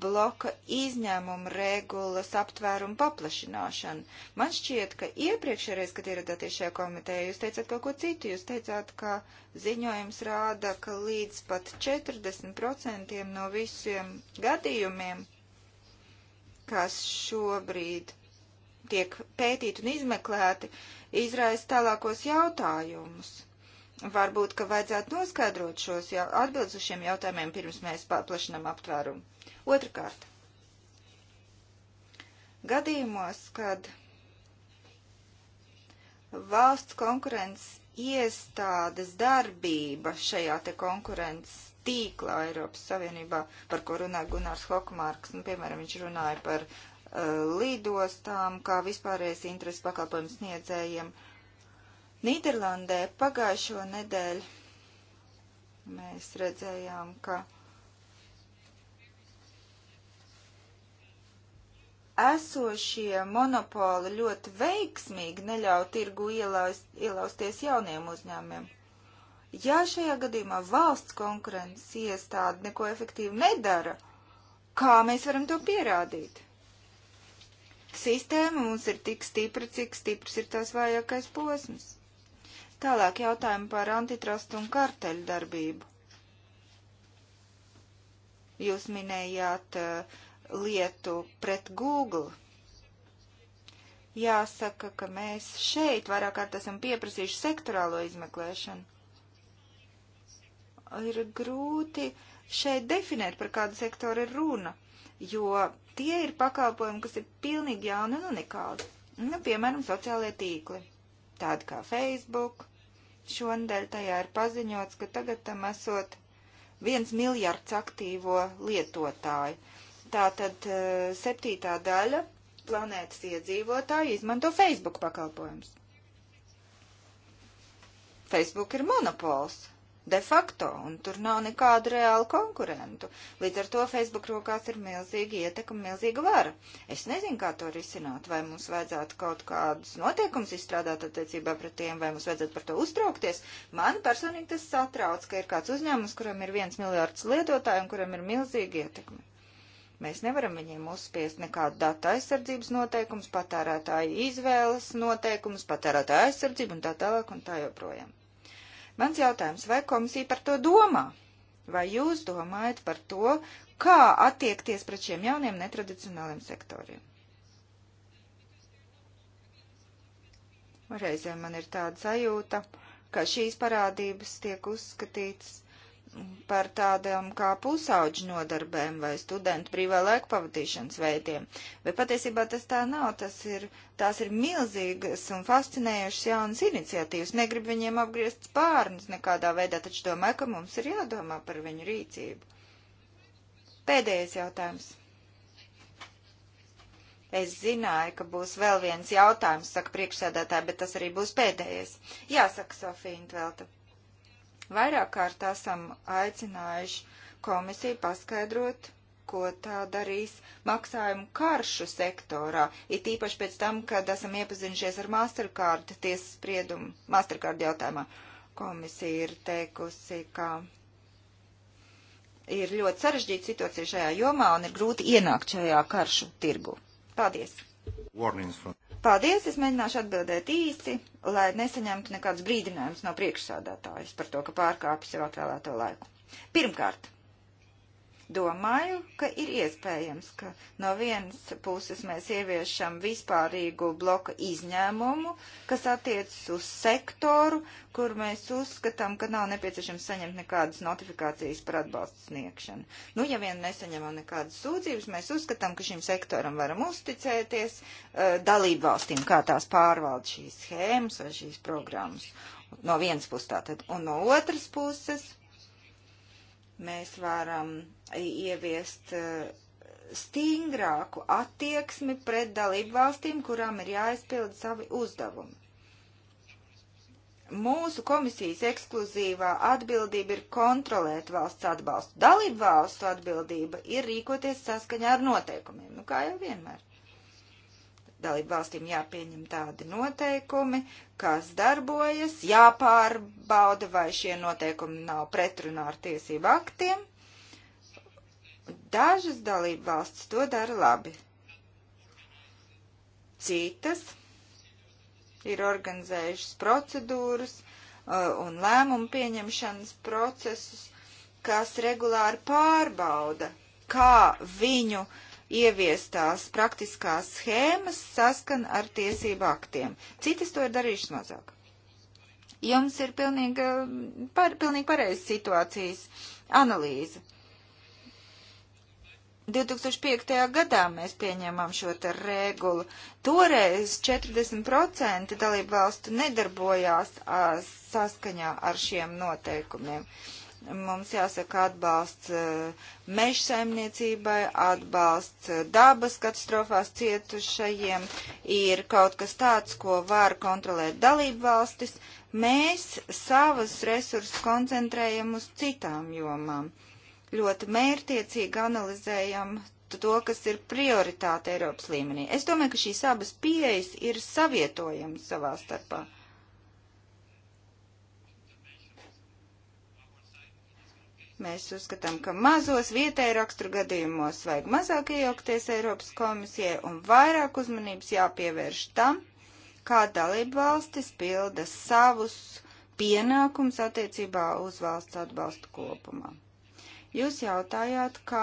bloka izņēmuma regulas aptvērumu paplašināšanu. Man šķiet, ka iepriekšējais, kad ieradāties šajā komitejā, jūs teicāt kaut ko citu. Jūs teicāt, ka ziņojums rāda, ka līdz pat 40% no visiem gadījumiem, kas šobrīd tiek pētīti un izmeklēti, izraisa tālākos jautājumus. Varbūt, ka vajadzētu noskaidrot šos jau, atbildes uz šiem jautājumiem, pirms mēs paplašinām aptvērumu. Otrakārt, gadījumos, kad valsts konkurences iestādes darbība šajā te konkurences tīklā Eiropas Savienībā, par ko runāja Gunārs Hokmārks, nu, piemēram, viņš runāja par uh, lidostām, kā vispārējais interesi pakalpojumu sniedzējiem. Nīderlandē pagājušo nedēļu mēs redzējām, ka esošie monopoli ļoti veiksmīgi neļauj tirgu ielaust, ielausties jauniem uzņēmumiem. Ja šajā gadījumā valsts konkurences iestāde neko efektīvi nedara, kā mēs varam to pierādīt? Sistēma mums ir tik stipra, cik stiprs ir tās vājākais posms. Tālāk jautājumi par antitrustu un karteļu darbību. Jūs minējāt uh, lietu pret Google. Jāsaka, ka mēs šeit vairāk kārt esam pieprasījuši sektorālo izmeklēšanu. Ir grūti šeit definēt, par kādu sektoru ir runa, jo tie ir pakalpojumi, kas ir pilnīgi jauni un unikāli. Nu, piemēram, sociālie tīkli, tādi kā Facebook. Šonadēļ tajā ir paziņots, ka tagad tam esot viens miljards aktīvo lietotāju. Tātad eh, septītā daļa planētas iedzīvotāji izmanto Facebook pakalpojumus. Facebook ir monopols de facto, un tur nav nekādu reālu konkurentu. Līdz ar to Facebook rokās ir milzīga ietekme, milzīga vara. Es nezinu, kā to risināt, vai mums vajadzētu kaut kādus noteikumus izstrādāt attiecībā pret tiem, vai mums vajadzētu par to uztraukties. Man personīgi tas satrauc, ka ir kāds uzņēmums, kuram ir viens miljards lietotāju un kuram ir milzīga ietekme. Mēs nevaram viņiem uzspiest nekādu datu aizsardzības noteikumus, patērētāju izvēles noteikumus, patērētāju aizsardzību un tā tālāk un tā joprojām. Mans jautājums, vai komisija par to domā? Vai jūs domājat par to, kā attiekties pret šiem jauniem netradicionāliem sektoriem? Reizēm man ir tāda sajūta, ka šīs parādības tiek uzskatītas par tādām kā pusauģu nodarbēm vai studentu brīvā laika pavadīšanas veidiem. Bet patiesībā tas tā nav. Tas ir, tās ir milzīgas un fascinējušas jaunas iniciatīvas. Negribu viņiem apgriezt spārnus nekādā veidā, taču domāju, ka mums ir jādomā par viņu rīcību. Pēdējais jautājums. Es zināju, ka būs vēl viens jautājums, saka priekšsēdētāji, bet tas arī būs pēdējais. Jāsaka, Sofija Intvelta. Vairāk kārt esam aicinājuši komisiju paskaidrot, ko tā darīs maksājumu karšu sektorā, it īpaši pēc tam, kad esam iepazinušies ar Mastercard tiesas spriedumu Mastercard jautājumā. Komisija ir teikusi, ka ir ļoti sarežģīta situācija šajā jomā un ir grūti ienākt šajā karšu tirgu. Paldies! Warnings from Paldies, es mēģināšu atbildēt īsi, lai nesaņemtu nekādus brīdinājumus no priekšsādātājas par to, ka pārkāpis jau atvēlēto laiku. Pirmkārt, Domāju, ka ir iespējams, ka no vienas puses mēs ieviešam vispārīgu bloka izņēmumu, kas attiecas uz sektoru, kur mēs uzskatām, ka nav nepieciešams saņemt nekādas notifikācijas par atbalstu sniegšanu. Nu, ja vien nesaņemam nekādas sūdzības, mēs uzskatām, ka šim sektoram varam uzticēties uh, dalību valstīm, kā tās pārvalda šīs schēmas vai šīs programmas no vienas puses tātad, un no otras puses Mēs varam ieviest e, stingrāku attieksmi pret dalību valstīm, kurām ir jāizpilda savi uzdevumi. Mūsu komisijas ekskluzīvā atbildība ir kontrolēt valsts atbalstu. Dalību valstu atbildība ir rīkoties saskaņā ar noteikumiem, nu kā jau vienmēr. Dalību valstīm jāpieņem tādi noteikumi, kas darbojas, jāpārbauda, vai šie noteikumi nav pretrunā ar tiesību aktiem. Dažas dalību valstis to dara labi. Citas ir organizējušas procedūras uh, un lēmumu pieņemšanas procesus, kas regulāri pārbauda, kā viņu uh, ieviestās praktiskās schēmas saskan ar tiesību aktiem. Citas to ir darījušas mazāk. Jums ir pilnīgi, par, pilnīgi pareizi situācijas analīze. 2005. gadā mēs pieņēmām šo te regulu. Toreiz 40% dalību valstu nedarbojās a, saskaņā ar šiem noteikumiem. Mums jāsaka atbalsts meža saimniecībai, atbalsts dabas katastrofās cietušajiem ir kaut kas tāds, ko var kontrolēt dalību valstis. Mēs savas resursus koncentrējam uz citām jomām. Uh, ļoti mērtiecīgi analizējam to, kas ir prioritāte Eiropas līmenī. Es domāju, ka šīs abas pieejas ir savietojamas savā starpā. Mēs uzskatām, ka mazos vietēju raksturu gadījumos vajag mazāk iejaukties Eiropas komisijai un vairāk uzmanības jāpievērš tam, kā dalība valstis pilda savus pienākums attiecībā uz valsts atbalstu kopumā. Jūs jautājāt, kā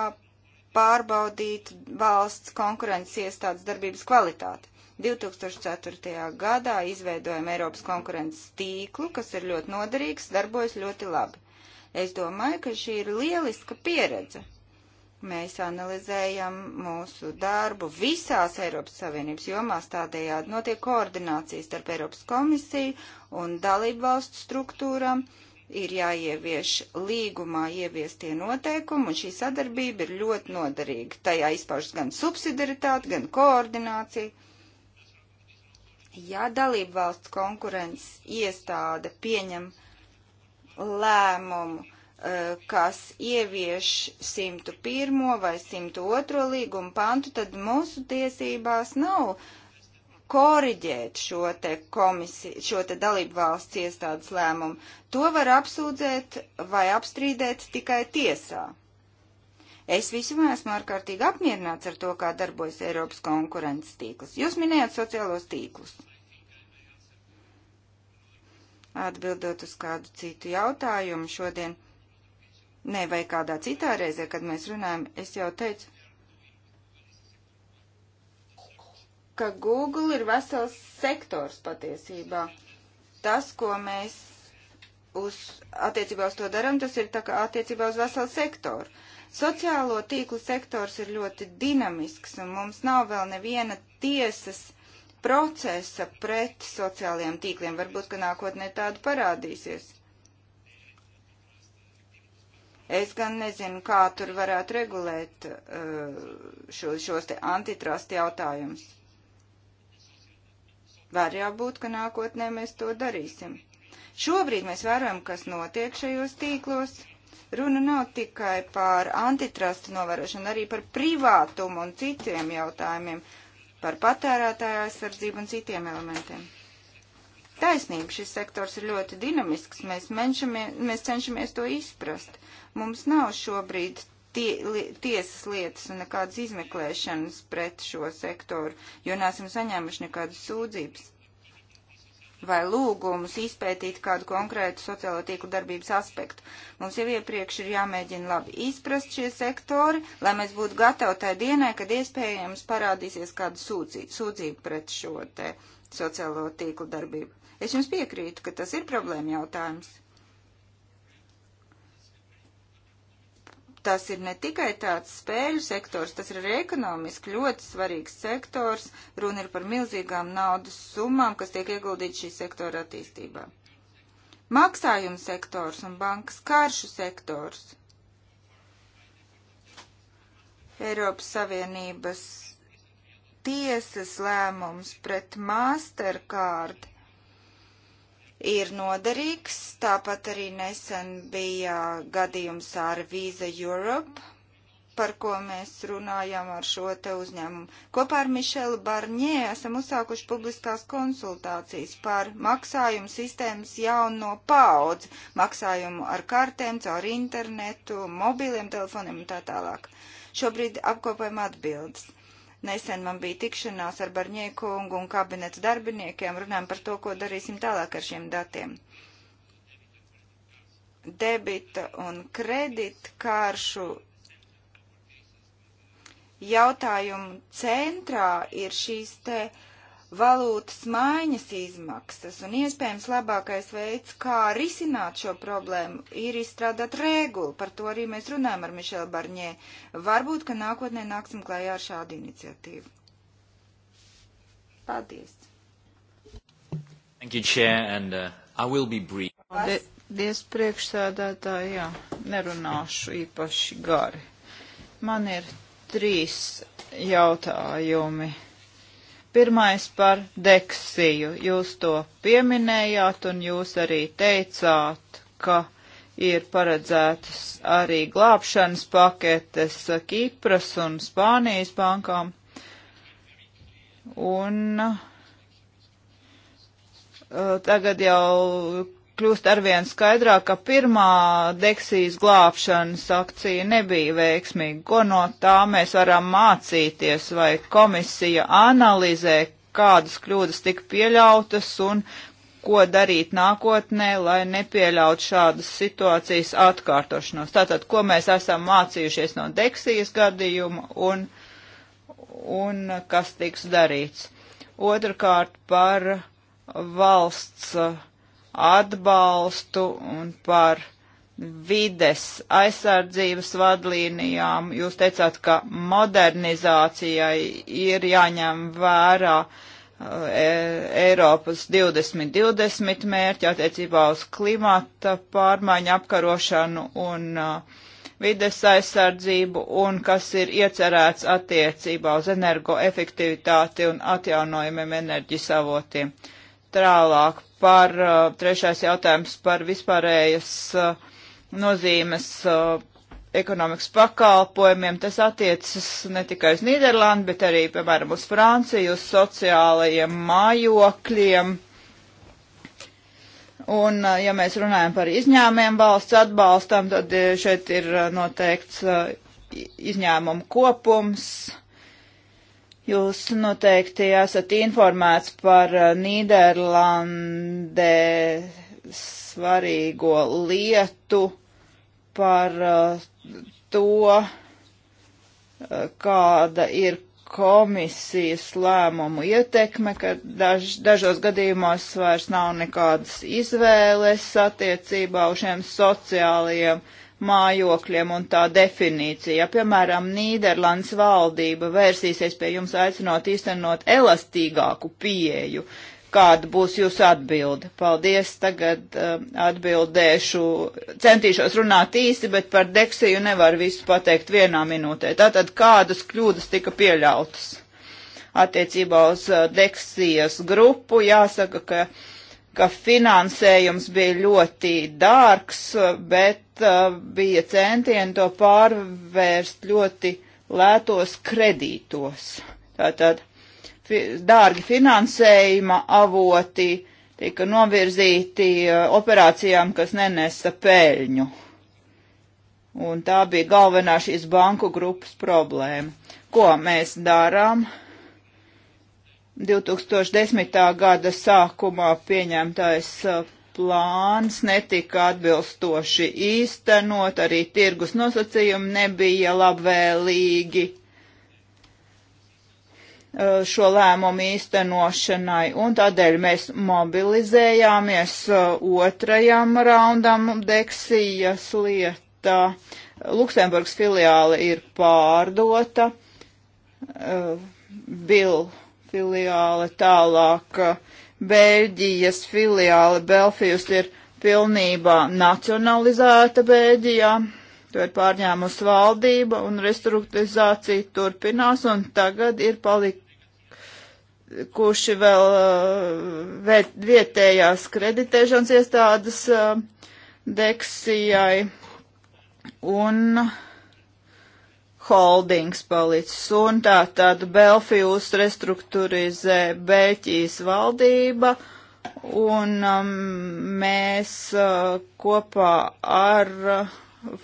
pārbaudīt valsts konkurences iestādes darbības kvalitāti. 2004. gadā izveidojam Eiropas konkurences tīklu, kas ir ļoti noderīgs, darbojas ļoti labi. Es domāju, ka šī ir lieliska pieredze. Mēs analizējam mūsu darbu visās Eiropas Savienības jomās, tādējādi notiek koordinācijas starp Eiropas komisiju un dalību valstu struktūrām. Uh, ir jāievieš līgumā ieviestie noteikumi, un šī sadarbība ir ļoti noderīga. Tajā izpaužas gan subsidiaritāte, gan koordinācija. Ja dalību valsts konkurences iestāde pieņem lēmumu, eh, kas ievieš 101. vai 102. līgumu pantu, tad mūsu tiesībās nav uh, koriģēt šo te komisiju, šo te dalību valsts iestādes lēmumu. To var apsūdzēt vai apstrīdēt tikai tiesā. Es visumā esmu ārkārtīgi apmierināts ar to, kā darbojas Eiropas konkurences tīkls. Jūs minējāt sociālos tīklus. Atbildot uz kādu citu jautājumu šodien, ne vai kādā citā reizē, kad mēs runājam, es jau teicu, ka Google ir vesels sektors patiesībā. Tas, ko mēs uz, attiecībā uz to darām, tas ir tā kā attiecībā uz veselu sektoru. Sociālo tīklu sektors ir ļoti dinamisks, un mums nav vēl neviena tiesas procesa pret sociālajiem tīkliem. Varbūt, ka nākotnē tāda parādīsies. Es gan nezinu, kā tur varētu regulēt uh, šo, šos te antitrust jautājumus. Var jau būt, ka nākotnē mēs to darīsim. Šobrīd mēs vērojam, kas notiek šajos tīklos. Runa nav tikai par antitrustu novērošanu, arī par privātumu un citiem jautājumiem, par patērētāju aizsardzību un citiem elementiem. Taisnība, šis sektors ir ļoti dinamisks, mēs, mēs cenšamies to izprast. Mums nav šobrīd tie, li, tiesas lietas un nekādas izmeklēšanas pret šo sektoru, jo nesam saņēmuši nekādas sūdzības vai lūgumus izpētīt kādu konkrētu sociālo tīklu darbības aspektu. Mums jau iepriekš ir jāmēģina labi izprast šie sektori, lai mēs būtu gatavi tajā dienai, kad iespējams parādīsies kāda sūdzība pret šo te sociālo tīklu darbību. Es jums piekrītu, ka tas ir problēma jautājums. tas ir ne tikai tāds spēļu sektors, tas ir arī ekonomiski ļoti svarīgs sektors. Runa ir par milzīgām naudas summām, kas tiek ieguldīts šī sektora attīstībā. Maksājumu sektors un bankas karšu sektors. Eiropas Savienības tiesas lēmums pret Mastercard ir noderīgs. Tāpat arī nesen bija gadījums ar Visa Europe, par ko mēs runājam ar šo te uzņēmumu. Kopā ar Mišelu Barņē esam uzsākuši publiskās konsultācijas par maksājumu sistēmas jauno paudzi, maksājumu ar kartēm, caur internetu, mobiliem telefoniem un tā tālāk. Šobrīd apkopējam atbildes. Nesen man bija tikšanās ar Barņiekungu un kabinets darbiniekiem, runājam par to, ko darīsim tālāk ar šiem datiem. Debita un kreditkāršu jautājumu centrā ir šīs te uh, valūtas maiņas izmaksas, un iespējams labākais veids, kā risināt šo problēmu, ir izstrādāt regulu. Par to arī mēs runājam ar Mišelu Barņē. Varbūt, ka nākotnē nāksim klājā ar šādu iniciatīvu. Paldies! Thank you, Chair, and uh, I will be brief. Paldies, priekšsēdētāji, jā, nerunāšu īpaši gari. Man ir trīs jautājumi Pirmais par deksiju. Jūs to pieminējāt un jūs arī teicāt, ka ir paredzētas arī glābšanas paketes Kipras un Spānijas bankām. Un uh, tagad jau kļūst arvien skaidrāk, ka pirmā deksijas glābšanas akcija nebija veiksmīga. Ko no tā mēs varam mācīties, vai komisija analizē, kādas kļūdas tika pieļautas un ko darīt nākotnē, lai nepieļaut šādas situācijas atkārtošanos. Tātad, ko mēs esam mācījušies no deksijas gadījuma un, un kas tiks darīts. Otrakārt par valsts uh, atbalstu un par vides aizsardzības vadlīnijām. Jūs teicāt, ka modernizācijai ir jāņem vērā uh, e Eiropas 2020 mērķi attiecībā uz klimata pārmaiņu apkarošanu un uh, vides aizsardzību un kas ir iecerēts attiecībā uz energoefektivitāti un atjaunojumiem enerģisavotiem. Tālāk par uh, trešais jautājums par vispārējas uh, nozīmes uh, ekonomikas pakalpojumiem. Tas attiecas ne tikai uz Nīderlandi, bet arī, piemēram, uz Franciju, uz sociālajiem mājokļiem. Un, ja mēs runājam par izņēmiem valsts atbalstam, tad šeit ir noteikts izņēmumu kopums Jūs noteikti esat informēts par uh, Nīderlandē svarīgo lietu, par uh, to, uh, kāda ir komisijas lēmumu ietekme, ka daž, dažos gadījumos vairs nav nekādas izvēles attiecībā uz šiem sociālajiem uh, mājokļiem un tā definīcija. Ja, piemēram, Nīderlandes valdība vērsīsies pie jums aicinot īstenot elastīgāku pieeju, kāda būs jūsu atbilde? Paldies, tagad uh, atbildēšu, centīšos runāt īsi, bet par deksiju nevar visu pateikt vienā minūtē. Tātad, kādas kļūdas tika pieļautas? Attiecībā uz uh, deksijas grupu jāsaka, ka ka finansējums bija ļoti dārgs, bet uh, bija centieni to pārvērst ļoti lētos kredītos. Tātad fi, dārgi finansējuma avoti tika novirzīti uh, operācijām, kas nenesa peļņu. Un tā bija galvenā šīs banku grupas problēma. Ko mēs darām? Uh, 2010. gada sākumā pieņemtais uh, plāns netika atbilstoši īstenot, arī tirgus nosacījumi nebija labvēlīgi uh, šo lēmumu īstenošanai, un tādēļ mēs mobilizējāmies uh, otrajam raundam deksijas lietā. Luksemburgas filiāli ir pārdota. Bill filiāle, tālāk Bēļģijas filiāle Belfijus ir pilnībā nacionalizēta Bēļģijā. To ir pārņēmusi valdība un restruktūrizācija turpinās un tagad ir palikuši vēl uh, vietējās kreditēšanas iestādes uh, deksijai un uh, holdings palicis, un tā tad Belfijus restruktūrizē Beļķijas valdība, un um, mēs uh, kopā ar uh,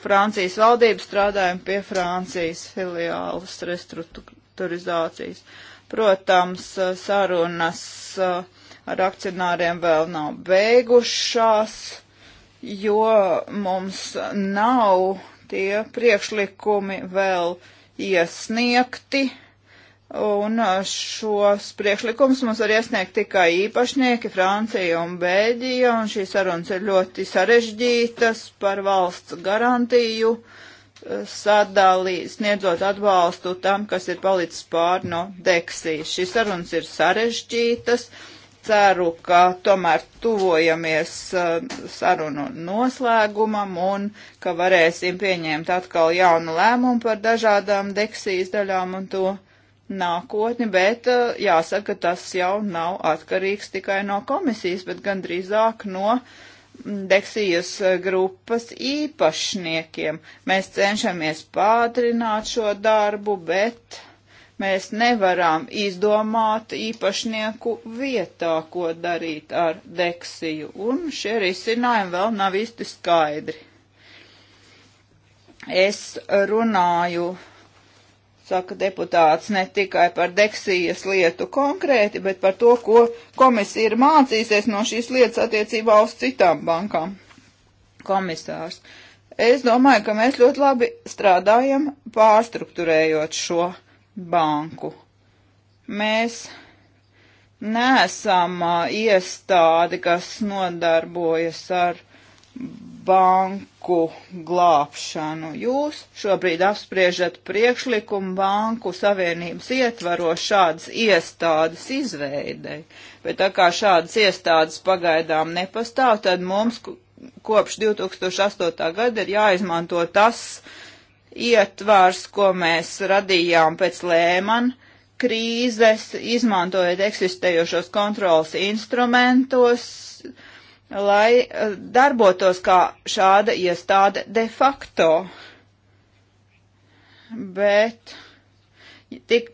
Francijas valdību strādājam pie Francijas filiālas restruktūrizācijas. Protams, uh, sarunas uh, ar akcionāriem vēl nav beigušās, jo mums nav Tie priekšlikumi vēl iesniegti, un šos priekšlikumus mums var iesniegt tikai īpašnieki Francija un Bēļģija, un šīs sarunas ir ļoti sarežģītas par valsts garantiju eh, sadalī, sniedzot atbalstu tam, kas ir palicis pār no deksijas. Šīs sarunas ir sarežģītas, uh, ceru, ka tomēr tuvojamies uh, sarunu noslēgumam un ka varēsim pieņemt atkal jaunu lēmumu par dažādām deksijas daļām un to nākotni, bet uh, jāsaka, ka tas jau nav atkarīgs tikai no komisijas, bet gan drīzāk no mm, deksijas uh, grupas īpašniekiem. Mēs cenšamies pātrināt šo darbu, bet Mēs nevaram izdomāt īpašnieku vietā, ko darīt ar deksiju, un šie risinājumi vēl nav īsti skaidri. Es runāju saka deputāts, ne tikai par deksijas lietu konkrēti, bet par to, ko komisija ir mācīsies no šīs lietas attiecībā uz citām bankām. Komisārs. Es domāju, ka mēs ļoti labi strādājam pārstruktūrējot šo banku. Mēs neesam iestādi, kas nodarbojas ar banku glābšanu. Jūs šobrīd apspriežat priekšlikumu banku savienības ietvaro šādas iestādes izveidei, bet tā kā šādas iestādes pagaidām nepastāv, tad mums kopš 2008. gada ir jāizmanto tas, uh, ietvārs, ko mēs radījām pēc Lēman krīzes, izmantojot eksistējošos kontrols instrumentos, lai eh, darbotos kā šāda iestāde de facto. Bet tik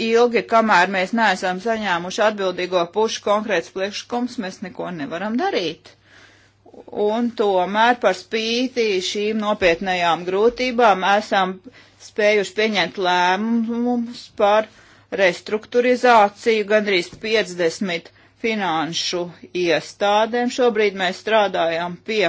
ilgi, kamēr mēs neesam saņēmuši atbildīgo pušu konkrēts priekšlikums, mēs neko nevaram darīt un tomēr par spīti šīm nopietnējām grūtībām esam spējuši pieņemt lēmumus par restruktūrizāciju gandrīz 50 finanšu iestādēm. Šobrīd mēs strādājam pie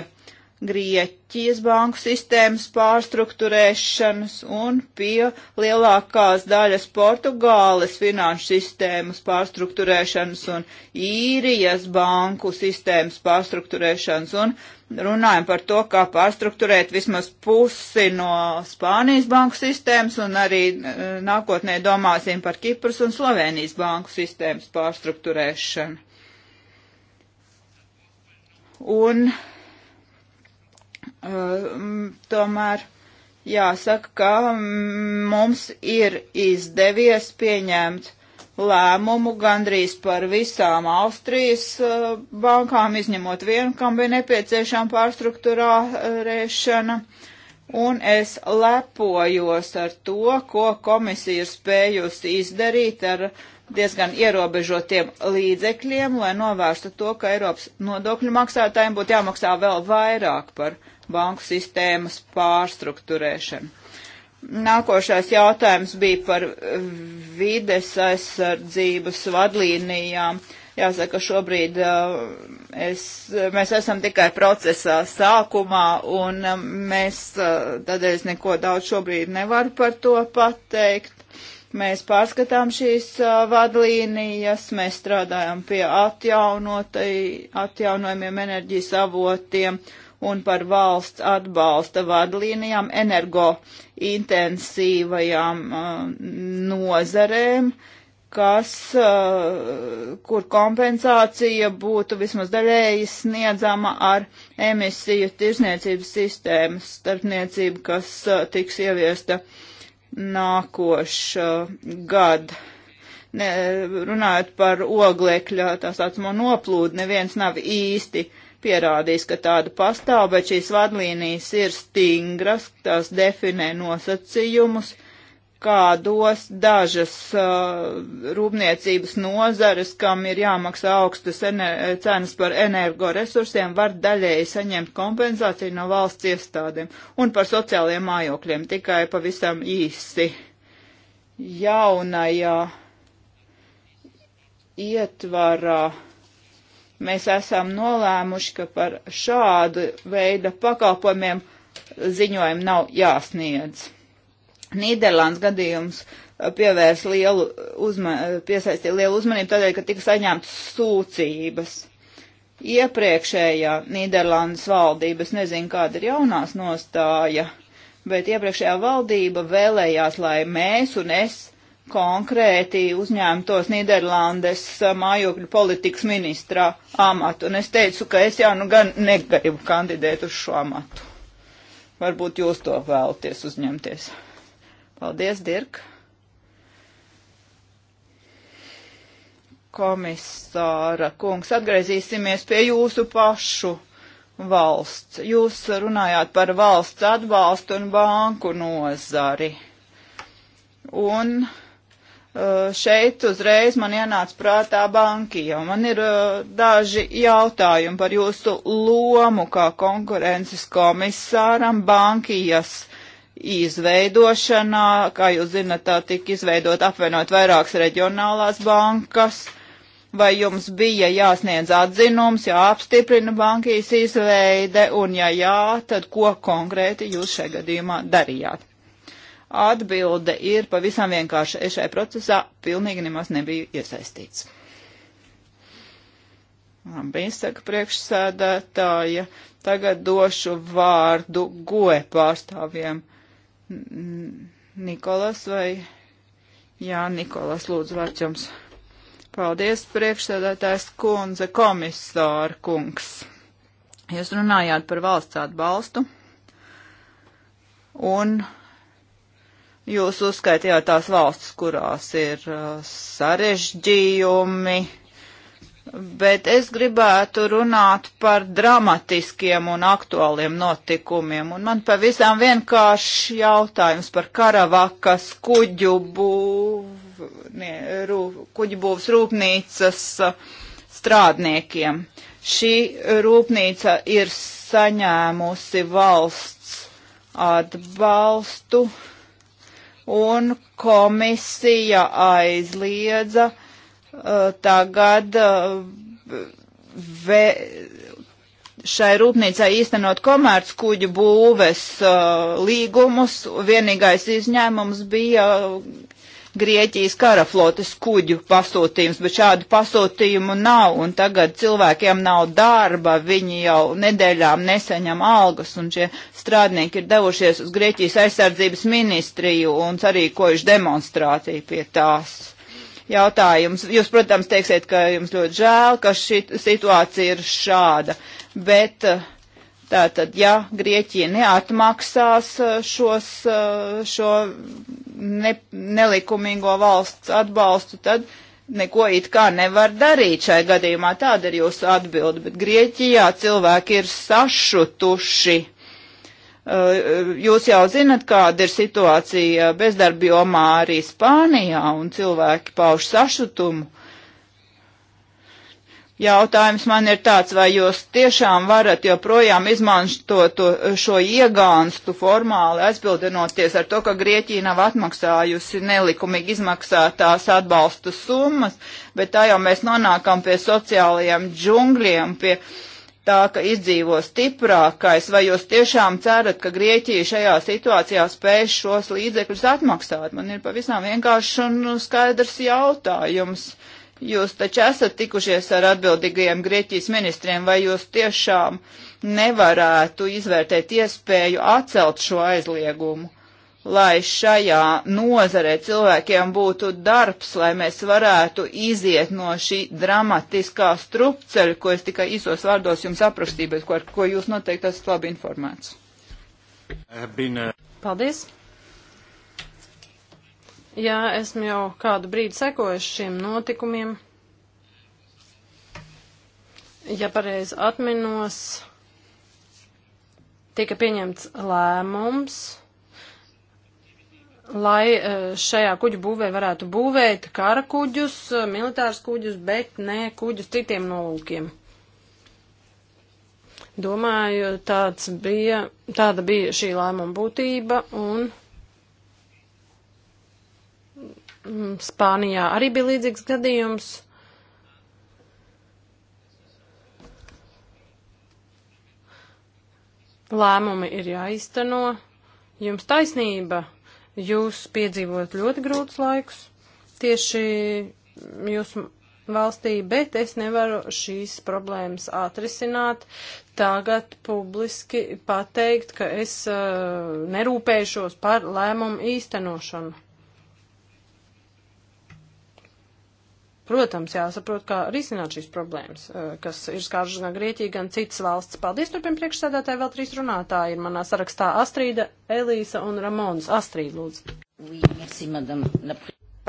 Grieķijas banku sistēmas pārstruktūrēšanas un pie lielākās daļas Portugāles finanšu sistēmas pārstruktūrēšanas un īrijas banku sistēmas pārstruktūrēšanas un runājam par to, kā pārstruktūrēt vismaz pusi no Spānijas banku sistēmas un arī eh, nākotnē domāsim par Kipras un Slovenijas banku sistēmas pārstruktūrēšanu. Un tomēr jāsaka, ka mums ir izdevies pieņemt lēmumu gandrīz par visām Austrijas bankām, izņemot vienu, kam bija nepieciešama pārstruktūrēšana. Un es lepojos ar to, ko komisija ir spējusi izdarīt ar diezgan ierobežotiem līdzekļiem, lai novērstu to, ka Eiropas nodokļu maksātājiem būtu jāmaksā vēl vairāk par uh, banku sistēmas pārstruktūrēšanu. Nākošais jautājums bija par vides aizsardzības vadlīnijām. Jāsaka, šobrīd eh, es, mēs esam tikai procesā sākumā, un eh, mēs eh, tādēļ neko daudz šobrīd nevaru par to pateikt. Mēs pārskatām šīs vadlīnijas, mēs strādājam pie atjaunotajiem enerģijas avotiem un par valsts atbalsta vadlīnijām energointensīvajām uh, nozarēm, kas, uh, kur kompensācija būtu vismaz daļēji sniedzama ar emisiju tirzniecības sistēmas starpniecību, kas uh, tiks ieviesta nākošu gadu ne, runājot par oglekļa tā saucamo noplūdu, neviens nav īsti pierādījis, ka tāda pastāv, bet šīs vadlīnijas ir stingras, tās definē nosacījumus, kādos dažas uh, rūpniecības nozares, kam ir jāmaksā augstas cenas par energoresursiem, var daļēji saņemt kompensāciju no valsts iestādēm un par sociālajiem mājokļiem tikai pavisam īsi. Jaunajā ietvarā. Uh, mēs esam nolēmuši, ka par šādu veidu pakalpojumiem ziņojumi nav jāsniedz. Nīderlands gadījums uh, pievērs lielu uzmanību, uh, piesaistīja lielu uzmanību tādēļ, ka tika saņemtas sūdzības. Iepriekšējā Nīderlandes valdība, es nezinu, kāda ir jaunās nostāja, bet iepriekšējā valdība vēlējās, lai mēs un es konkrēti uzņēmtos Nīderlandes eh, mājokļu politikas ministrā amatu. Un es teicu, ka es jau nu gan negribu kandidēt uz šo amatu. Varbūt jūs to vēlaties uzņemties. Paldies, Dirk. Komisāra kungs, atgriezīsimies pie jūsu pašu valsts. Jūs runājāt par valsts atbalstu un banku nozari. Un Eh, šeit uzreiz man ienāca prātā bankija. Man ir eh, daži jautājumi par jūsu lomu kā konkurences komisāram bankijas izveidošanā. Kā jūs zinat, tā tika izveidot apvienot vairākas reģionālās bankas. Vai jums bija jāsniedz atzinums, jāapstiprina bankijas izveide, un ja jā, tad ko konkrēti jūs šajā gadījumā darījāt? Atbilde ir pavisam vienkārša. Es šai procesā pilnīgi nemaz nebiju iesaistīts. Labi, saka priekšsēdētāja. Tagad došu vārdu goe pārstāvjiem. Nikolas vai? Jā, Nikolas, lūdzu, vārds jums. Paldies, priekšsēdētājs kundze, komisāra kungs. Jūs runājāt par valsts atbalstu un Jūs uzskaitījāt tās valsts, kurās ir uh, sarežģījumi, bet es gribētu runāt par dramatiskiem un aktuāliem notikumiem. Un man pavisam vienkārši jautājums par karavakas kuģu, būv, ne, rū, kuģu būvs rūpnīcas uh, strādniekiem. Šī rūpnīca ir saņēmusi valsts atbalstu un komisija aizliedza uh, tagad uh, ve, šai rūpnīcai īstenot komerc kuģu būves uh, līgumus. Vienīgais izņēmums bija uh, Grieķijas karaflotes kuģu pasūtījums, bet šādu pasūtījumu nav, un tagad cilvēkiem nav darba, viņi jau nedēļām nesaņem algas, un šie strādnieki ir devušies uz Grieķijas aizsardzības ministriju un sarīkojuši demonstrāciju pie tās. Jautājums, jūs, protams, teiksiet, ka jums ļoti žēl, ka šī situācija ir šāda, bet uh, Tātad, ja Grieķija neatmaksās e, šos, e, šo ne, nelikumīgo valsts atbalstu, tad neko it kā nevar darīt šai gadījumā. Tāda ir jūsu atbilde, bet Grieķijā cilvēki ir sašutuši. E, jūs jau zinat, kāda ir situācija bezdarbjomā arī Spānijā, un cilvēki pauž sašutumu Jautājums man ir tāds, vai jūs tiešām varat joprojām izmantot šo iegānstu formāli aizbildinoties ar to, ka Grieķija nav atmaksājusi nelikumīgi izmaksātās atbalsta summas, bet tā jau mēs nonākam pie sociālajiem džungļiem, pie tā, ka izdzīvo stiprākais, vai jūs tiešām cerat, ka Grieķija šajā situācijā spēs šos līdzekļus atmaksāt? Man ir pavisam vienkārši un skaidrs jautājums Jūs taču esat tikušies ar atbildīgajiem Grieķijas ministriem, vai jūs tiešām nevarētu izvērtēt iespēju atcelt šo aizliegumu, lai šajā nozarē cilvēkiem būtu darbs, lai mēs varētu iziet no šī dramatiskā strupceļa, ko es tikai īsos vārdos jums aprakstīju, bet ko, ko jūs noteikti esat labi informēts. Uh, Paldies! Jā, esmu jau kādu brīdi sekojuši šiem notikumiem. Ja pareizi atminos, tika pieņemts lēmums, lai e, šajā kuģu būvē varētu būvēt kara kuģus, e, militārs kuģus, bet ne kuģus citiem nolūkiem. Domāju, tāds bija, tāda bija šī lēmuma būtība un Mm, Spānijā arī bija līdzīgs gadījums. Lēmumi ir jāizteno. Jums taisnība. Jūs piedzīvot ļoti grūtus laikus tieši jūsu valstī, bet es nevaru šīs problēmas atrisināt. Tagad publiski pateikt, ka es uh, eh, nerūpējušos par lēmumu īstenošanu. Protams, jāsaprot, kā risināt šīs problēmas, eh, kas ir skāršas gan Grieķija, gan citas valsts. Paldies, turpin priekšsēdētāji, vēl trīs runātāji ir manā sarakstā Astrīda, Elīsa un Ramons. Astrīda, lūdzu. Oui, merci, madame.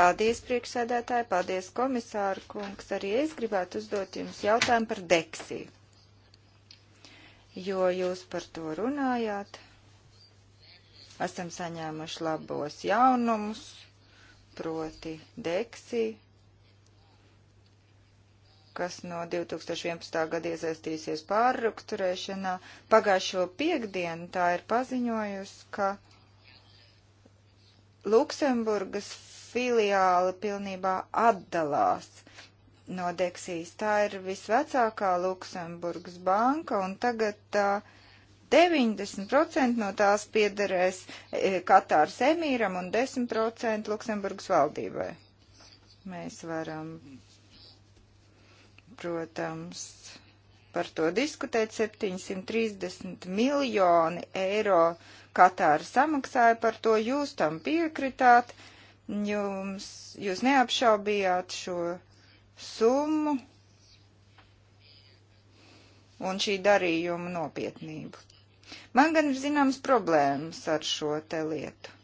Paldies, priekšsēdētāji, paldies, komisāra kungs. Arī es gribētu uzdot jums jautājumu par deksiju, jo jūs par to runājāt. Esam saņēmuši labos jaunumus, proti deksiju kas no 2011. gada iesaistīsies pārrukturēšanā. Pagājušo piekdienu tā ir paziņojusi, ka Luksemburgas filiāla pilnībā atdalās no Deksijas. Tā ir visvecākā Luksemburgas banka, un tagad tā 90% no tās piederēs e, Katāras emīram un 10% Luksemburgas valdībai. Mēs varam protams, par to diskutēt. 730 miljoni eiro Katāra samaksāja par to, jūs tam piekritāt, jums, jūs neapšaubījāt šo summu un šī darījuma nopietnību. Man gan ir zināmas problēmas ar šo te lietu.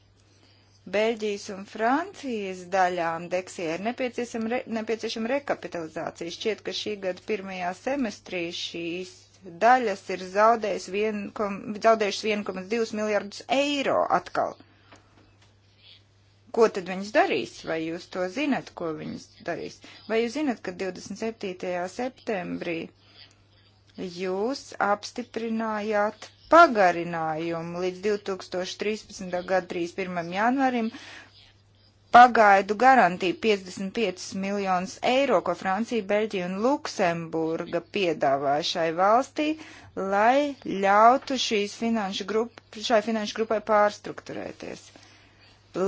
Beļģijas un Francijas daļām Deksijai ir nepieciešama, re, nepieciešama rekapitalizācija. Šķiet, ka šī gada pirmajā semestrī šīs daļas ir zaudējušas 1,2 miljardus eiro atkal. Ko tad viņas darīs? Vai jūs to zinat, ko viņas darīs? Vai jūs zinat, ka 27. septembrī jūs apstiprinājāt pagarinājumu līdz 2013. gada 31. janvarim pagaidu garantiju 55 miljonus eiro, ko Francija, Beļģija un Luksemburga piedāvā šai valstī, lai ļautu šīs finanšu grup, šai finanšu grupai pārstruktūrēties.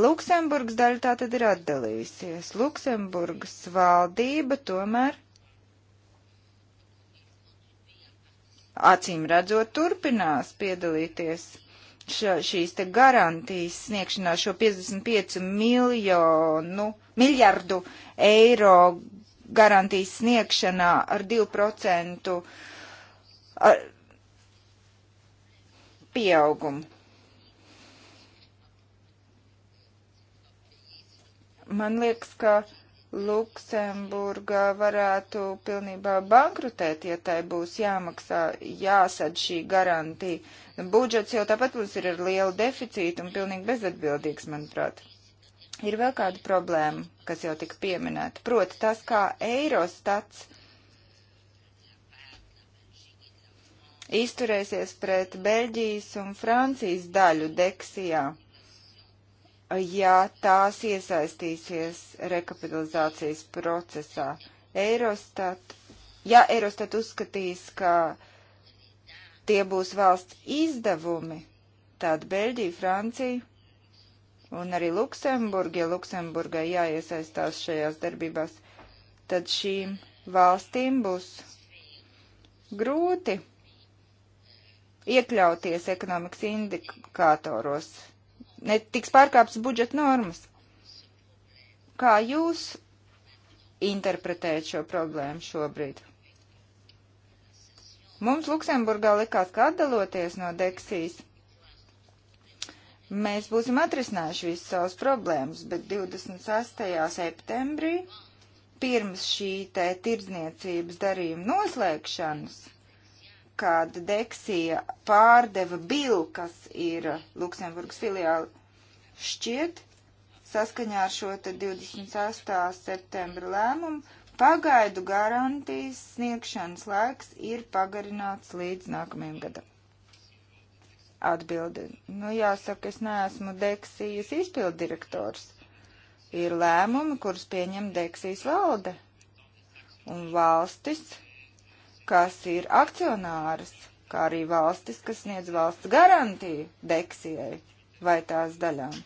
Luksemburgas daļa tā tad ir atdalījusies. Luksemburgas valdība tomēr acīm redzot turpinās piedalīties ša, šīs te garantijas sniegšanā šo 55 miljonu, miljardu eiro garantijas sniegšanā ar 2% ar pieaugumu. Man liekas, ka Luksemburga varētu pilnībā bankrutēt, ja tai būs jāmaksā, jāsad šī garantija. Budžets jau tāpat mums ir ar lielu deficītu un pilnīgi bezatbildīgs, manuprāt. Ir vēl kāda problēma, kas jau tika pieminēta, proti tas, kā Eirostats izturēsies pret Beļģijas un Francijas daļu deksijā ja tās iesaistīsies rekapitalizācijas procesā. Eirostat, ja Eirostat uzskatīs, ka tie būs valsts izdevumi, tad Beļģija, Francija un arī Luksemburga, ja Luksemburgai jāiesaistās šajās darbībās, tad šīm valstīm būs grūti iekļauties ekonomikas indikātoros netiks pārkāptas budžeta normas. Kā jūs interpretējat šo problēmu šobrīd? Mums Luksemburgā likās, ka atdaloties no Deksijas, mēs būsim atrisinājuši visas savas problēmas, bet 26. septembrī, pirms šī te tirdzniecības darījuma noslēgšanas, kad Deksija pārdeva Bill, kas ir Luksemburgas filiāli, šķiet, saskaņā ar šo 28. septembra lēmumu, pagaidu garantijas sniegšanas laiks ir pagarināts līdz nākamajam gadam. Atbildi. Nu, jāsaka, es neesmu Deksijas izpildirektors. Ir lēmumi, kurus pieņem Deksijas valde. Un valstis kas ir akcionāras, kā arī valstis, kas sniedz valsts garantiju deksijai vai tās daļām.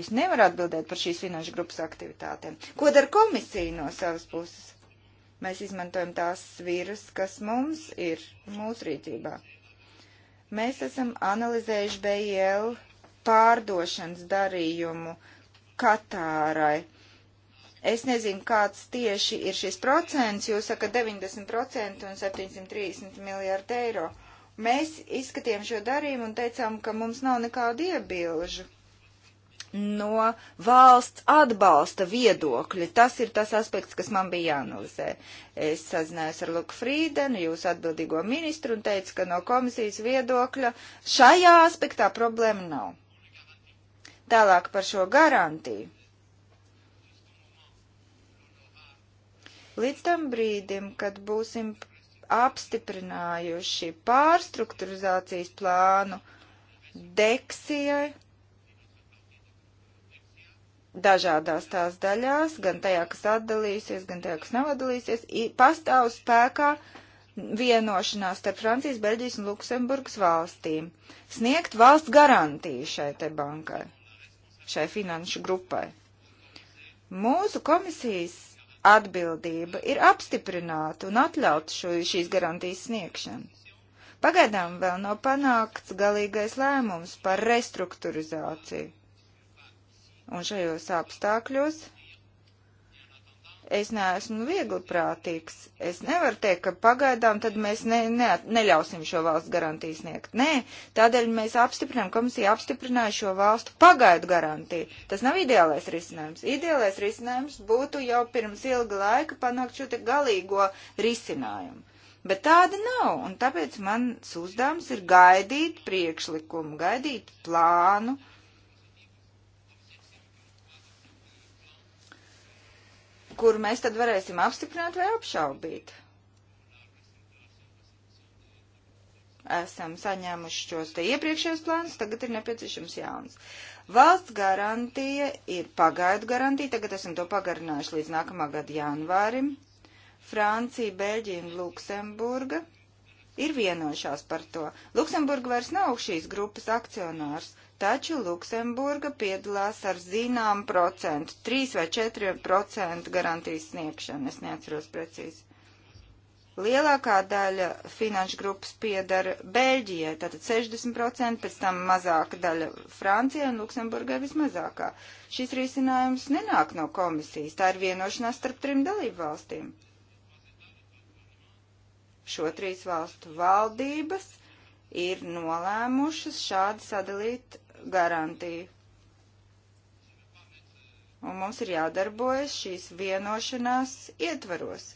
Es nevaru atbildēt par šīs finanšu grupas aktivitātēm. Ko dara komisija no savas puses? Mēs izmantojam tās sviras, kas mums ir mūsu rīcībā. Mēs esam analizējuši BIL pārdošanas darījumu Katārai Es nezinu, kāds tieši ir šis procents. Jūs sakat 90% un 730 miljārdu eiro. Mēs izskatījām šo darījumu un teicām, ka mums nav nekādu iebilžu no valsts atbalsta viedokļa. Tas ir tas aspekts, kas man bija jāanalizē. Es sazinājos ar Luku Frīdenu, jūsu atbildīgo ministru, un teicu, ka no komisijas viedokļa šajā aspektā problēma nav. Tālāk par šo garantiju. Līdz tam brīdim, kad būsim apstiprinājuši pārstruktūrizācijas plānu deksijai dažādās tās daļās, gan tajā, kas atdalīsies, gan tajā, kas nav atdalīsies, pastāv spēkā vienošanās starp Francijas, Beļģijas un Luksemburgas valstīm sniegt valsts garantiju šai te bankai, šai finanšu grupai. Mūsu komisijas atbildība ir apstiprināta un atļauta šo, šīs garantijas sniegšana. Pagaidām vēl nav panākts galīgais lēmums par restruktūrizāciju. Un šajos apstākļos es neesmu viegli prātīgs. Es nevaru teikt, ka pagaidām tad mēs ne, ne, neļausim šo valstu garantiju sniegt. Nē, tādēļ mēs apstiprinām, komisija apstiprināja šo valstu pagaidu garantiju. Tas nav ideālais risinājums. Ideālais risinājums būtu jau pirms ilga laika panākt šo te galīgo risinājumu. Bet tāda nav, un tāpēc mans uzdevums ir gaidīt priekšlikumu, gaidīt plānu, uh, kur mēs tad varēsim apstiprināt vai apšaubīt. Esam saņēmuši šos te iepriekšējos plānus, tagad ir nepieciešams jauns. Valsts garantija ir pagaidu garantija, tagad esam to pagarinājuši līdz nākamā gada janvārim. Francija, Beļģija un Luksemburga ir vienojušās par to. Luksemburga vairs nav šīs grupas akcionārs. Taču Luksemburga piedalās ar zinām procentu, 3 vai 4 procentu garantijas sniegšanu, es neatceros precīzi. Lielākā daļa finanšu grupas piedara Beļģijai, tātad 60%, pēc tam mazāka daļa Francijai un Luksemburgai vismazākā. Šis risinājums nenāk no komisijas, tā ir vienošanās starp trim dalību valstīm. Šo trīs valstu valdības ir nolēmušas šādi sadalīt garantiju. Un mums ir jādarbojas šīs vienošanās ietvaros.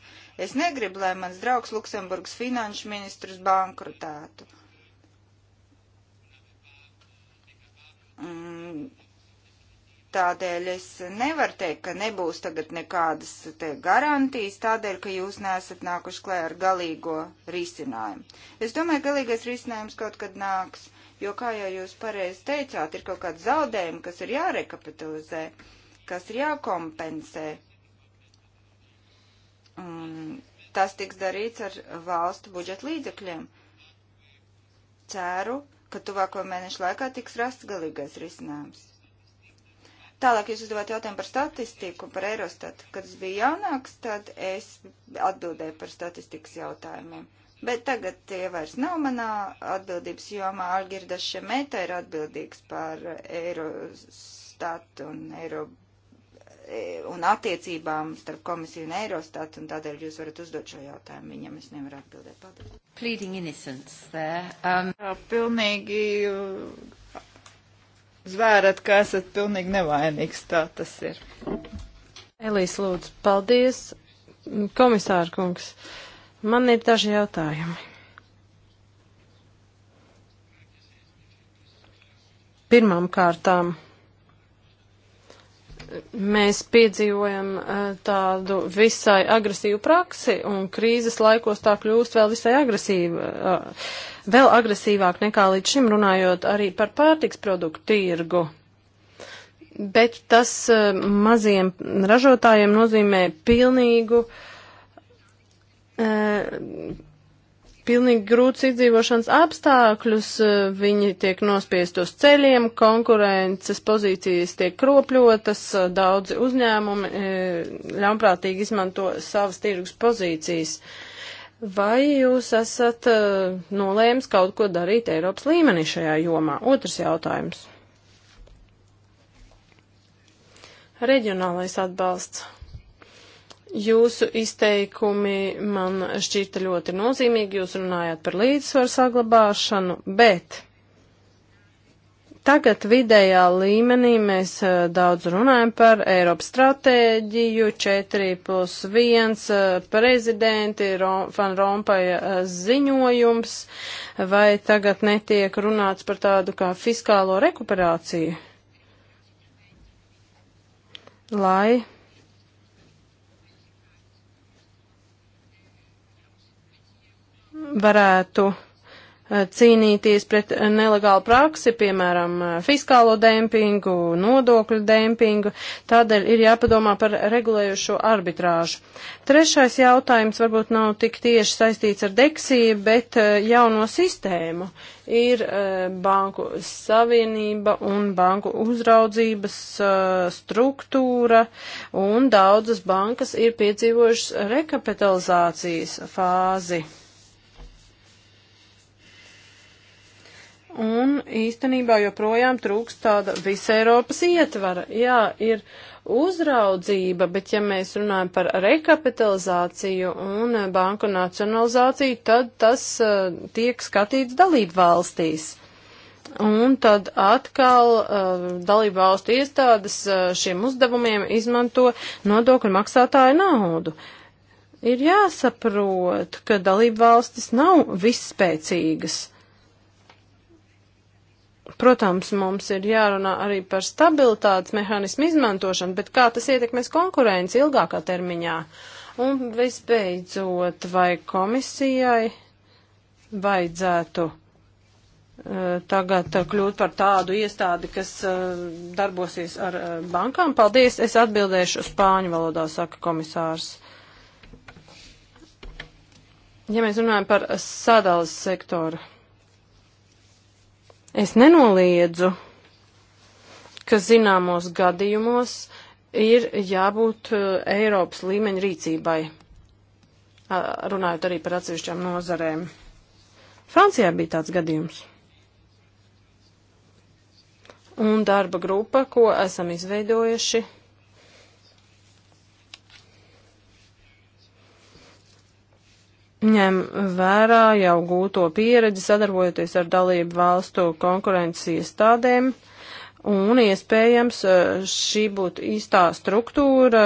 Es negribu, lai mans draugs Luksemburgas finanšu ministrs bankrutētu. Mm. Tādēļ es nevaru teikt, ka nebūs tagad nekādas te garantijas, tādēļ, ka jūs nesat nākuši klē ar galīgo risinājumu. Es domāju, galīgais risinājums kaut kad nāks jo, kā jau jūs pareizi teicāt, ir kaut kādi zaudējumi, kas ir jārekapitalizē, kas ir jākompensē. Un tas tiks darīts ar valstu budžeta līdzekļiem. Ceru, ka tuvāko mēnešu laikā tiks rasts galīgais risinājums. Tālāk jūs uzdevāt jautājumu par statistiku, par Eurostatu. Kad es biju jaunāks, tad es atbildēju par statistikas jautājumiem bet tagad tie vairs nav manā atbildības jomā. Algirda Šemeta ir atbildīgs par Eirostatu un, Eiro, e, un attiecībām starp komisiju un Eirostatu, un tādēļ jūs varat uzdot šo jautājumu viņam. Es nevaru atbildēt. Paldies. Pleading innocence there. Um... Jā, pilnīgi uh, zvērat, ka esat pilnīgi nevainīgs. Tā tas ir. Elīs, lūdzu, paldies. Komisāra kungs. Uh, Man ir daži jautājumi. Pirmām kārtām mēs piedzīvojam eh, tādu visai agresīvu praksi, un krīzes laikos tā kļūst vēl visai agresīva, eh, vēl agresīvāk nekā līdz šim runājot arī par pārtiks produktu tirgu. Bet tas eh, maziem ražotājiem nozīmē pilnīgu uh, Eh, pilnīgi grūts izdzīvošanas apstākļus, eh, viņi tiek nospiest uz ceļiem, konkurences pozīcijas tiek kropļotas, eh, daudzi uzņēmumi ļaunprātīgi izmanto savas tirgus pozīcijas. Vai jūs esat nolēmis kaut ko darīt Eiropas līmenī šajā jomā? Otrs jautājums. Reģionālais atbalsts. Jūsu izteikumi man šķita ļoti nozīmīgi, jūs runājāt par līdzsvaru saglabāšanu, bet tagad vidējā līmenī mēs eh, daudz runājam par Eiropas stratēģiju, 4 plus 1 eh, prezidenti, Fan Rompaja eh, ziņojums, vai tagad netiek runāts par tādu kā fiskālo rekuperāciju? Lai varētu eh, cīnīties pret nelegālu praksi, piemēram, eh, fiskālo dempingu, nodokļu dempingu, tādēļ ir jāpadomā par regulējušo arbitrāžu. Trešais jautājums varbūt nav tik tieši saistīts ar deksiju, bet eh, jauno sistēmu. Ir banku savienība un banku uzraudzības struktūra, un daudzas bankas ir piedzīvojušas rekapitalizācijas fāzi. un īstenībā joprojām trūks tāda visa Eiropas ietvara. Jā, ir uzraudzība, bet ja mēs runājam par rekapitalizāciju un banku nacionalizāciju, tad tas uh, tiek skatīts dalību valstīs. Un tad atkal uh, dalību valstu iestādes uh, šiem uzdevumiem izmanto nodokļu maksātāju naudu. Ir jāsaprot, ka dalību valstis nav visspēcīgas. Uh, Protams, mums ir jārunā arī par stabilitātes mehānismu izmantošanu, bet kā tas ietekmēs konkurenci ilgākā termiņā? Un visbeidzot, vai komisijai vajadzētu eh, tagad kļūt par tādu iestādi, kas eh, darbosies ar eh, bankām. Paldies, es atbildēšu spāņu valodā, saka komisārs. Ja mēs runājam par sadalas sektoru. Es nenoliedzu, ka zināmos gadījumos ir jābūt uh, Eiropas līmeņa rīcībai, runājot arī par atsevišķām nozarēm. Francijā bija tāds gadījums. Un darba grupa, ko esam izveidojuši, ņem vērā jau gūto pieredzi sadarbojoties ar dalību valstu konkurences iestādēm. Un iespējams eh, šī būtu īstā struktūra,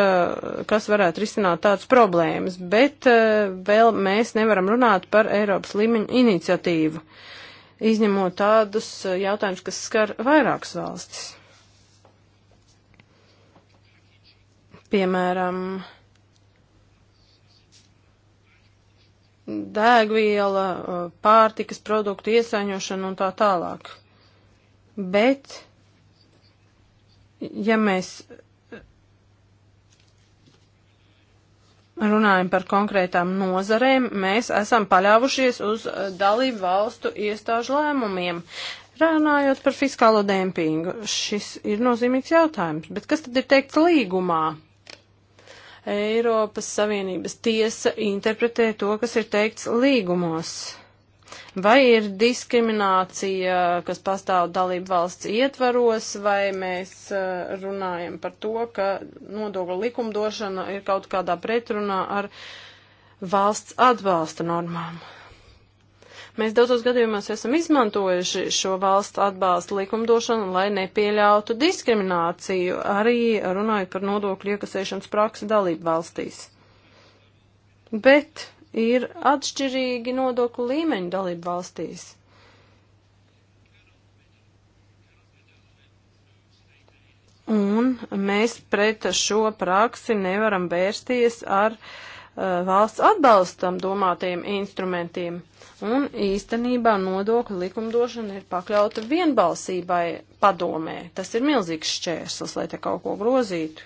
kas varētu risināt tādas problēmas, bet eh, vēl mēs nevaram runāt par Eiropas līmeņu iniciatīvu, izņemot tādus eh, jautājumus, kas skar vairākas valstis. Piemēram, uh, dēgviela, pārtikas produktu iesaiņošana un tā tālāk. Bet, ja mēs runājam par konkrētām nozarēm, mēs esam paļāvušies uz dalību valstu iestāžu lēmumiem. Runājot par fiskālo dempingu, šis ir nozīmīgs jautājums, bet kas tad ir teikts līgumā? Eiropas Savienības tiesa interpretē to, kas ir teikts līgumos? Vai ir diskriminācija, kas pastāv dalību valsts ietvaros, vai mēs eh, runājam par to, ka nodokļu likumdošana ir kaut kādā pretrunā ar valsts atbalsta normām? Mēs daudzos gadījumos esam izmantojuši šo valsts atbalsta likumdošanu, lai nepieļautu diskrimināciju, arī runājot par nodokļu iekasēšanas praksi dalību valstīs. Bet ir atšķirīgi nodokļu līmeņi dalību valstīs. Un mēs pret šo praksi nevaram vērsties ar uh, Uh, valsts atbalstam domātajiem instrumentiem. Un īstenībā nodokļu likumdošana ir pakļauta vienbalsībai padomē. Tas ir milzīgs šķērslis, lai te kaut ko grozītu.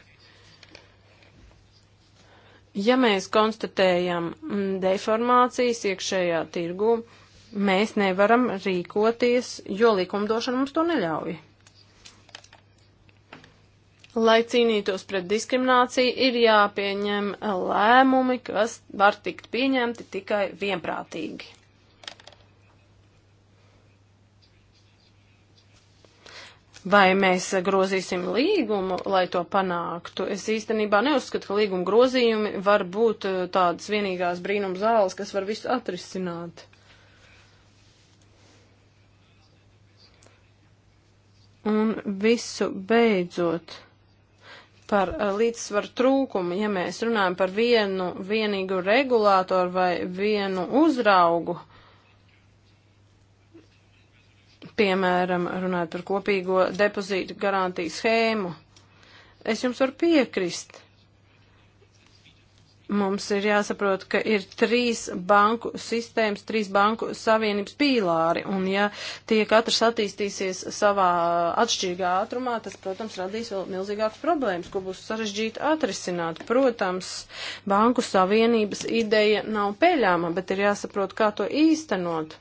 Ja mēs konstatējam mm, deformācijas iekšējā tirgu, mēs nevaram rīkoties, jo likumdošana mums to neļauj. Lai cīnītos pret diskrimināciju, ir jāpieņem lēmumi, kas var tikt pieņemti tikai vienprātīgi. Vai mēs grozīsim līgumu, lai to panāktu? Es īstenībā neuzskatu, ka līguma grozījumi var būt eh, tādas vienīgās brīnums zāles, kas var visu atrisināt. Un visu beidzot par eh, līdzsvaru trūkumu, ja mēs runājam par vienu vienīgu regulātoru vai vienu uzraugu, piemēram, runājot par kopīgo depozītu garantiju schēmu. Es jums varu piekrist. Mums ir jāsaprot, ka ir trīs banku sistēmas, trīs banku savienības pīlāri, un ja tie katrs attīstīsies savā atšķirīgā ātrumā, tas, protams, radīs vēl milzīgākas problēmas, ko būs sarežģīti atrisināt. Protams, banku savienības ideja nav peļāma, bet ir jāsaprot, kā to īstenot.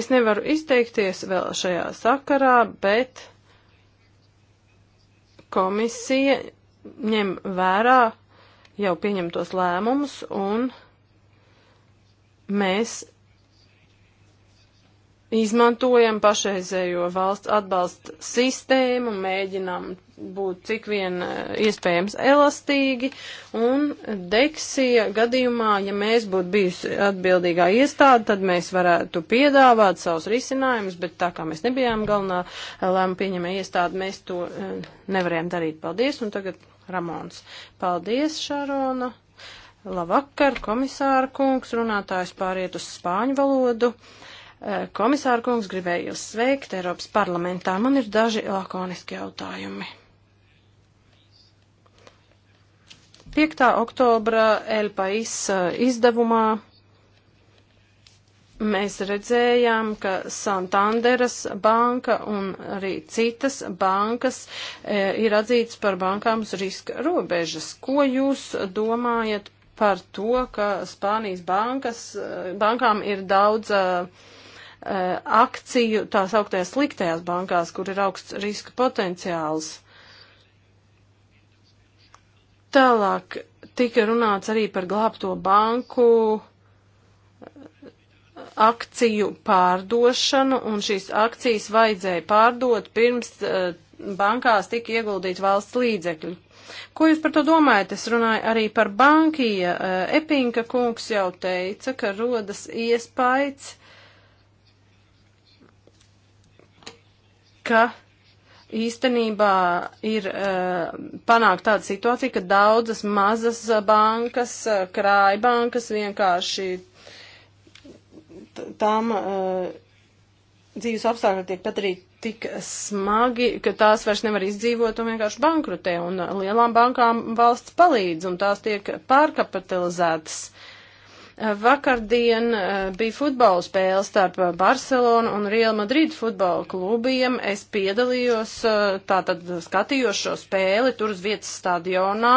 Es nevaru izteikties vēl šajā sakarā, bet komisija ņem vērā jau pieņemtos lēmumus un mēs izmantojam pašreizējo valsts atbalsta sistēmu, mēģinām būt cik vien eh, iespējams elastīgi, un deksija gadījumā, ja mēs būtu bijusi atbildīgā iestāde, tad mēs varētu piedāvāt savus risinājumus, bet tā kā mēs nebijām galvenā eh, lēma pieņemē iestāde, mēs to eh, nevarējām darīt. Paldies, un tagad Ramons. Paldies, Šarona. Labvakar, komisāra kungs, runātājs pāriet uz spāņu valodu. Eh, komisāra kungs gribēja jūs sveikt Eiropas parlamentā. Man ir daži lakoniski jautājumi. 5. oktobra Elpais eh, izdevumā mēs redzējām, ka Santanderas banka un arī citas bankas e, ir atzītas par bankām uz riska robežas. Ko jūs domājat par to, ka Spānijas bankas, e, bankām ir daudz e, e akciju tās augtajās sliktajās bankās, kur ir augsts riska potenciāls? Tālāk tika runāts arī par glābto banku akciju pārdošanu, un šīs akcijas vajadzēja pārdot pirms uh, bankās tika ieguldīt valsts līdzekļi. Ko jūs par to domājat? Es runāju arī par bankija. Uh, Epinka kungs jau teica, ka rodas iespējas, ka īstenībā ir uh, panākt tāda situācija, ka daudzas mazas bankas, krājbankas vienkārši tām eh, dzīves apstākļi tiek padarīti tik smagi, ka tās vairs nevar izdzīvot un vienkārši bankrutē. Un lielām bankām valsts palīdz un tās tiek pārkapitalizētas. Eh, vakardien eh, bija futbola spēle starp Barcelonu un Real Madrid futbola klubiem. Es piedalījos, tātad skatījos šo spēli tur uz vietas stadionā.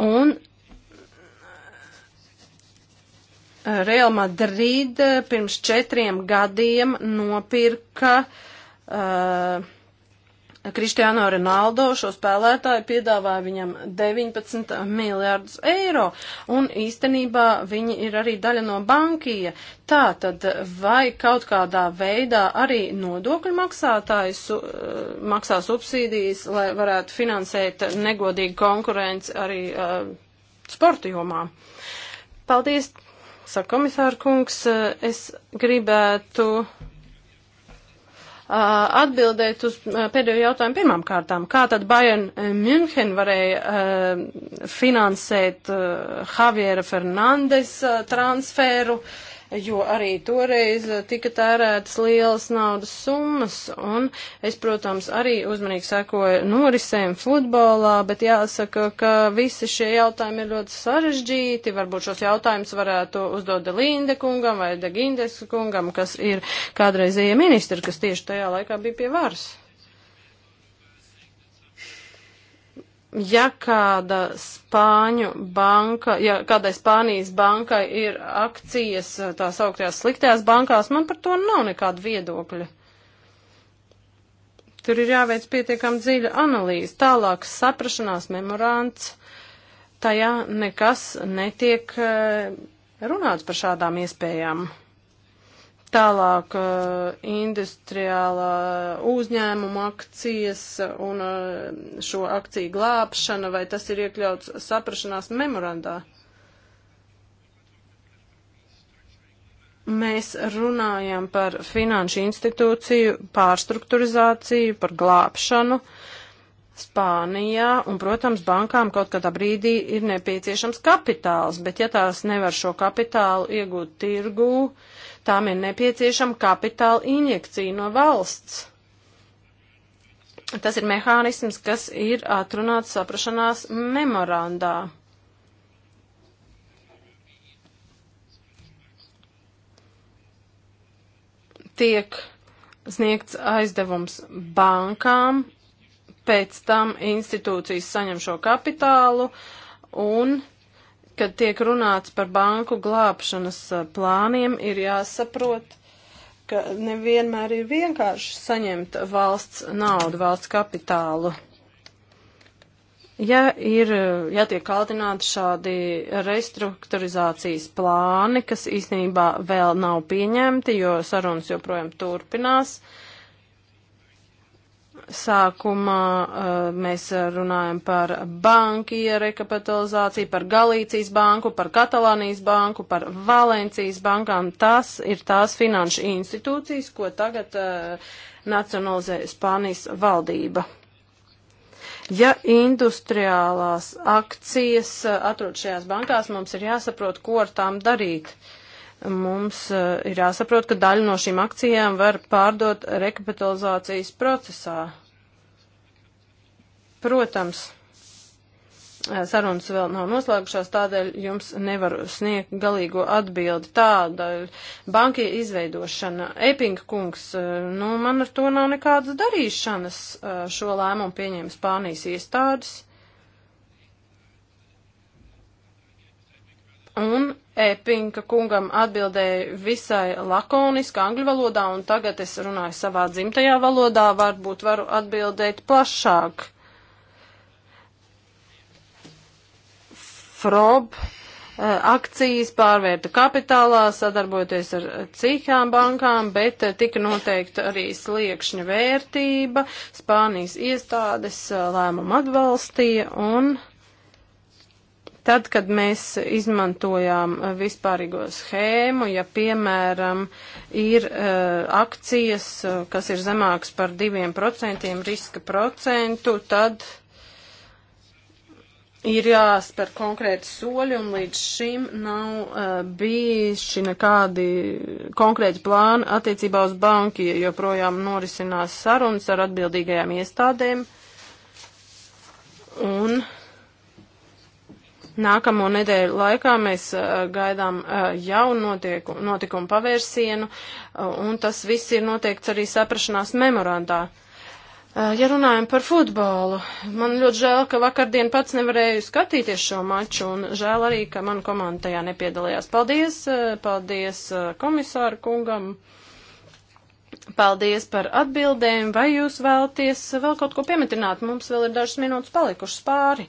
Un Real Madrid eh, pirms četriem gadiem nopirka uh, eh, Kristiāno Ronaldo šo spēlētāju piedāvāja viņam 19 miljārdus eiro, un īstenībā viņi ir arī daļa no bankija. Tā tad vai kaut kādā veidā arī nodokļu maksātājs su, eh, maksā subsīdijas, lai varētu finansēt negodīgu konkurenci arī uh, sporta jomā? Paldies Saka komisāra kungs, eh, es gribētu eh, atbildēt uz eh, pēdējo jautājumu pirmām kārtām. Kā tad Bayern München varēja finansēt Javiera Fernandes transferu? Uh, jo arī toreiz eh, tika tērētas lielas naudas summas, un es, protams, arī uzmanīgi sekoju norisēm futbolā, bet jāsaka, ka visi šie jautājumi ir ļoti sarežģīti, varbūt šos jautājumus varētu uzdot Delinde kungam vai Degindes kungam, kas ir kādreizējie ministri, kas tieši tajā laikā bija pie varas. ja kāda Spāņu banka, ja kādai Spānijas bankai ir akcijas eh, tās augtajās sliktajās bankās, man par to nav nekāda viedokļa. Tur ir jāveic pietiekam dziļa analīze, tālāk saprašanās memorāns, tajā nekas netiek eh, runāts par šādām iespējām. Tālāk uh, industriālā uzņēmuma akcijas un uh, šo akciju glābšana, vai tas ir iekļauts saprašanās memorandā? Mēs runājam par finanšu institūciju pārstrukturizāciju, par glābšanu. Uh, Spānijā, un, protams, bankām kaut kādā brīdī ir nepieciešams kapitāls, bet ja tās nevar šo kapitālu iegūt tirgū, tām ir nepieciešama kapitāla injekcija no valsts. Tas ir mehānisms, kas ir atrunāts saprašanās memorandā. Tiek sniegts aizdevums bankām, pēc tam institūcijas saņem šo kapitālu un, kad tiek runāts par banku glābšanas eh, plāniem, ir jāsaprot, ka nevienmēr ir vienkārši saņemt valsts naudu, valsts kapitālu. Ja ir, ja tiek kaldināti šādi restruktūrizācijas plāni, kas īstenībā vēl nav pieņemti, jo sarunas joprojām turpinās, uh, sākumā eh, mēs runājam par bankija rekapitalizāciju, par Galīcijas banku, par Katalānijas banku, par Valencijas bankām. Tas ir tās finanšu institūcijas, ko tagad uh, nacionalizē Spānijas valdība. Ja industriālās akcijas eh, atrod šajās bankās, mums ir jāsaprot, ko ar tām darīt. Uh, mums uh, ir jāsaprot, ka daļu no šīm akcijām var pārdot rekapitalizācijas procesā. Protams, eh, sarunas vēl nav noslēgušās, tādēļ jums nevaru sniegt galīgo atbildi. Tāda bankie izveidošana, Epinga kungs, eh, nu man ar to nav nekādas darīšanas, šo lēmumu pieņēma Spānijas iestādes. Un Epinka kungam atbildēja visai lakoniski angļu valodā, un tagad es runāju savā dzimtajā valodā, varbūt varu atbildēt plašāk. Frob eh, akcijas pārvērta kapitālā, sadarbojoties ar cīkām bankām, bet eh, tika noteikta arī sliekšņa vērtība, Spānijas iestādes eh, lēmumu atbalstīja un. Tad, kad mēs izmantojām eh, vispārīgo schēmu, ja piemēram ir uh, akcijas, eh, kas ir zemāks par 2% riska procentu, tad ir jāspēr konkrēti soļi, un līdz šim nav uh, bijuši nekādi konkrēti plāni attiecībā uz banki, jo projām norisinās sarunas ar atbildīgajām iestādēm. Un uh, Nākamo nedēļu laikā mēs uh, gaidām uh, jaunu notieku, notikumu pavērsienu, uh, un tas viss ir noteikts arī saprašanās memorandā. Ja runājam par futbolu, man ļoti žēl, ka vakardien pats nevarēju skatīties šo maču, un žēl arī, ka man komanda tajā nepiedalījās. Paldies, paldies komisāru kungam! Paldies par atbildēm. Vai jūs vēlaties vēl kaut ko piemetināt? Mums vēl ir dažas minūtes palikušas pāri.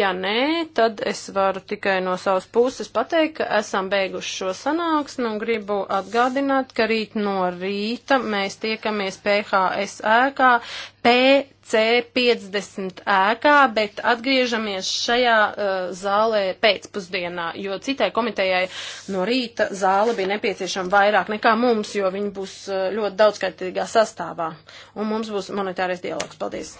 Ja nē, tad es varu tikai no savas puses pateikt, ka esam beiguši šo sanāksmi un gribu atgādināt, ka rīt no rīta mēs tiekamies PHS ēkā P C50 ēkā, bet atgriežamies šajā uh, zālē pēcpusdienā, jo citai komitejai no rīta zāle bija nepieciešama vairāk nekā mums, jo viņi būs uh, ļoti daudzskaitīgā sastāvā. Un mums būs monetārais dialogs. Paldies!